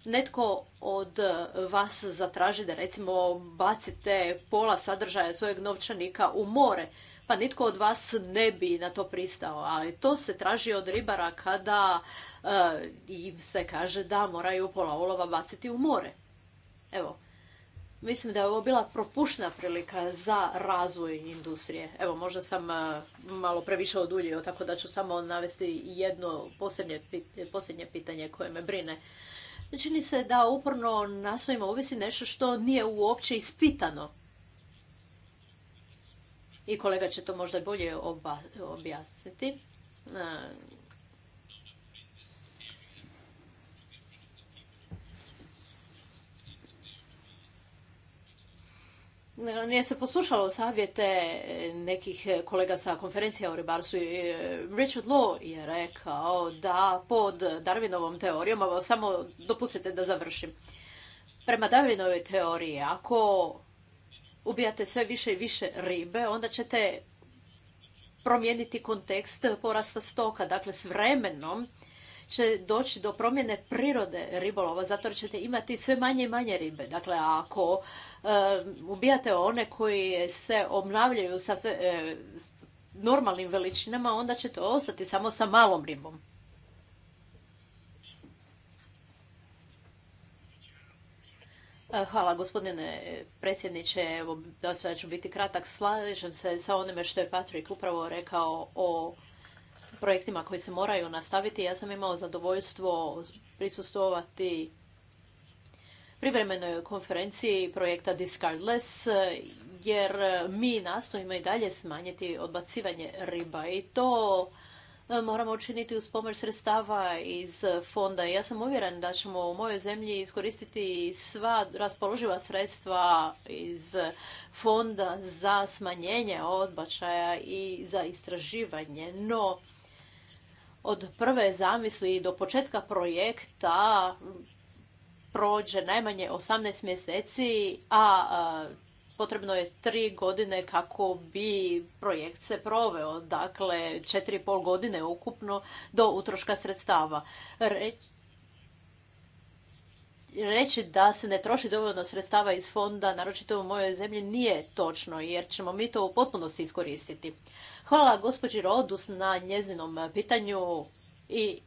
D: netko od e, vas zatraži da recimo bacite pola sadržaja svojeg novčanika u more, pa nitko od vas ne bi na to pristao, ali to se traži od ribara kada e, se kaže da moraju pola ulova baciti u more. Evo, mislim da je ovo bila propušna prilika za razvoj industrije. Evo, možda sam e, malo previše oduljio, tako da ću samo navesti jedno posljednje pitanje koje me brine čini se da uporno nastojimo uvesti nešto što nije uopće ispitano. I kolega će to možda bolje objasniti nije se poslušalo savjete nekih kolega sa konferencija o ribarstvu. E, Richard Law je rekao da pod Darwinovom teorijom, ovo samo dopustite da završim, prema Darwinovoj teoriji, ako ubijate sve više i više ribe, onda ćete promijeniti kontekst porasta stoka. Dakle, s vremenom će doći do promjene prirode ribolova, zato jer ćete imati sve manje i manje ribe. Dakle, ako eh, ubijate one koji se obnavljaju sa sve, eh, normalnim veličinama, onda ćete ostati samo sa malom ribom. Eh, hvala gospodine predsjedniče. Evo, da ću biti kratak. Slažem se sa onime što je Patrik upravo rekao o projektima koji se moraju nastaviti. Ja sam imao zadovoljstvo prisustovati privremenoj konferenciji projekta Discardless, jer mi nastojimo i dalje smanjiti odbacivanje riba i to e, moramo učiniti uz pomoć sredstava iz fonda. Ja sam uvjeren da ćemo u mojoj zemlji iskoristiti sva raspoloživa sredstva iz fonda za smanjenje odbačaja i za istraživanje. No, od prve zamisli do početka projekta prođe najmanje 18 mjeseci, a potrebno je tri godine kako bi projekt se proveo, dakle četiri i pol godine ukupno do utroška sredstava. reći reći da se ne troši dovoljno sredstava iz fonda, naročito u mojoj zemlji, nije točno, jer ćemo mi to u potpunosti iskoristiti. Hvala gospođi Rodus na njezinom pitanju i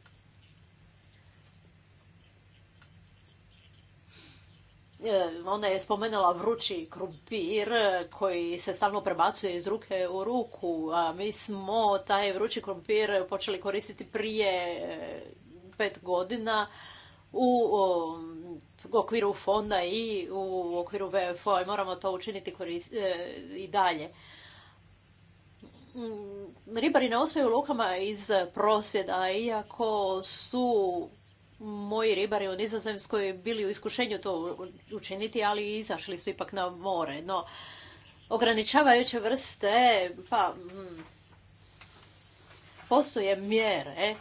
D: e, ona je spomenula vrući krumpir koji se stalno prebacuje iz ruke u ruku. A mi smo taj vrući krumpir počeli koristiti prije pet godina u okviru fonda i u okviru vfo i moramo to učiniti e, i dalje. Mm, ribari ne ostaju u lukama iz prosvjeda, iako su moji ribari u Nizozemskoj bili u iskušenju to učiniti, ali izašli su ipak na more. No, ograničavajuće vrste, pa mm, postoje mjere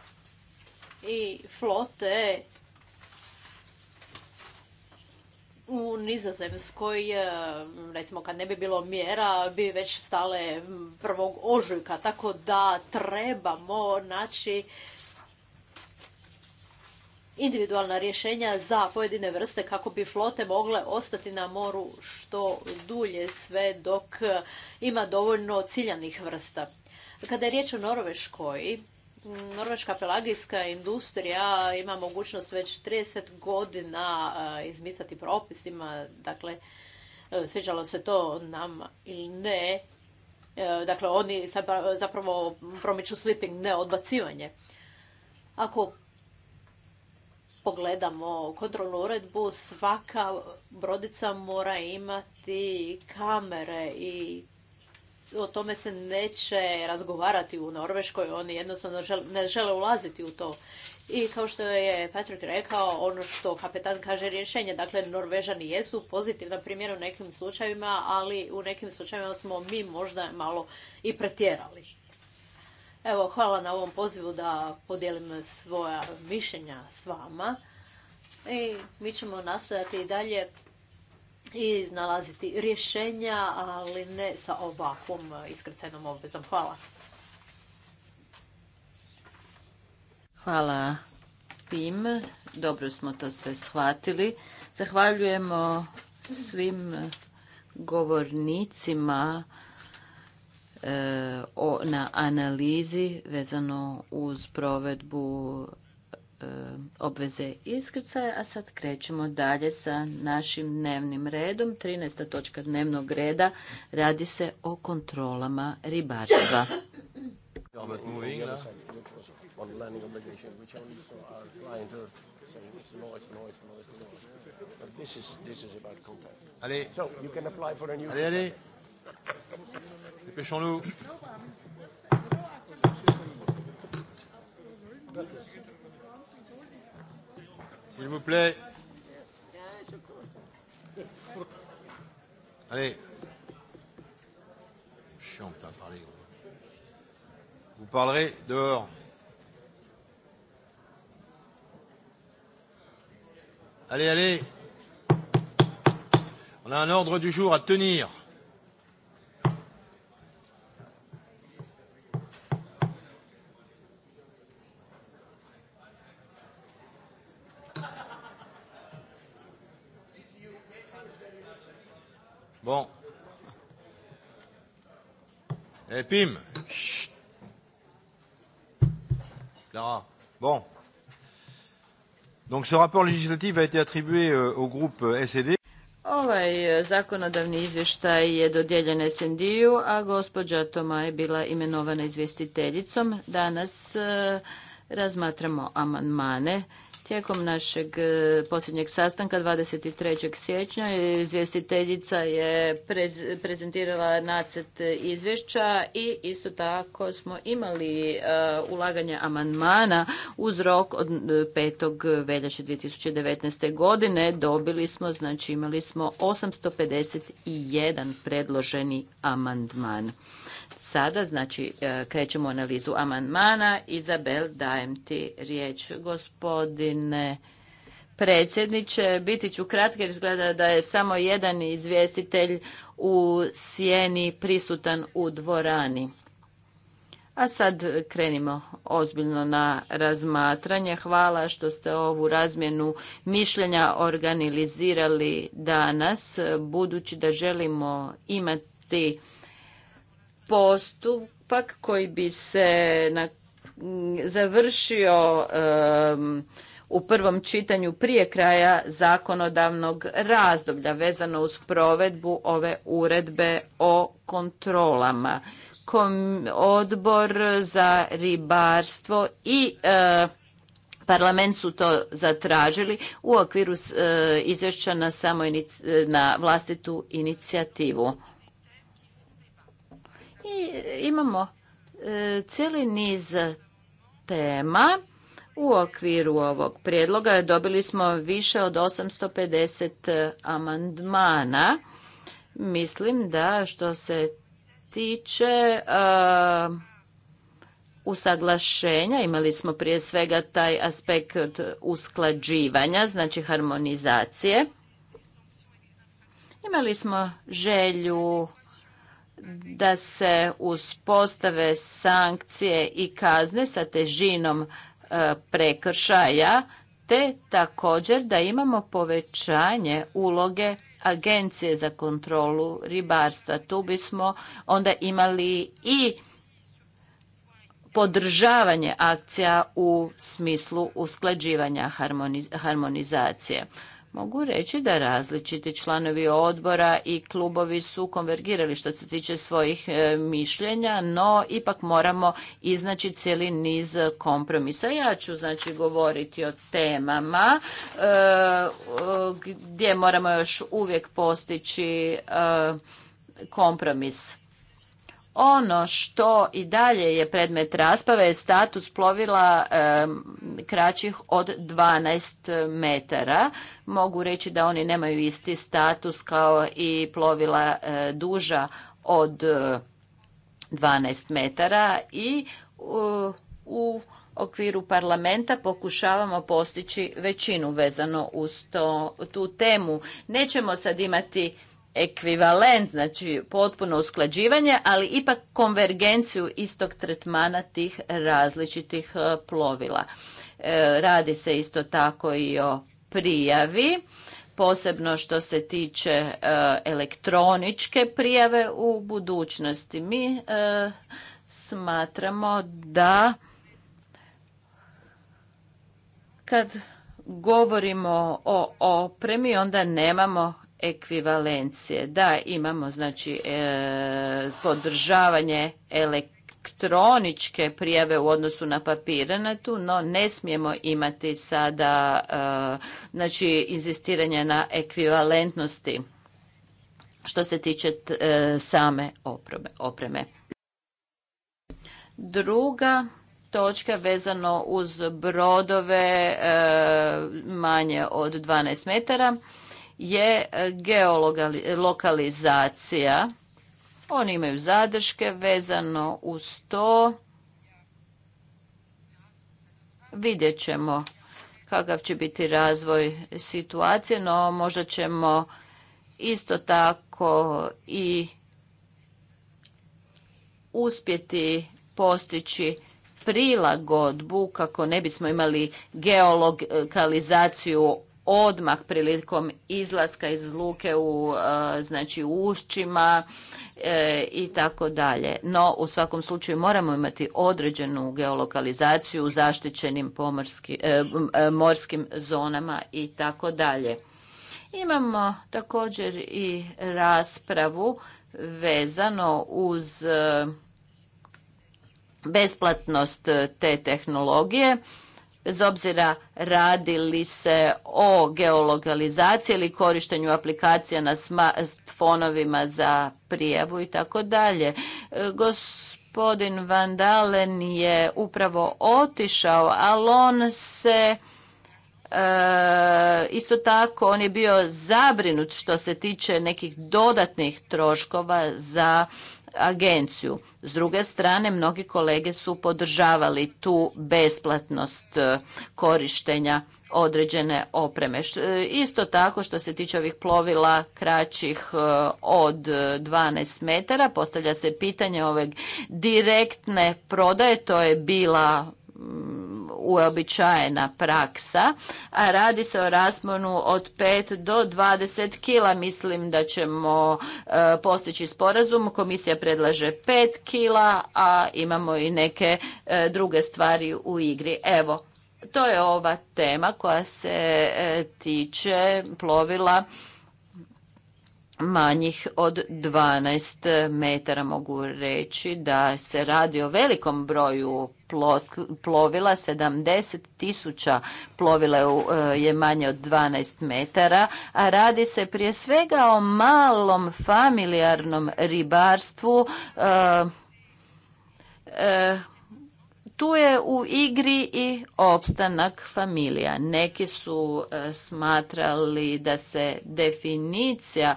D: i flote u Nizozemskoj, eh, recimo kad ne bi bilo mjera, bi već stale mm, prvog ožujka, tako da trebamo naći individualna rješenja za pojedine vrste kako bi flote mogle ostati na moru što dulje sve dok eh, ima dovoljno ciljanih vrsta. Kada je riječ o Norveškoj, Norveška pelagijska industrija ima mogućnost već 30 godina e, izmicati propisima, dakle, e, sviđalo se to nam ili ne. E, dakle, oni zapravo promiču sleeping, ne odbacivanje. Ako pogledamo kontrolnu uredbu, svaka brodica mora imati kamere i o tome se neće razgovarati u Norveškoj, oni jednostavno ne žele ulaziti u to. I kao što je Patrick rekao, ono što kapetan kaže rješenje, dakle Norvežani jesu pozitivna primjer u nekim slučajevima, ali u nekim slučajevima smo mi možda malo i pretjerali. Evo, hvala na ovom pozivu da podijelim svoja mišljenja s vama. I mi ćemo nastojati i dalje i iznalaziti rješenja, ali ne sa ovakvom iskrcenom obvezom. Hvala.
B: Hvala tim. Dobro smo to sve shvatili. Zahvaljujemo svim govornicima e, na analizi vezano uz provedbu E, obveze iskrcaja, a sad krećemo dalje sa našim dnevnim redom. 13. točka dnevnog reda radi se o kontrolama ribarstva.
C: S'il vous plaît.
A: Allez. Chiant à parler. Vous parlerez dehors. Allez, allez. On a un ordre du jour à tenir. Pim. Chut. Clara. Bon. Donc ce rapport législatif a été attribué euh, au groupe euh, SED.
B: Ovaj e, zakonodavni izvještaj je dodijeljen SND-u, a gospođa Toma je bila imenovana izvjestiteljicom. Danas e, razmatramo amandmane Tijekom našeg e, posljednjeg sastanka 23. siječnja izvjestiteljica je prezentirala nacrt izvješća i isto tako smo imali e, ulaganje amandmana uz rok od 5. E, veljače 2019. godine. Dobili smo, znači imali smo 851 predloženi amandman. Sada, znači, e, krećemo analizu amandmana. Izabel, dajem ti riječ, gospodine predsjedniče. Biti ću kratka jer izgleda da je samo jedan izvjestitelj u sjeni prisutan u dvorani. A sad krenimo ozbiljno na razmatranje. Hvala što ste ovu razmjenu mišljenja organizirali danas, budući da želimo imati postupak koji bi se na, završio u prvom čitanju prije kraja zakonodavnog razdoblja vezano uz provedbu ove uredbe o kontrolama. Kom, odbor za ribarstvo i eh, parlament su to zatražili u okviru eh, izvješća na, samo na vlastitu inicijativu imamo e, cijeli niz tema u okviru ovog prijedloga. Dobili smo više od 850 amandmana. Mislim da što se tiče e, usaglašenja, imali smo prije svega taj aspekt usklađivanja, znači harmonizacije. Imali smo želju da se uspostave sankcije i kazne sa težinom e, prekršaja, te također da imamo povećanje uloge agencije za kontrolu ribarstva. Tu bismo onda imali i podržavanje akcija u smislu usklađivanja harmonizacije. Mogu reći da različiti članovi odbora i klubovi su konvergirali što se tiče svojih e, mišljenja, no ipak moramo iznaći cijeli niz kompromisa. Ja ću znači govoriti o temama e, gdje moramo još uvijek postići e, kompromis. Ono što i dalje je predmet rasprave je status plovila kraćih od 12 metara. Mogu reći da oni nemaju isti status kao i plovila e, duža od 12 e, metara i u okviru parlamenta pokušavamo postići većinu vezano uz tu temu. Nećemo sad imati ekvivalent, znači potpuno usklađivanje, ali ipak konvergenciju istog tretmana tih različitih e, plovila. E, radi se isto tako i o prijavi, posebno što se tiče e, elektroničke prijave u budućnosti. Mi smatramo da kad govorimo o opremi, onda nemamo ekvivalencije. Da, imamo znači e, podržavanje elektroničke prijave u odnosu na papirnatu, no ne smijemo imati sada e, znači inzistiranje na ekvivalentnosti što se tiče e, same opreme. Druga točka vezano uz brodove manje od 12 metara je e, geolokalizacija. Oni imaju zadrške vezano uz to. Vidjet ćemo kakav će biti razvoj situacije, no možda ćemo isto tako i uspjeti postići prilagodbu kako ne bismo imali geolokalizaciju odmah prilikom izlaska iz luke u e, znači u ušćima e, i tako dalje. No u svakom slučaju moramo imati određenu geolokalizaciju u zaštićenim pomorski, e, morskim zonama i tako dalje. Imamo također i raspravu vezano uz besplatnost te tehnologije bez obzira radi li se o geolokalizaciji ili korištenju aplikacija na smartfonovima za prijavu i tako dalje. E, gospodin Van Dalen je upravo otišao, ali on se e, isto tako on je bio zabrinut što se tiče nekih dodatnih troškova za agenciju. S druge strane, mnogi kolege su podržavali tu besplatnost e, korištenja određene opreme. E, isto tako što se tiče ovih plovila kraćih e, od 12 metara, postavlja se pitanje ove direktne prodaje, to je bila uobičajena praksa, a radi se o rasponu od 5 do 20 kila. Mislim da ćemo e, postići sporazum. Komisija predlaže 5 kila, a imamo i neke e, druge stvari u igri. Evo, to je ova tema koja se e, tiče plovila manjih od 12 metara mogu reći da se radi o velikom broju plovila, 70 tisuća plovila je e, manje od 12 metara, a radi se prije svega o malom familijarnom ribarstvu e, e, tu je u igri i opstanak familija. Neki su e, smatrali da se definicija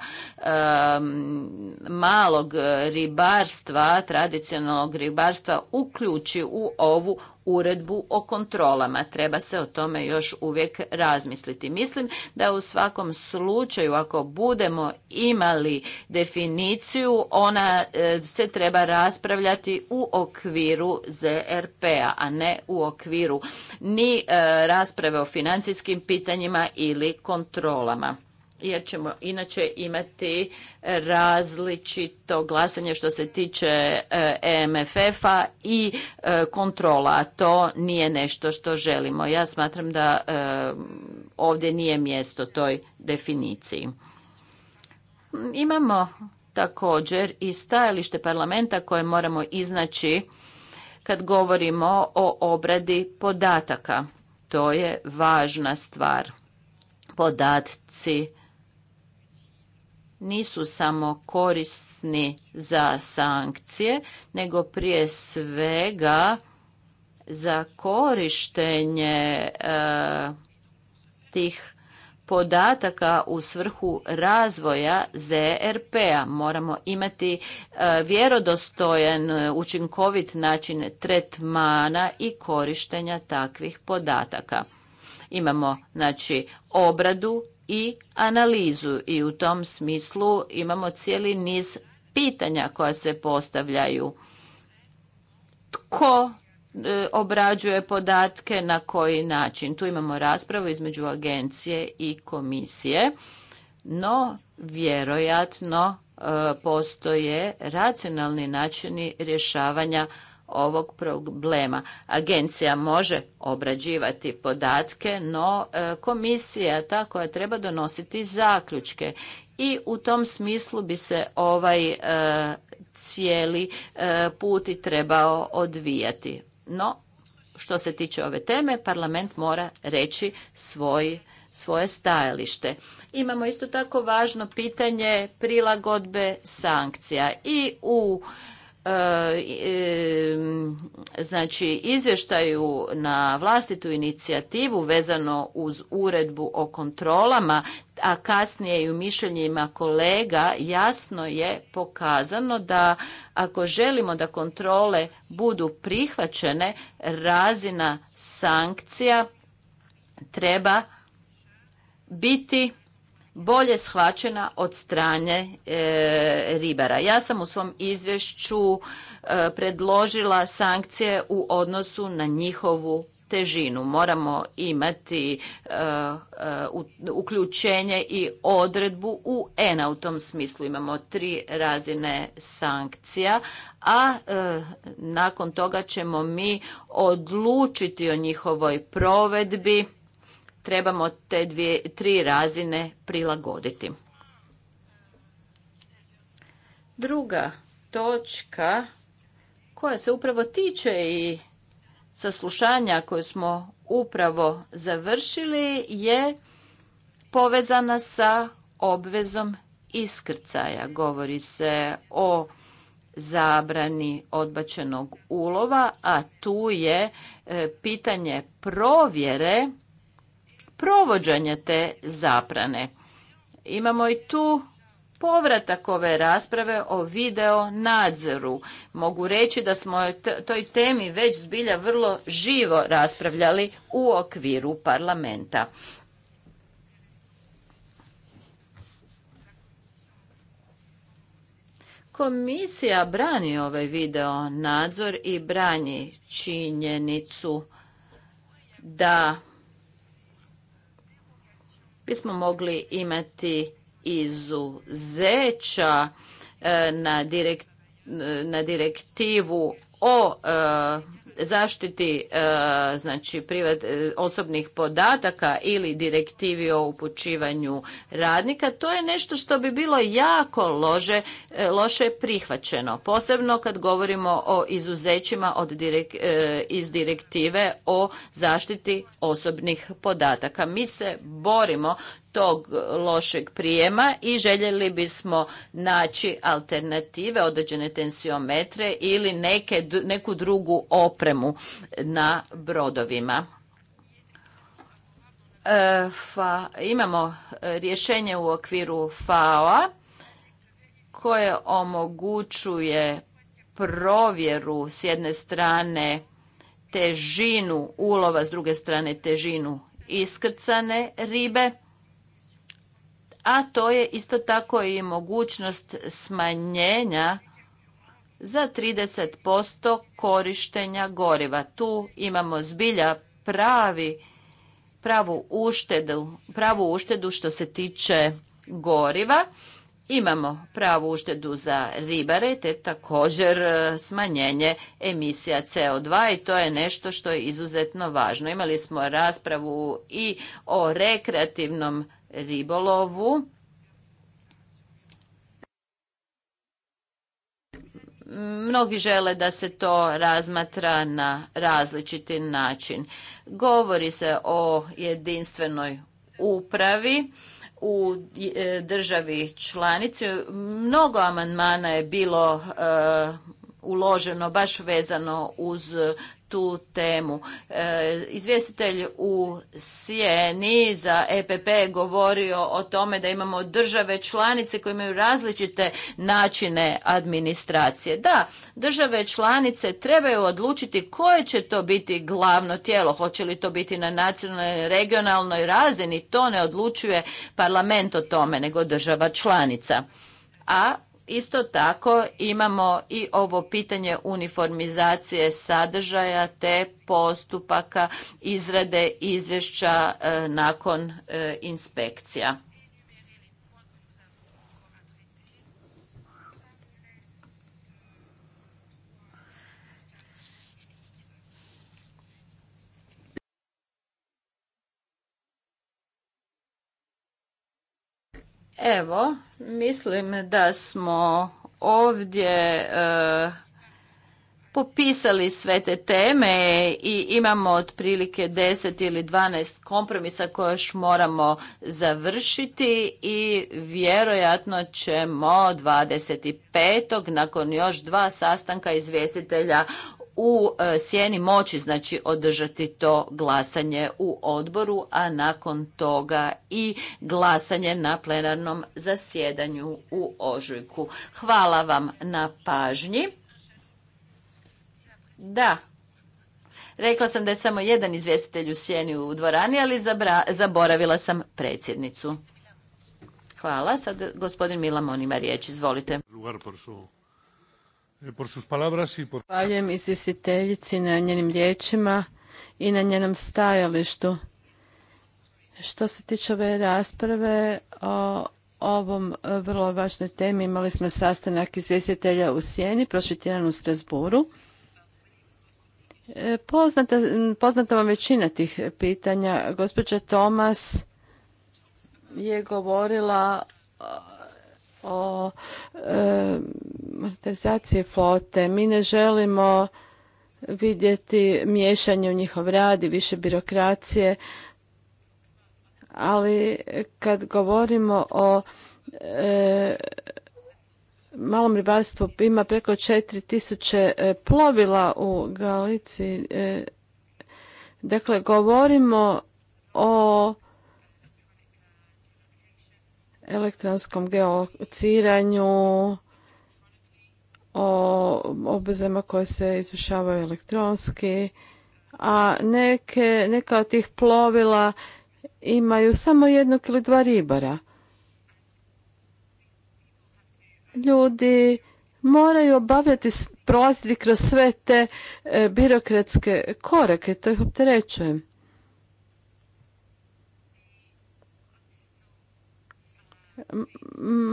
B: malog ribarstva, tradicionalnog ribarstva uključi u ovu uredbu o kontrolama. Treba se o tome još uvijek razmisliti. Mislim da u svakom slučaju ako budemo imali definiciju, ona e, se treba raspravljati u okviru ZRP-a, a ne u okviru ni e, rasprave o financijskim pitanjima ili kontrolama jer ćemo inače imati različito glasanje što se tiče EMFF-a e i e, kontrola. To nije nešto što želimo. Ja smatram da e, ovdje nije mjesto toj definiciji. Imamo također i stajalište parlamenta koje moramo iznaći kad govorimo o obradi podataka. To je važna stvar. Podatci nisu samo korisni za sankcije, nego prije svega za korištenje e, tih podataka u svrhu razvoja ZRP-a. Moramo imati e, vjerodostojan, e, učinkovit način tretmana i korištenja takvih podataka. Imamo znači obradu i analizu i u tom smislu imamo cijeli niz pitanja koja se postavljaju. Tko e, obrađuje podatke, na koji način? Tu imamo raspravu između agencije i komisije, no vjerojatno e, postoje racionalni načini rješavanja ovog problema. Agencija može obrađivati podatke, no e, komisija ta koja treba donositi zaključke i u tom smislu bi se ovaj e, cijeli e, put i trebao odvijati. No, što se tiče ove teme, parlament mora reći svoj svoje stajalište. Imamo isto tako važno pitanje prilagodbe sankcija i u E, e, znači izvještaju na vlastitu inicijativu vezano uz uredbu o kontrolama, a kasnije i u mišljenjima kolega jasno je pokazano da ako želimo da kontrole budu prihvaćene, razina sankcija treba biti bolje shvaćena od strane e, ribara. Ja sam u svom izvješću e, predložila sankcije u odnosu na njihovu težinu. Moramo imati e, uključenje i odredbu u ENA. U tom smislu imamo tri razine sankcija, a nakon toga ćemo mi odlučiti o njihovoj provedbi trebamo te dvije, tri razine prilagoditi. Druga točka koja se upravo tiče i saslušanja koje smo upravo završili je povezana sa obvezom iskrcaja. Govori se o zabrani odbačenog ulova, a tu je e, pitanje provjere provođenje te zaprane. Imamo i tu povratak ove rasprave o video nadzoru. Mogu reći da smo o toj temi već zbilja vrlo živo raspravljali u okviru parlamenta. Komisija brani ovaj video nadzor i brani činjenicu da bismo mogli imati izuzeća e, e, na direktivu o e, zaštiti e, znači privat, e, osobnih podataka ili direktivi o upućivanju radnika, to je nešto što bi bilo jako lože, e, loše prihvaćeno. Posebno kad govorimo o izuzećima od iz direktive o zaštiti osobnih podataka. Mi se borimo tog lošeg prijema i željeli bismo naći alternative, određene tensiometre ili neke, neku drugu opremu na brodovima. E, fa, imamo rješenje u okviru FAO-a koje omogućuje provjeru s jedne strane težinu ulova, s druge strane težinu iskrcane ribe a to je isto tako i mogućnost smanjenja za 30% korištenja goriva. Tu imamo zbilja pravi, pravu, uštedu, pravu uštedu što se tiče goriva. Imamo pravu uštedu za ribare te također e, smanjenje emisija CO2 i to je nešto što je izuzetno važno. Imali smo raspravu i o rekreativnom ribolovu. Mnogi žele da se to razmatra na različiti način. Govori se o jedinstvenoj upravi u e, državi članici. Mnogo amandmana je bilo e, uloženo baš vezano uz tu temu. E, izvjestitelj u Sijeni za EPP je govorio o tome da imamo države članice koje imaju različite načine administracije. Da, države članice trebaju odlučiti koje će to biti glavno tijelo. Hoće li to biti na nacionalnoj, regionalnoj razini? To ne odlučuje parlament o tome, nego država članica. A Isto tako imamo i ovo pitanje uniformizacije sadržaja te postupaka izrade izvješća e, nakon e, inspekcija. Evo, mislim da smo ovdje e, popisali sve te teme i imamo otprilike 10 ili 12 kompromisa koje još moramo završiti i vjerojatno ćemo 25. nakon još dva sastanka izvjestitelja u e, sjeni moći znači održati to glasanje u odboru, a nakon toga i glasanje na plenarnom zasjedanju u ožujku. Hvala vam na pažnji. Da, rekla sam da je samo jedan izvjestitelj u sjeni u dvorani, ali zaboravila sam predsjednicu. Hvala. Sad gospodin Milamon ima riječ. Izvolite.
A: Eh, por sus
C: izvjestiteljici na njenim riječima i na njenom stajalištu. Što se tiče ove rasprave o ovom eh, vrlo važnoj temi imali smo sastanak izvjestitelja u Sjeni prošli tjedan u Strasburu. Eh, poznata, poznata vam većina tih pitanja. Gospođa Tomas je govorila o e, monetizaciji flote. Mi ne želimo vidjeti miješanje u njihov rad i više birokracije, ali kad govorimo o e, malom ribarstvu, ima preko 4000 e, plovila u Galiciji. dakle, govorimo o elektronskom geolociranju, o obvezama koje se izvršavaju elektronski, a neke, neka od tih plovila imaju samo jednog ili dva ribara. Ljudi moraju obavljati, prolaziti kroz sve te e, birokratske korake, to ih opterećujem.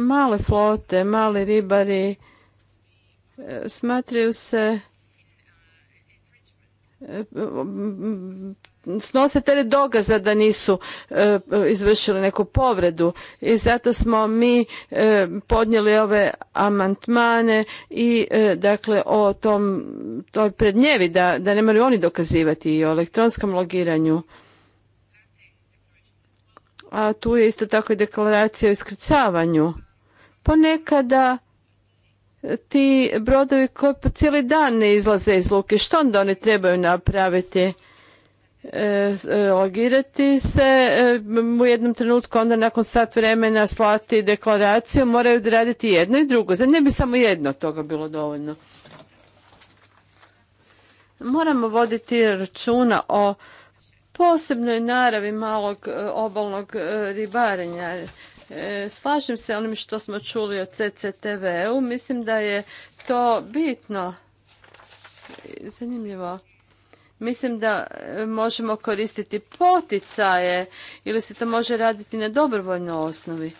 C: male flote, mali ribari e, smatraju se e, snose tere dogaza da nisu e, izvršili neku povredu i zato smo mi podnijeli ove amantmane i dakle o tom toj prednjevi da, da ne moraju oni dokazivati i o elektronskom logiranju a tu je isto tako i deklaracija o iskrcavanju. Ponekada ti brodovi koji po cijeli dan ne izlaze iz luke, što onda oni trebaju napraviti? E, e, logirati se, e, u jednom trenutku onda nakon sat vremena slati deklaraciju, moraju da raditi jedno i drugo. Za ne bi samo jedno toga bilo dovoljno. Moramo voditi računa o posebnoj naravi malog e, obalnog e, ribarenja. E, slažem se onim što smo čuli o CCTV-u. Mislim da je to bitno. Zanimljivo. Mislim da možemo koristiti poticaje ili se to može raditi na dobrovoljnoj osnovi.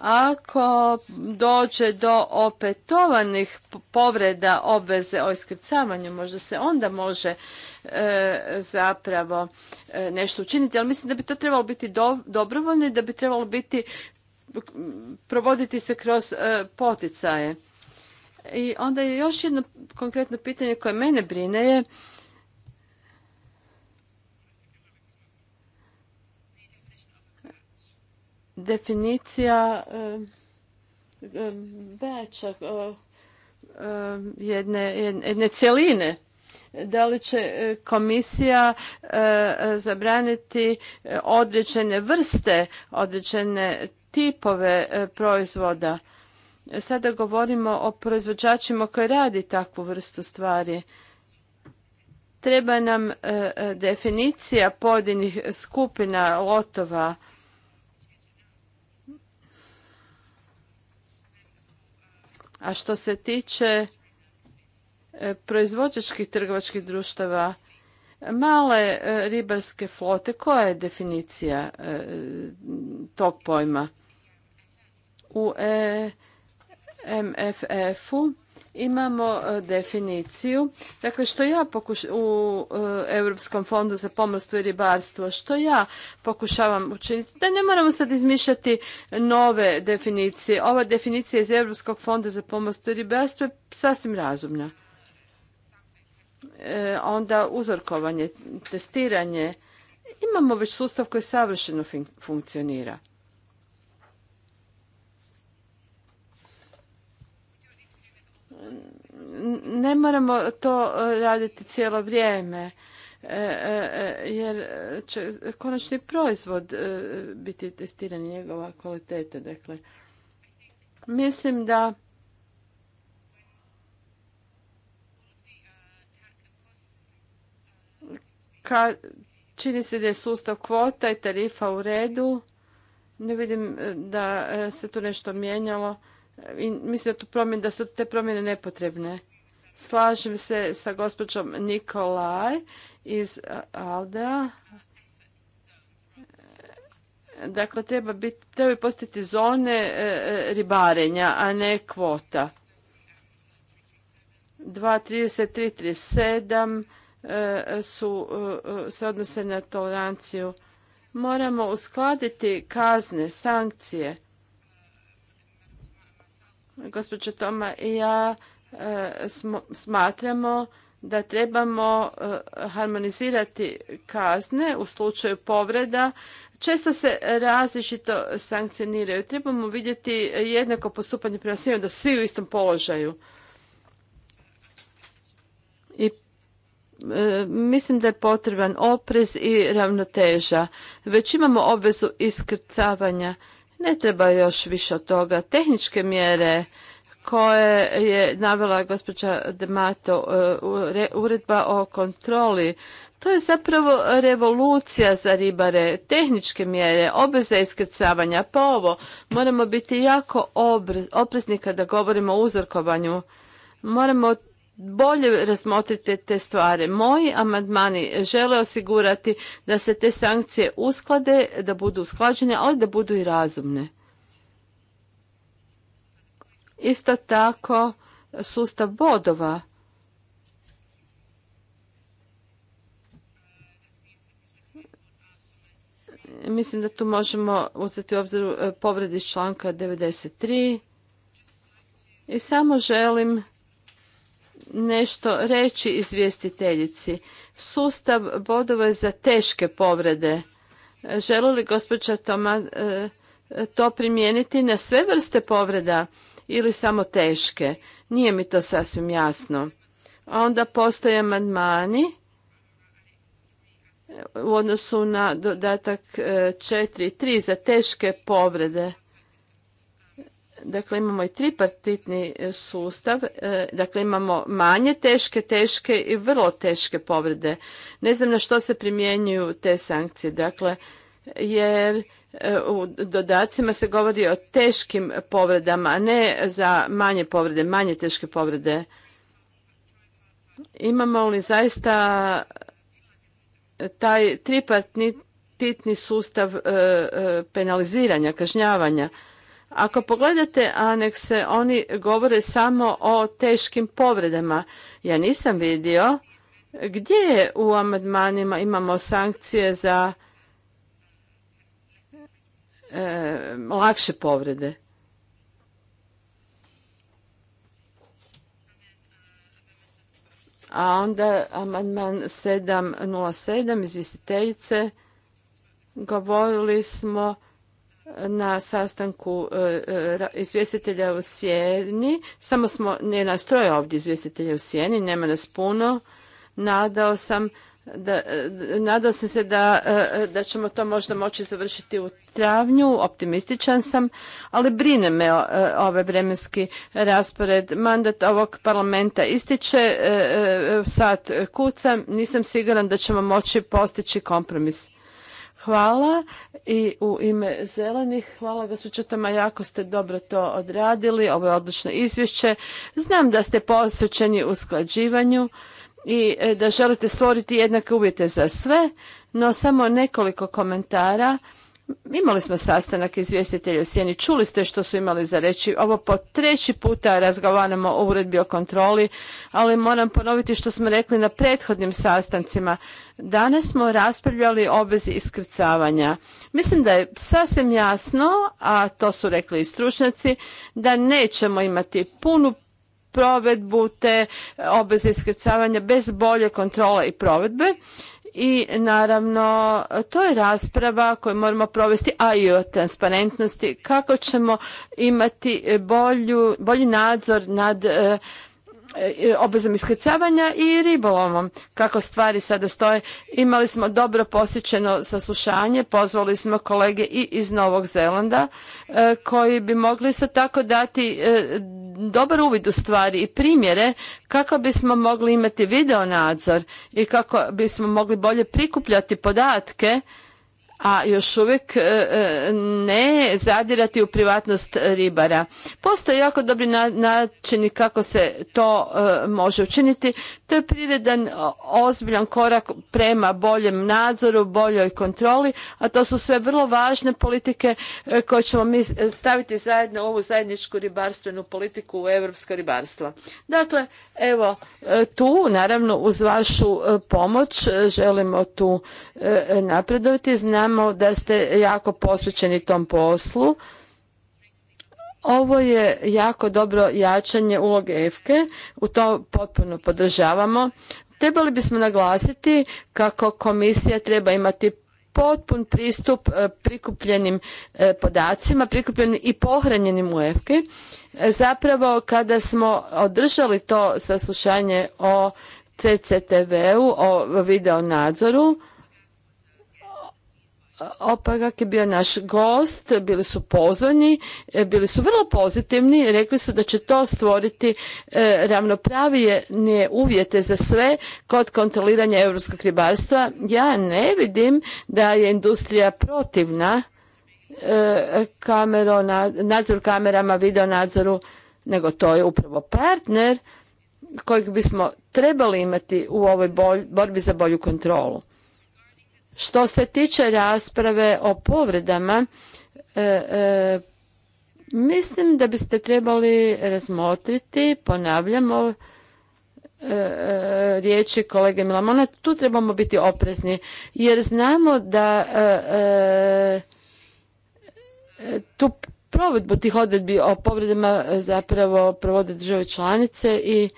C: Ako dođe do opetovanih povreda obveze o iskrcavanju, možda se onda može e, zapravo e, nešto učiniti, ali mislim da bi to trebalo biti dobrovoljno i da bi trebalo biti provoditi se kroz e, poticaje. I onda je još jedno konkretno pitanje koje mene brine je definicija jedne, jedne cjeline da li će e, komisija e, zabraniti e, određene vrste, određene tipove proizvoda. Sada govorimo o proizvođačima koji radi takvu vrstu stvari. Treba nam definicija pojedinih skupina lotova A što se tiče e, proizvođačkih trgovačkih društava, male e, ribarske flote, koja je definicija e, tog pojma? U MFF-u imamo e, definiciju. Dakle, što ja pokuš u e, Europskom fondu za pomorstvo i ribarstvo, što ja pokušavam učiniti, da ne moramo sad izmišljati nove definicije. Ova definicija iz Europskog fonda za pomorstvo i ribarstvo je sasvim razumna. E, onda uzorkovanje, testiranje. Imamo već sustav koji savršeno funkcionira. ne moramo to e, raditi cijelo vrijeme e, e, jer će konačni proizvod biti testiran njegova kvaliteta. Dakle, mislim da Ka, čini se da je sustav kvota i tarifa u redu. Ne vidim da se tu nešto mijenjalo. I mislim tu da su te promjene nepotrebne. Slažem se sa gospođom Nikolaj iz Aldea. Dakle, treba biti, trebaju postati zone e, e, ribarenja, a ne kvota. 2.33.37 e, su, se odnose na toleranciju. Moramo uskladiti kazne, sankcije. Gospođo Toma i ja E, smatramo da trebamo e, harmonizirati kazne u slučaju povreda. Često se različito sankcioniraju. Trebamo vidjeti jednako postupanje prema svima, da su svi u istom položaju. I e, mislim da je potreban oprez i ravnoteža. Već imamo obvezu iskrcavanja. Ne treba još više od toga. Tehničke mjere koje je navela gospođa Demato, e, uredba o kontroli. To je zapravo revolucija za ribare, tehničke mjere, obveza iskrcavanja. Pa ovo, moramo biti jako oprezni kada govorimo o uzorkovanju. Moramo bolje razmotriti te stvari. Moji amandmani žele osigurati da se te sankcije usklade, da budu usklađene, ali da budu i razumne. Isto tako sustav bodova. Mislim da tu možemo uzeti u obzir e, povredi članka 93. I samo želim nešto reći izvjestiteljici. Sustav bodova je za teške povrede. Želi li gospođa Toma e, e, to primijeniti na sve vrste povreda? ili samo teške. Nije mi to sasvim jasno. Onda postoje amandmani u odnosu na dodatak e, tri za teške povrede. Dakle, imamo i tripartitni e, sustav, e, dakle imamo manje teške, teške i vrlo teške povrede. Ne znam na što se primjenjuju te sankcije, dakle, jer E, u dodacima se govori o teškim povredama, a ne za manje povrede, manje teške povrede. Imamo li zaista taj tripartitni sustav e, e, penaliziranja, kažnjavanja? Ako pogledate anekse, oni govore samo o teškim povredama. Ja nisam vidio gdje u amandmanima imamo sankcije za lakše povrede. A onda amandman 707 izvjestiteljice govorili smo na sastanku e, e, izvjestitelja u Sjeni. Samo smo, ne nastroje ovdje izvjestitelja u Sjeni, nema nas puno. Nadao sam da, e, nadao sam se e, da, ćemo to možda moći završiti u travnju, optimističan sam, ali brine me e, ovaj vremenski raspored. Mandat ovog parlamenta ističe, sad kuca, nisam siguran da ćemo moći postići kompromis. Hvala i u ime zelenih, hvala gospođo Toma, jako ste dobro to odradili, ovo je odlično izvješće. Znam da ste posvećeni usklađivanju i e, da želite stvoriti jednake uvjete za sve, no samo nekoliko komentara. Imali smo sastanak izvjestitelja u Sjeni, čuli ste što su imali za reći. Ovo po treći puta razgovaramo o uredbi o kontroli, ali moram ponoviti što smo rekli na prethodnim sastancima. Danas smo raspravljali o obvezi iskrcavanja. Mislim da je sasvim jasno, a to su rekli i stručnjaci, da nećemo imati punu provedbu te obveze iskrcavanja bez bolje kontrole i provedbe i naravno to je rasprava koju moramo provesti, a i o transparentnosti, kako ćemo imati bolju, bolji nadzor nad e, e, iskrcavanja i ribolovom. Kako stvari sada stoje, imali smo dobro posjećeno saslušanje, pozvali smo kolege i iz Novog Zelanda e, koji bi mogli isto tako dati dobar uvid u stvari i primjere kako bismo mogli imati video nadzor i kako bismo mogli bolje prikupljati podatke a još uvijek e, e, ne zadirati u privatnost ribara. Postoje jako dobri načini kako se to e, može učiniti. To je priredan ozbiljan korak prema boljem nadzoru, boljoj kontroli, a to su sve vrlo važne politike koje ćemo mi staviti zajedno u ovu zajedničku ribarstvenu politiku u europsko ribarstvo. Dakle, evo tu naravno uz vašu pomoć želimo tu napredovati. Znam da ste jako posvećeni tom poslu. Ovo je jako dobro jačanje uloge EFKE, u to potpuno podržavamo. Trebali bismo naglasiti kako komisija treba imati potpun pristup e, prikupljenim e, podacima, prikupljenim i pohranjenim u EFKE. E, zapravo kada smo održali to saslušanje o CCTV-u, o videonadzoru, Opagak je bio naš gost, bili su pozvani, e, bili su vrlo pozitivni, rekli su da će to stvoriti e, ravnopravije uvjete za sve kod kontroliranja europskog ribarstva. Ja ne vidim da je industrija protivna e, nadzoru nadzor kamerama, video nadzoru, nego to je upravo partner kojeg bismo trebali imati u ovoj borbi za bolju kontrolu. Što se tiče rasprave o povredama, e, e, mislim da biste trebali razmotriti, ponavljamo, e, riječi kolege Milamona, tu trebamo biti oprezni jer znamo da tu provedbu tih odredbi o povredama zapravo provode države članice i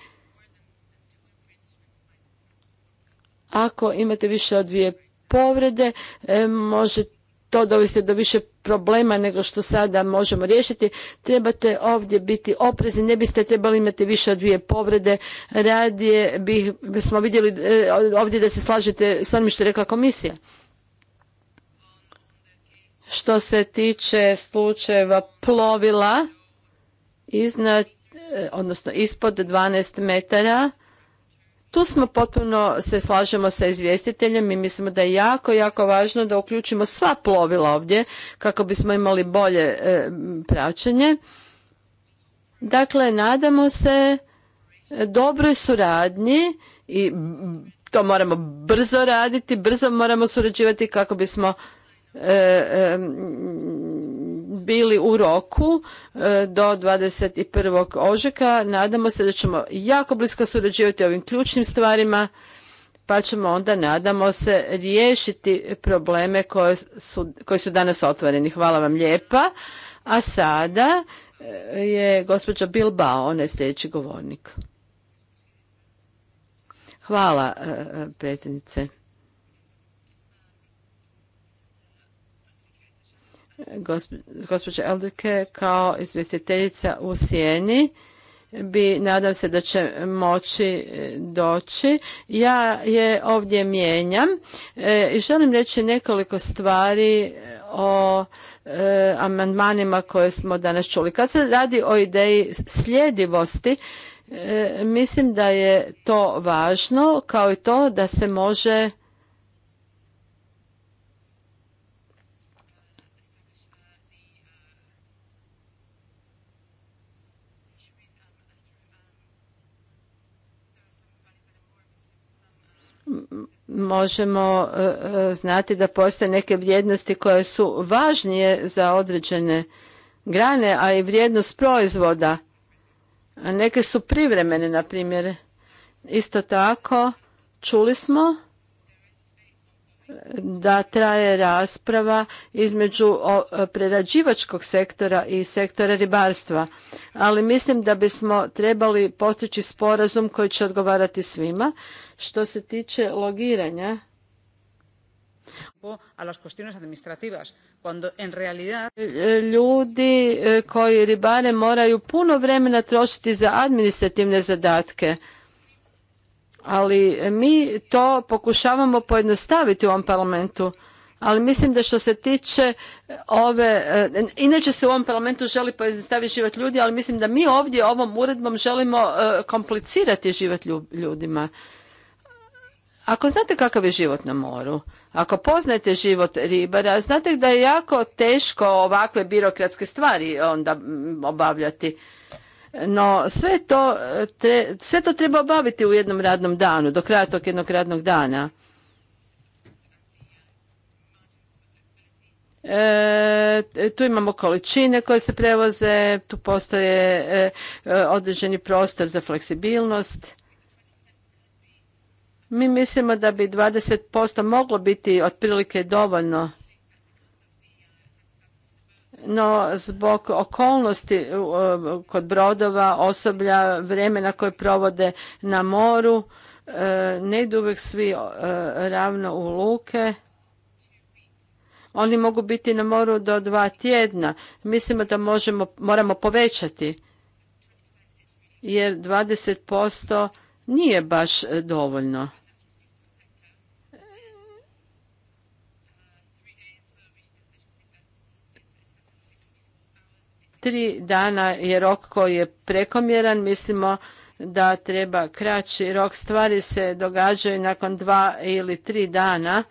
C: ako imate više od dvije povrede, e, može to dovesti do više problema nego što sada možemo riješiti. Trebate ovdje biti oprezni, ne biste trebali imati više od dvije povrede. Radije bismo vidjeli e, ovdje da se slažete s onim što je rekla komisija. Što se tiče slučajeva plovila iznad, e, odnosno ispod 12 metara, tu smo potpuno se slažemo sa izvjestiteljem i mislimo da je jako, jako važno da uključimo sva plovila ovdje kako bismo imali bolje e, praćenje. Dakle, nadamo se dobroj suradnji i to moramo brzo raditi, brzo moramo surađivati kako bismo e, e, bili u roku e, do 21. ožeka. Nadamo se da ćemo jako blisko surađivati ovim ključnim stvarima pa ćemo onda, nadamo se, riješiti probleme koji su danas otvoreni. Hvala vam lijepa. A sada e, je gospođa Bilbao, ona je sljedeći govornik. Hvala, e, predsjednice. gospođa Eldrike kao izvjestiteljica u Sijeni. bi nadam se da će moći e, doći. Ja je ovdje mijenjam e, i želim reći nekoliko stvari e, o amandmanima koje smo danas čuli. Kad se radi o ideji sljedivosti, mislim da je to važno kao i to da se može možemo e, e, znati da postoje neke vrijednosti koje su važnije za određene grane, a i vrijednost proizvoda. Neke su privremene, na primjer. Isto tako, čuli smo da traje rasprava između prerađivačkog sektora i sektora ribarstva, ali mislim da bismo trebali postići sporazum koji će odgovarati svima. Što se tiče logiranja,
D: en
C: Ljudi eh, koji ribare moraju puno vremena trošiti za administrativne zadatke ali mi to pokušavamo pojednostaviti u ovom parlamentu ali mislim da što se tiče eh, ove, eh, inače se u ovom parlamentu želi pojednostaviti život ljudi, ali mislim da mi ovdje ovom uredbom želimo eh, komplicirati život ljudima. Ako znate kakav je život na moru, ako poznajete život ribara, znate da je jako teško ovakve birokratske stvari onda mm, obavljati. No sve to, eh, sve to treba obaviti u jednom radnom danu, do kraja tog jednog radnog dana. E, tu imamo količine koje se prevoze, tu postoje e, određeni prostor za fleksibilnost. Mi mislimo da bi 20% moglo biti otprilike dovoljno no zbog okolnosti e, kod brodova, osoblja, vremena koje provode na moru, e, ne idu uvijek svi e, ravno u luke. Oni mogu biti na moru do dva tjedna. Mislimo da možemo, moramo povećati jer 20% nije baš dovoljno. Tri dana je rok koji je prekomjeran. Mislimo da treba kraći rok. Stvari se događaju nakon dva ili tri dana.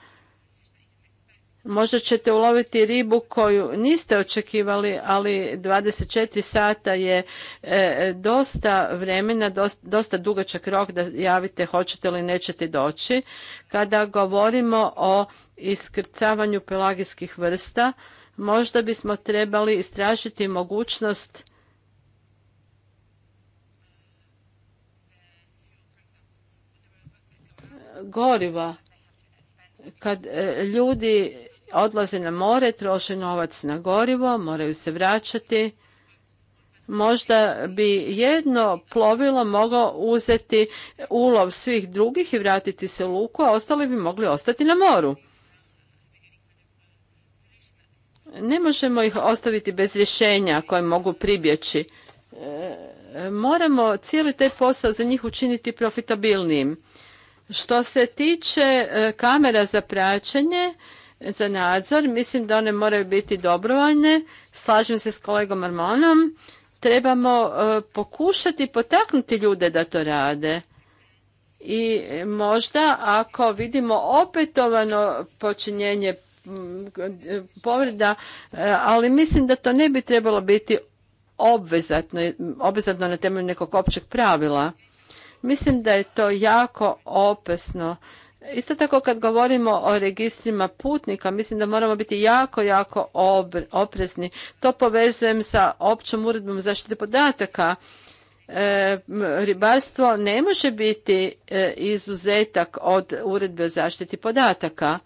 C: Možda ćete uloviti ribu koju niste očekivali, ali 24 sata je e, dosta vremena, dosta, dosta dugačak rok da javite hoćete li nećete doći. Kada govorimo o iskrcavanju pelagijskih vrsta, Možda bismo trebali istražiti mogućnost goriva. Kad e, ljudi odlaze na more, troše novac na gorivo, moraju se vraćati. Možda bi jedno plovilo moglo uzeti ulov svih drugih i vratiti se u luku, a ostali bi mogli ostati na moru. ne možemo ih ostaviti bez rješenja koje mogu pribjeći. E, moramo cijeli taj posao za njih učiniti profitabilnijim. Što se tiče e, kamera za praćenje, za nadzor, mislim da one moraju biti dobrovoljne. Slažem se s kolegom Armonom. Trebamo e, pokušati potaknuti ljude da to rade. I možda ako vidimo opetovano počinjenje Mm, povreda, eh, ali mislim da to ne bi trebalo biti obvezatno, obvezatno na temelju nekog općeg pravila. Mislim da je to jako opasno. Isto tako kad govorimo o registrima putnika, mislim da moramo biti jako, jako oprezni. To povezujem sa općom uredbom zaštite podataka. Eh, ribarstvo ne može biti eh, izuzetak od uredbe o zaštiti podataka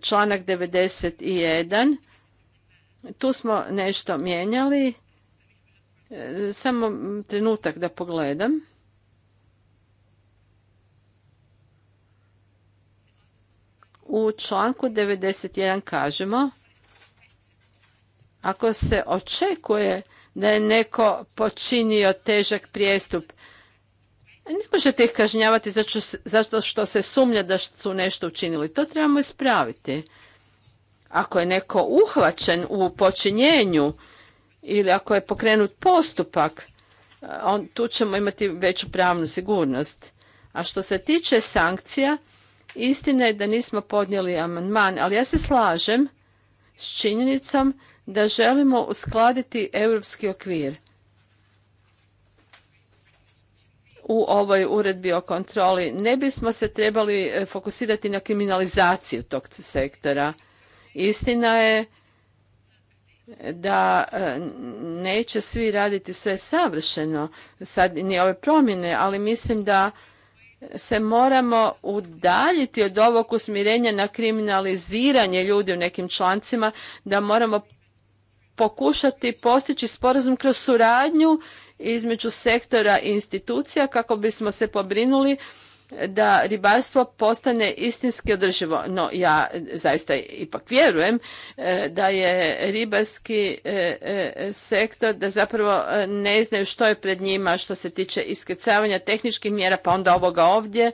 C: članak 91. Tu smo nešto mijenjali. E, samo trenutak da pogledam. U članku 91 kažemo ako se očekuje da je neko počinio težak prijestup ne možete ih kažnjavati zato što se sumnja da su nešto učinili. To trebamo ispraviti. Ako je neko uhvaćen u počinjenju ili ako je pokrenut postupak, e, on, tu ćemo imati veću pravnu sigurnost. A što se tiče sankcija, istina je da nismo podnijeli amandman, ali ja se slažem s činjenicom da želimo uskladiti europski okvir. u ovoj uredbi o kontroli. Ne bismo se trebali e, fokusirati na kriminalizaciju tog sektora. Istina je da e, neće svi raditi sve savršeno, sad ni ove promjene, ali mislim da se moramo udaljiti od ovog usmirenja na kriminaliziranje ljudi u nekim člancima, da moramo pokušati postići sporazum kroz suradnju između sektora i institucija kako bismo se pobrinuli da ribarstvo postane istinski održivo. No ja zaista ipak vjerujem e, da je ribarski e, e, sektor da zapravo ne znaju što je pred njima što se tiče iskrcavanja tehničkih mjera pa onda ovoga ovdje.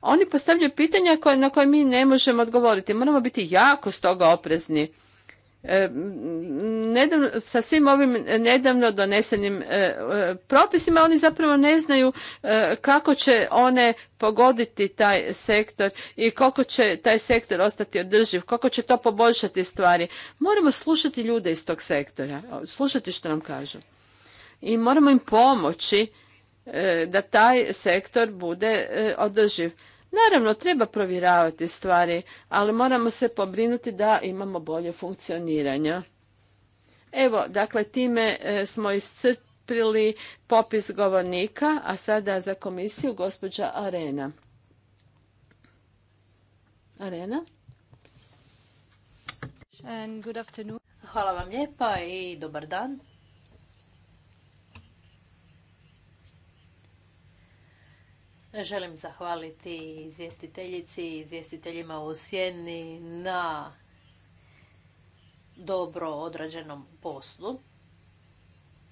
C: Oni postavljaju pitanja na koje mi ne možemo odgovoriti. Moramo biti jako stoga oprezni. E, nedavno, sa svim ovim nedavno donesenim e, e, propisima oni zapravo ne znaju kako će one pogoditi taj sektor i koliko će taj sektor ostati održiv, koliko će to poboljšati stvari. Moramo slušati ljude iz tog sektora, slušati što nam kažu. I moramo im pomoći da taj sektor bude održiv. Naravno, treba provjeravati stvari, ali moramo se pobrinuti da imamo bolje funkcioniranje. Evo, dakle, time e, smo iscrpili popis govornika, a sada za komisiju gospođa Arena.
D: Arena? Hvala vam lijepa i dobar dan. Želim zahvaliti izvjestiteljici i izvjestiteljima u Sjeni na dobro odrađenom poslu.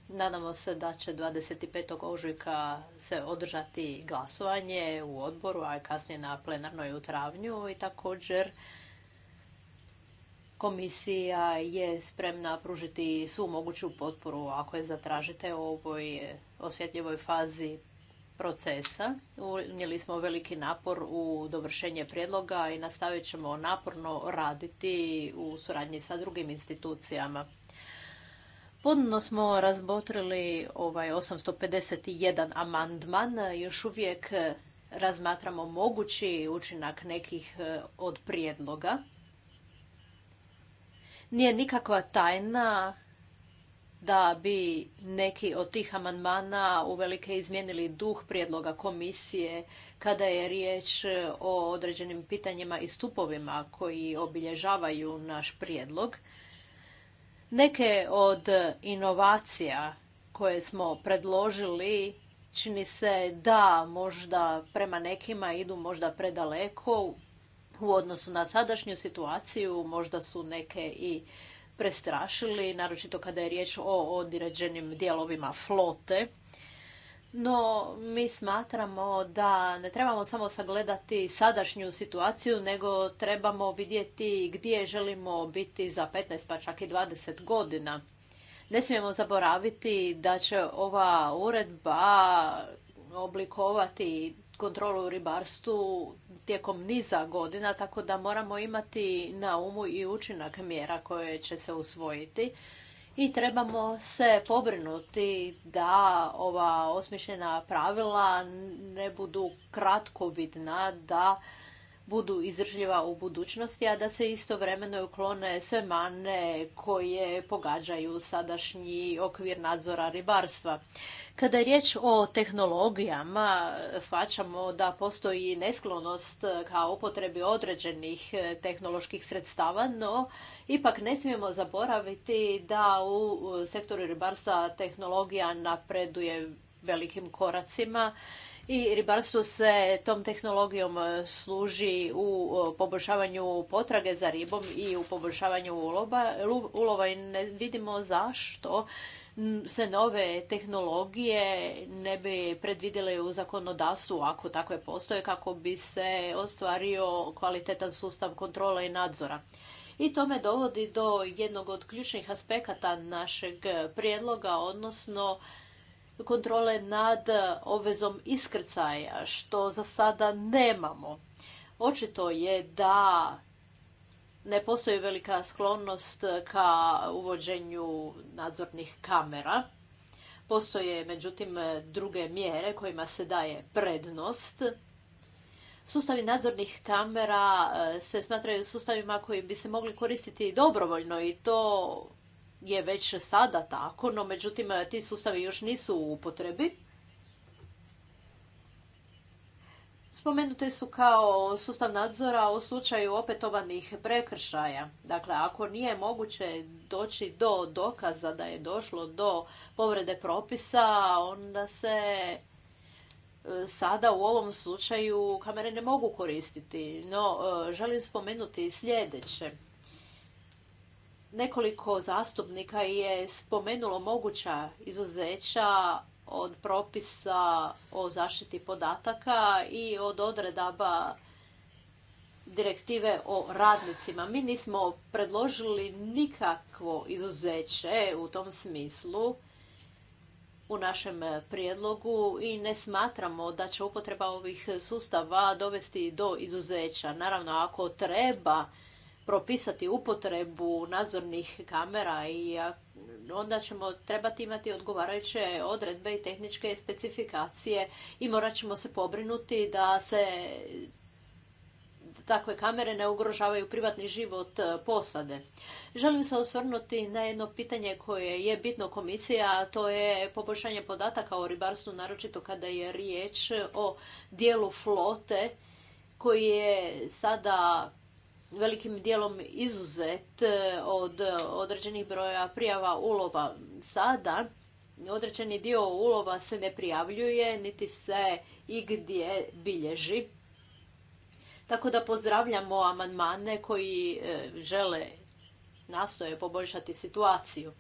D: Nadamo se da će 25. ožujka se održati glasovanje u odboru, a kasnije na plenarnoj u travnju i također komisija je spremna pružiti svu moguću potporu ako je zatražite u ovoj osjetljivoj fazi procesa. Unijeli smo veliki napor u dovršenje prijedloga i nastavit ćemo naporno raditi u suradnji sa drugim institucijama. Podno smo razmotrili ovaj 851 amandman, još uvijek razmatramo mogući učinak nekih e, od prijedloga. Nije nikakva tajna da bi neki od tih amandmana uvelike izmijenili duh prijedloga komisije kada je riječ o određenim pitanjima i stupovima koji obilježavaju naš prijedlog. Neke od inovacija koje smo predložili čini se da možda prema nekima idu možda predaleko u odnosu na sadašnju situaciju, možda su neke i prestrašili, naročito kada je riječ o određenim dijelovima flote. No, mi smatramo da ne trebamo samo sagledati sadašnju situaciju, nego trebamo vidjeti gdje želimo biti za 15 pa čak i 20 godina. Ne smijemo zaboraviti da će ova uredba oblikovati kontrolu u ribarstvu tijekom niza godina, tako da moramo imati na umu i učinak mjera koje će se usvojiti. I trebamo se pobrinuti da ova osmišljena pravila ne budu kratkovidna, da budu izdržljiva u budućnosti, a da se istovremeno uklone sve mane koje pogađaju sadašnji okvir nadzora ribarstva. Kada je riječ o tehnologijama, shvaćamo da postoji nesklonost kao upotrebi određenih tehnoloških sredstava, no ipak ne smijemo zaboraviti da u sektoru ribarstva tehnologija napreduje velikim koracima i ribarstvo se tom tehnologijom e, služi u e, poboljšavanju potrage za ribom i u poboljšavanju ulova i ne vidimo zašto se nove tehnologije ne bi predvidjele u zakonodavstvu ako takve postoje kako bi se ostvario kvalitetan sustav kontrole i nadzora. I to me dovodi do jednog od ključnih aspekata našeg prijedloga, odnosno kontrole nad e, obvezom iskrcaja, što za sada nemamo. Očito je da ne postoji velika sklonost ka uvođenju nadzornih kamera. Postoje, međutim, druge mjere kojima se daje prednost. Sustavi nadzornih kamera e, se smatraju sustavima koji bi se mogli koristiti dobrovoljno i to je već sada tako, no međutim e, ti sustavi još nisu u upotrebi. Spomenute su kao sustav nadzora u slučaju opetovanih prekršaja. Dakle, ako nije moguće doći do dokaza da je došlo do povrede propisa, onda se e, sada u ovom slučaju kamere ne mogu koristiti. No, e, želim spomenuti sljedeće. Nekoliko zastupnika je spomenulo moguća izuzeća od propisa o zaštiti podataka i od odredaba direktive o radnicima. Mi nismo predložili nikakvo izuzeće u tom smislu u našem prijedlogu i ne smatramo da će upotreba ovih sustava dovesti do izuzeća. Naravno, ako treba propisati upotrebu nadzornih kamera i onda ćemo trebati imati odgovarajuće odredbe i tehničke specifikacije i morat ćemo se pobrinuti da se takve kamere ne ugrožavaju privatni život e, posade. Želim se osvrnuti na jedno pitanje koje je bitno komisija, a to je poboljšanje podataka o ribarstvu, naročito kada je riječ o dijelu flote koji je sada velikim dijelom izuzet e, od određenih broja prijava ulova. Sada određeni dio ulova se ne prijavljuje, niti se gdje bilježi. Tako da pozdravljamo amandmane koji e, žele nastoje poboljšati situaciju.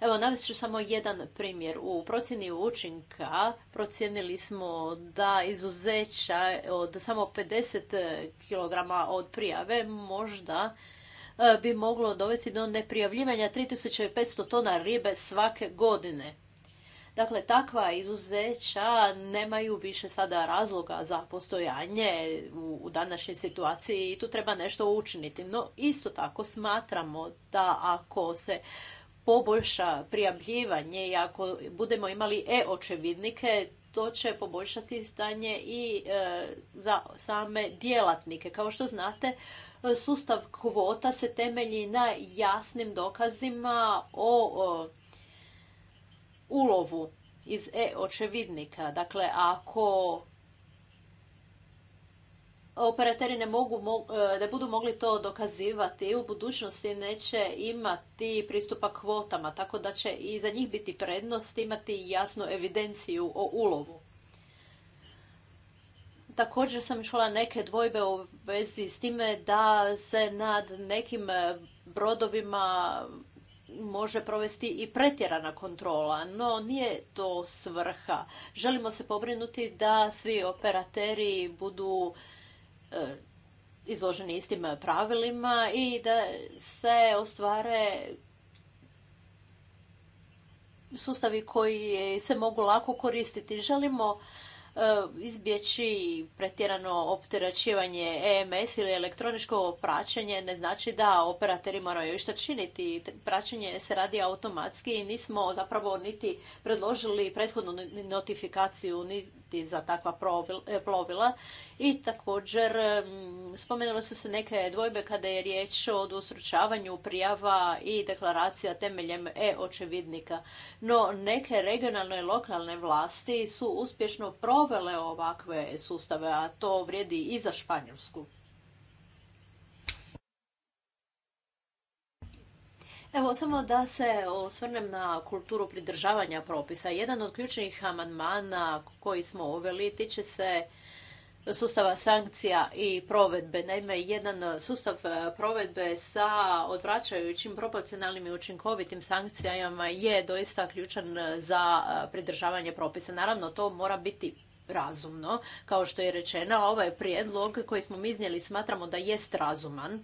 D: Evo, navest ću samo jedan primjer. U procjeni učinka procijenili smo da izuzeća od samo 50 kg od prijave možda e, bi moglo dovesti do neprijavljivanja 3500 tona ribe svake godine. Dakle, takva izuzeća nemaju više sada razloga za postojanje u današnjoj situaciji i tu treba nešto učiniti. No, isto tako smatramo da ako se poboljša prijavljivanje i ako budemo imali e-očevidnike, to će poboljšati stanje i e, za same djelatnike. Kao što znate, sustav kvota se temelji na jasnim dokazima o, o ulovu iz e-očevidnika. Dakle, ako operateri ne mogu, e, budu mogli to dokazivati u budućnosti neće imati pristupa kvotama, tako da će i za njih biti prednost imati jasnu evidenciju o ulovu. Također sam čula neke dvojbe u vezi s time da se nad nekim e, brodovima može provesti i pretjerana kontrola, no nije to svrha. Želimo se pobrinuti da svi operateri budu E, izloženi istim pravilima i da se ostvare sustavi koji se mogu lako koristiti. Želimo e, izbjeći pretjerano opterećivanje EMS ili elektroničko praćenje ne znači da operateri moraju išta činiti. Praćenje se radi automatski i nismo zapravo niti predložili prethodnu notifikaciju, za takva e, plovila. I također spomenule su se neke dvojbe kada je riječ o dosručavanju prijava i deklaracija temeljem e-očevidnika. No neke regionalne i lokalne vlasti su uspješno provele ovakve sustave, a to vrijedi i za Španjolsku. Evo, samo da se osvrnem na kulturu pridržavanja propisa. Jedan od ključnih amandmana koji smo uveli tiče se sustava sankcija i provedbe. Naime, jedan sustav e, provedbe sa odvraćajućim, proporcionalnim i učinkovitim sankcijama je doista ključan za e, pridržavanje propisa. Naravno, to mora biti razumno, kao što je rečeno. Ovaj prijedlog koji smo mi iznijeli smatramo da jest razuman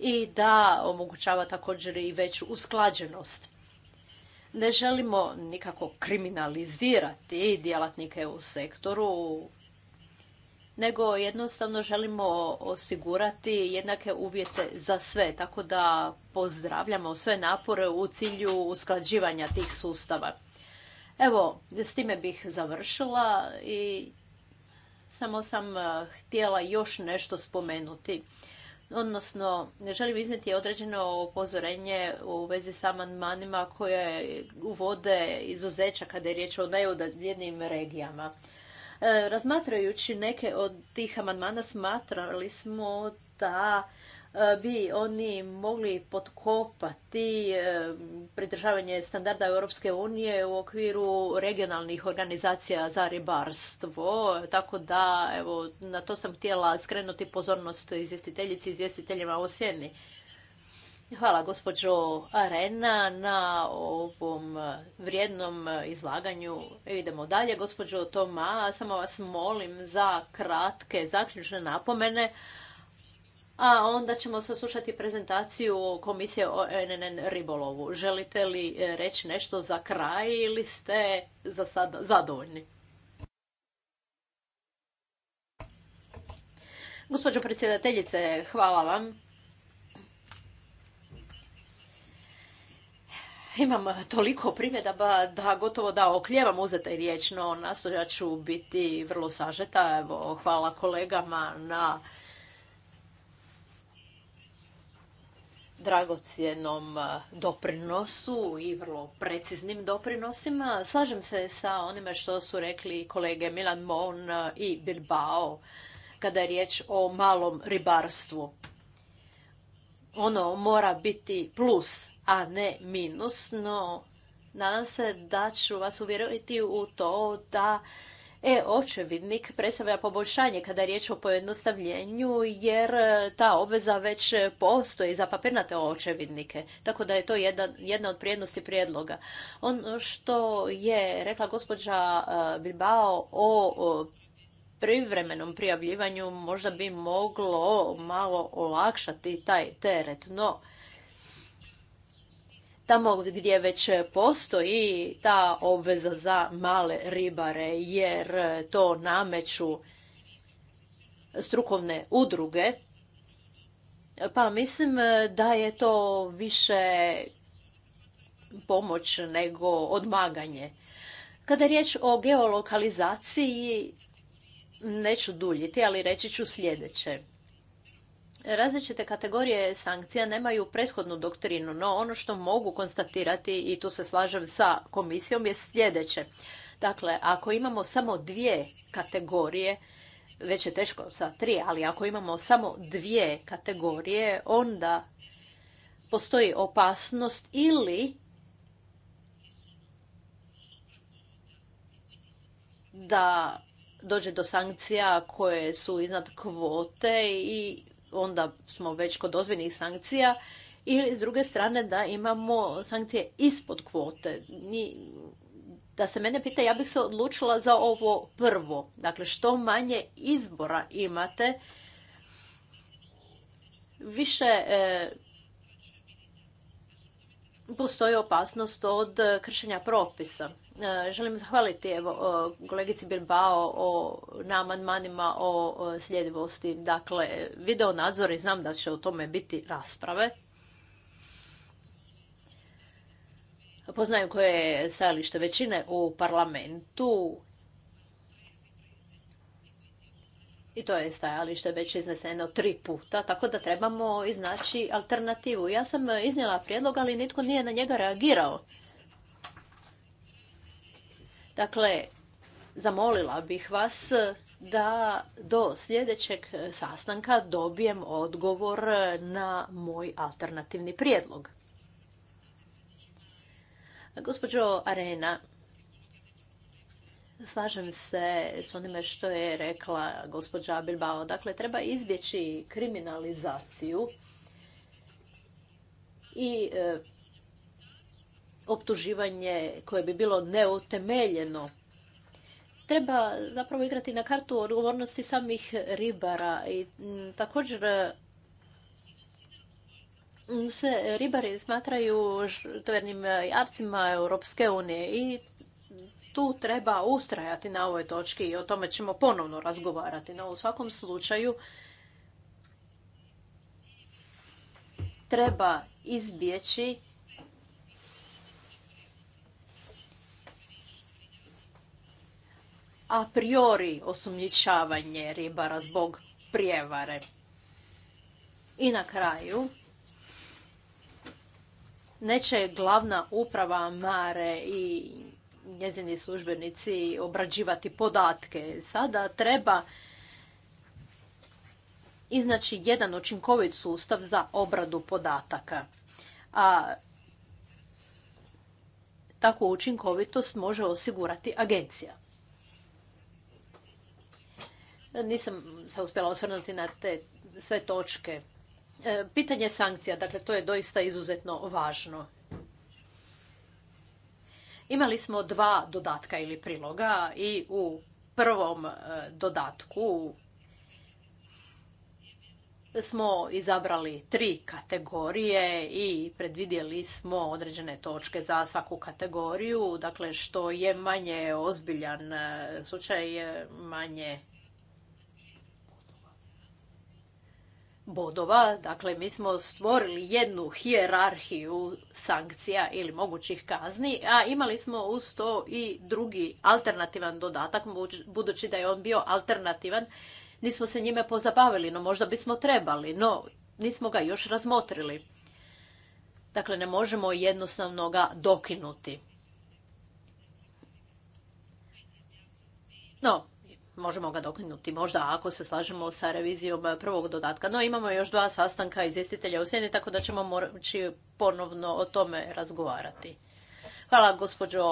D: i da omogućava također i veću usklađenost. Ne želimo nikako kriminalizirati djelatnike u sektoru, nego jednostavno želimo osigurati jednake uvjete za sve, tako da pozdravljamo sve napore u cilju usklađivanja tih sustava. Evo, s time bih završila i samo sam eh, htjela još nešto spomenuti odnosno želim izneti određeno upozorenje u vezi sa amandmanima koje uvode izuzeća kada je riječ o najudaljenijim regijama. E, razmatrajući neke od tih amandmana smatrali smo da E, bi oni mogli potkopati e, pridržavanje standarda Europske unije u okviru regionalnih organizacija za ribarstvo. Tako da, evo, na to sam htjela skrenuti pozornost izvjestiteljici i izvjestiteljima u Sjeni. Hvala gospođo Arena na ovom vrijednom izlaganju. E, idemo dalje. Gospođo Toma, samo vas molim za kratke zaključne napomene a onda ćemo saslušati prezentaciju Komisije o NNN ribolovu. Želite li e, reći nešto za kraj ili ste za sad zadovoljni? Gospođo predsjedateljice, hvala vam. Imam toliko primjedaba da gotovo da okljevam uzete riječ, no nastojat ću biti vrlo sažeta. Evo, hvala kolegama na dragocjenom eh, doprinosu i vrlo preciznim doprinosima. Slažem se sa onime što su rekli kolege Milan Mon eh, i Bilbao kada je riječ o malom ribarstvu. Ono mora biti plus, a ne minus, no nadam se da ću vas uvjeriti u to da E-očevidnik predstavlja poboljšanje kada je riječ o pojednostavljenju jer e, ta obveza već postoji za papirnate očevidnike, tako da je to jedna, jedna od prijednosti prijedloga. Ono što je rekla gospođa e, Bilbao o privremenom prijavljivanju možda bi moglo malo olakšati taj teret, no tamo gdje već postoji ta obveza za male ribare jer to nameću strukovne udruge pa mislim da je to više pomoć nego odmaganje. Kada je riječ o geolokalizaciji, neću duljiti, ali reći ću sljedeće. Različite kategorije sankcija nemaju prethodnu doktrinu, no ono što mogu konstatirati, i tu se slažem sa komisijom, je sljedeće. Dakle, ako imamo samo dvije kategorije, već je teško sa tri, ali ako imamo samo dvije kategorije, onda postoji opasnost ili da dođe do sankcija koje su iznad kvote i onda smo već kod ozbiljnih sankcija ili s druge strane da imamo sankcije ispod kvote. Da se mene pita, ja bih se odlučila za ovo prvo. Dakle, što manje izbora imate, više e, postoji opasnost od kršenja propisa. E, želim zahvaliti kolegici Bilbao o, na amandmanima o sljedivosti. Dakle, video nadzor znam da će o tome biti rasprave. Poznajem koje je stajalište većine u parlamentu i to je stajalište već izneseno tri puta, tako da trebamo iznaći alternativu. Ja sam iznijela prijedlog, ali nitko nije na njega reagirao. Dakle, zamolila bih vas da do sljedećeg sastanka dobijem odgovor na moj alternativni prijedlog. Gospođo Arena, slažem se s onime što je rekla gospođa Bilbao. Dakle, treba izbjeći kriminalizaciju i e, optuživanje koje bi bilo neutemeljeno. Treba zapravo igrati na kartu odgovornosti samih ribara i mm, također mm, se ribari smatraju žrtvenim jarcima Europske unije i tu treba ustrajati na ovoj točki i o tome ćemo ponovno razgovarati. No, u svakom slučaju treba izbjeći a priori osumnjičavanje ribara zbog prijevare. I na kraju, neće glavna uprava Mare i njezini službenici obrađivati podatke. Sada treba iznaći jedan učinkovit sustav za obradu podataka. A takvu učinkovitost može osigurati agencija. Nisam se uspjela osvrnuti na te sve točke. E, pitanje sankcija, dakle to je doista izuzetno važno. Imali smo dva dodatka ili priloga i u prvom e, dodatku smo izabrali tri kategorije i predvidjeli smo određene točke za svaku kategoriju, dakle što je manje ozbiljan e, slučaj, manje bodova. Dakle, mi smo stvorili jednu hijerarhiju sankcija ili mogućih kazni, a imali smo uz to i drugi alternativan dodatak, budući da je on bio alternativan. Nismo se njime pozabavili, no možda bismo trebali, no nismo ga još razmotrili. Dakle, ne možemo jednostavno ga dokinuti. No, možemo ga dokinuti možda ako se slažemo sa revizijom prvog dodatka. No imamo još dva sastanka izvjestitelja u sjeni, tako da ćemo morati ponovno o tome razgovarati. Hvala gospođo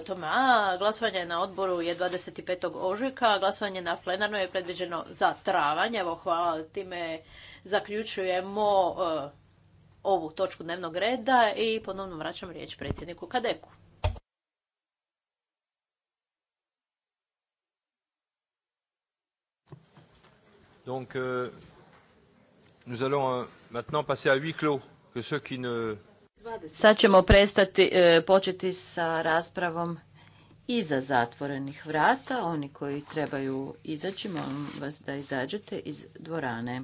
D: e, Toma. Glasovanje na odboru je 25. ožujka, glasovanje na plenarno je predviđeno za travanj. Evo hvala, time zaključujemo e, ovu točku dnevnog reda i ponovno vraćam riječ predsjedniku Kadeku.
A: Donc, euh, nous allons euh, maintenant passer à clos, que ceux qui ne...
D: Sad ćemo
B: prestati, e, početi sa raspravom iza zatvorenih vrata. Oni koji trebaju izaći, molim vas da izađete iz dvorane.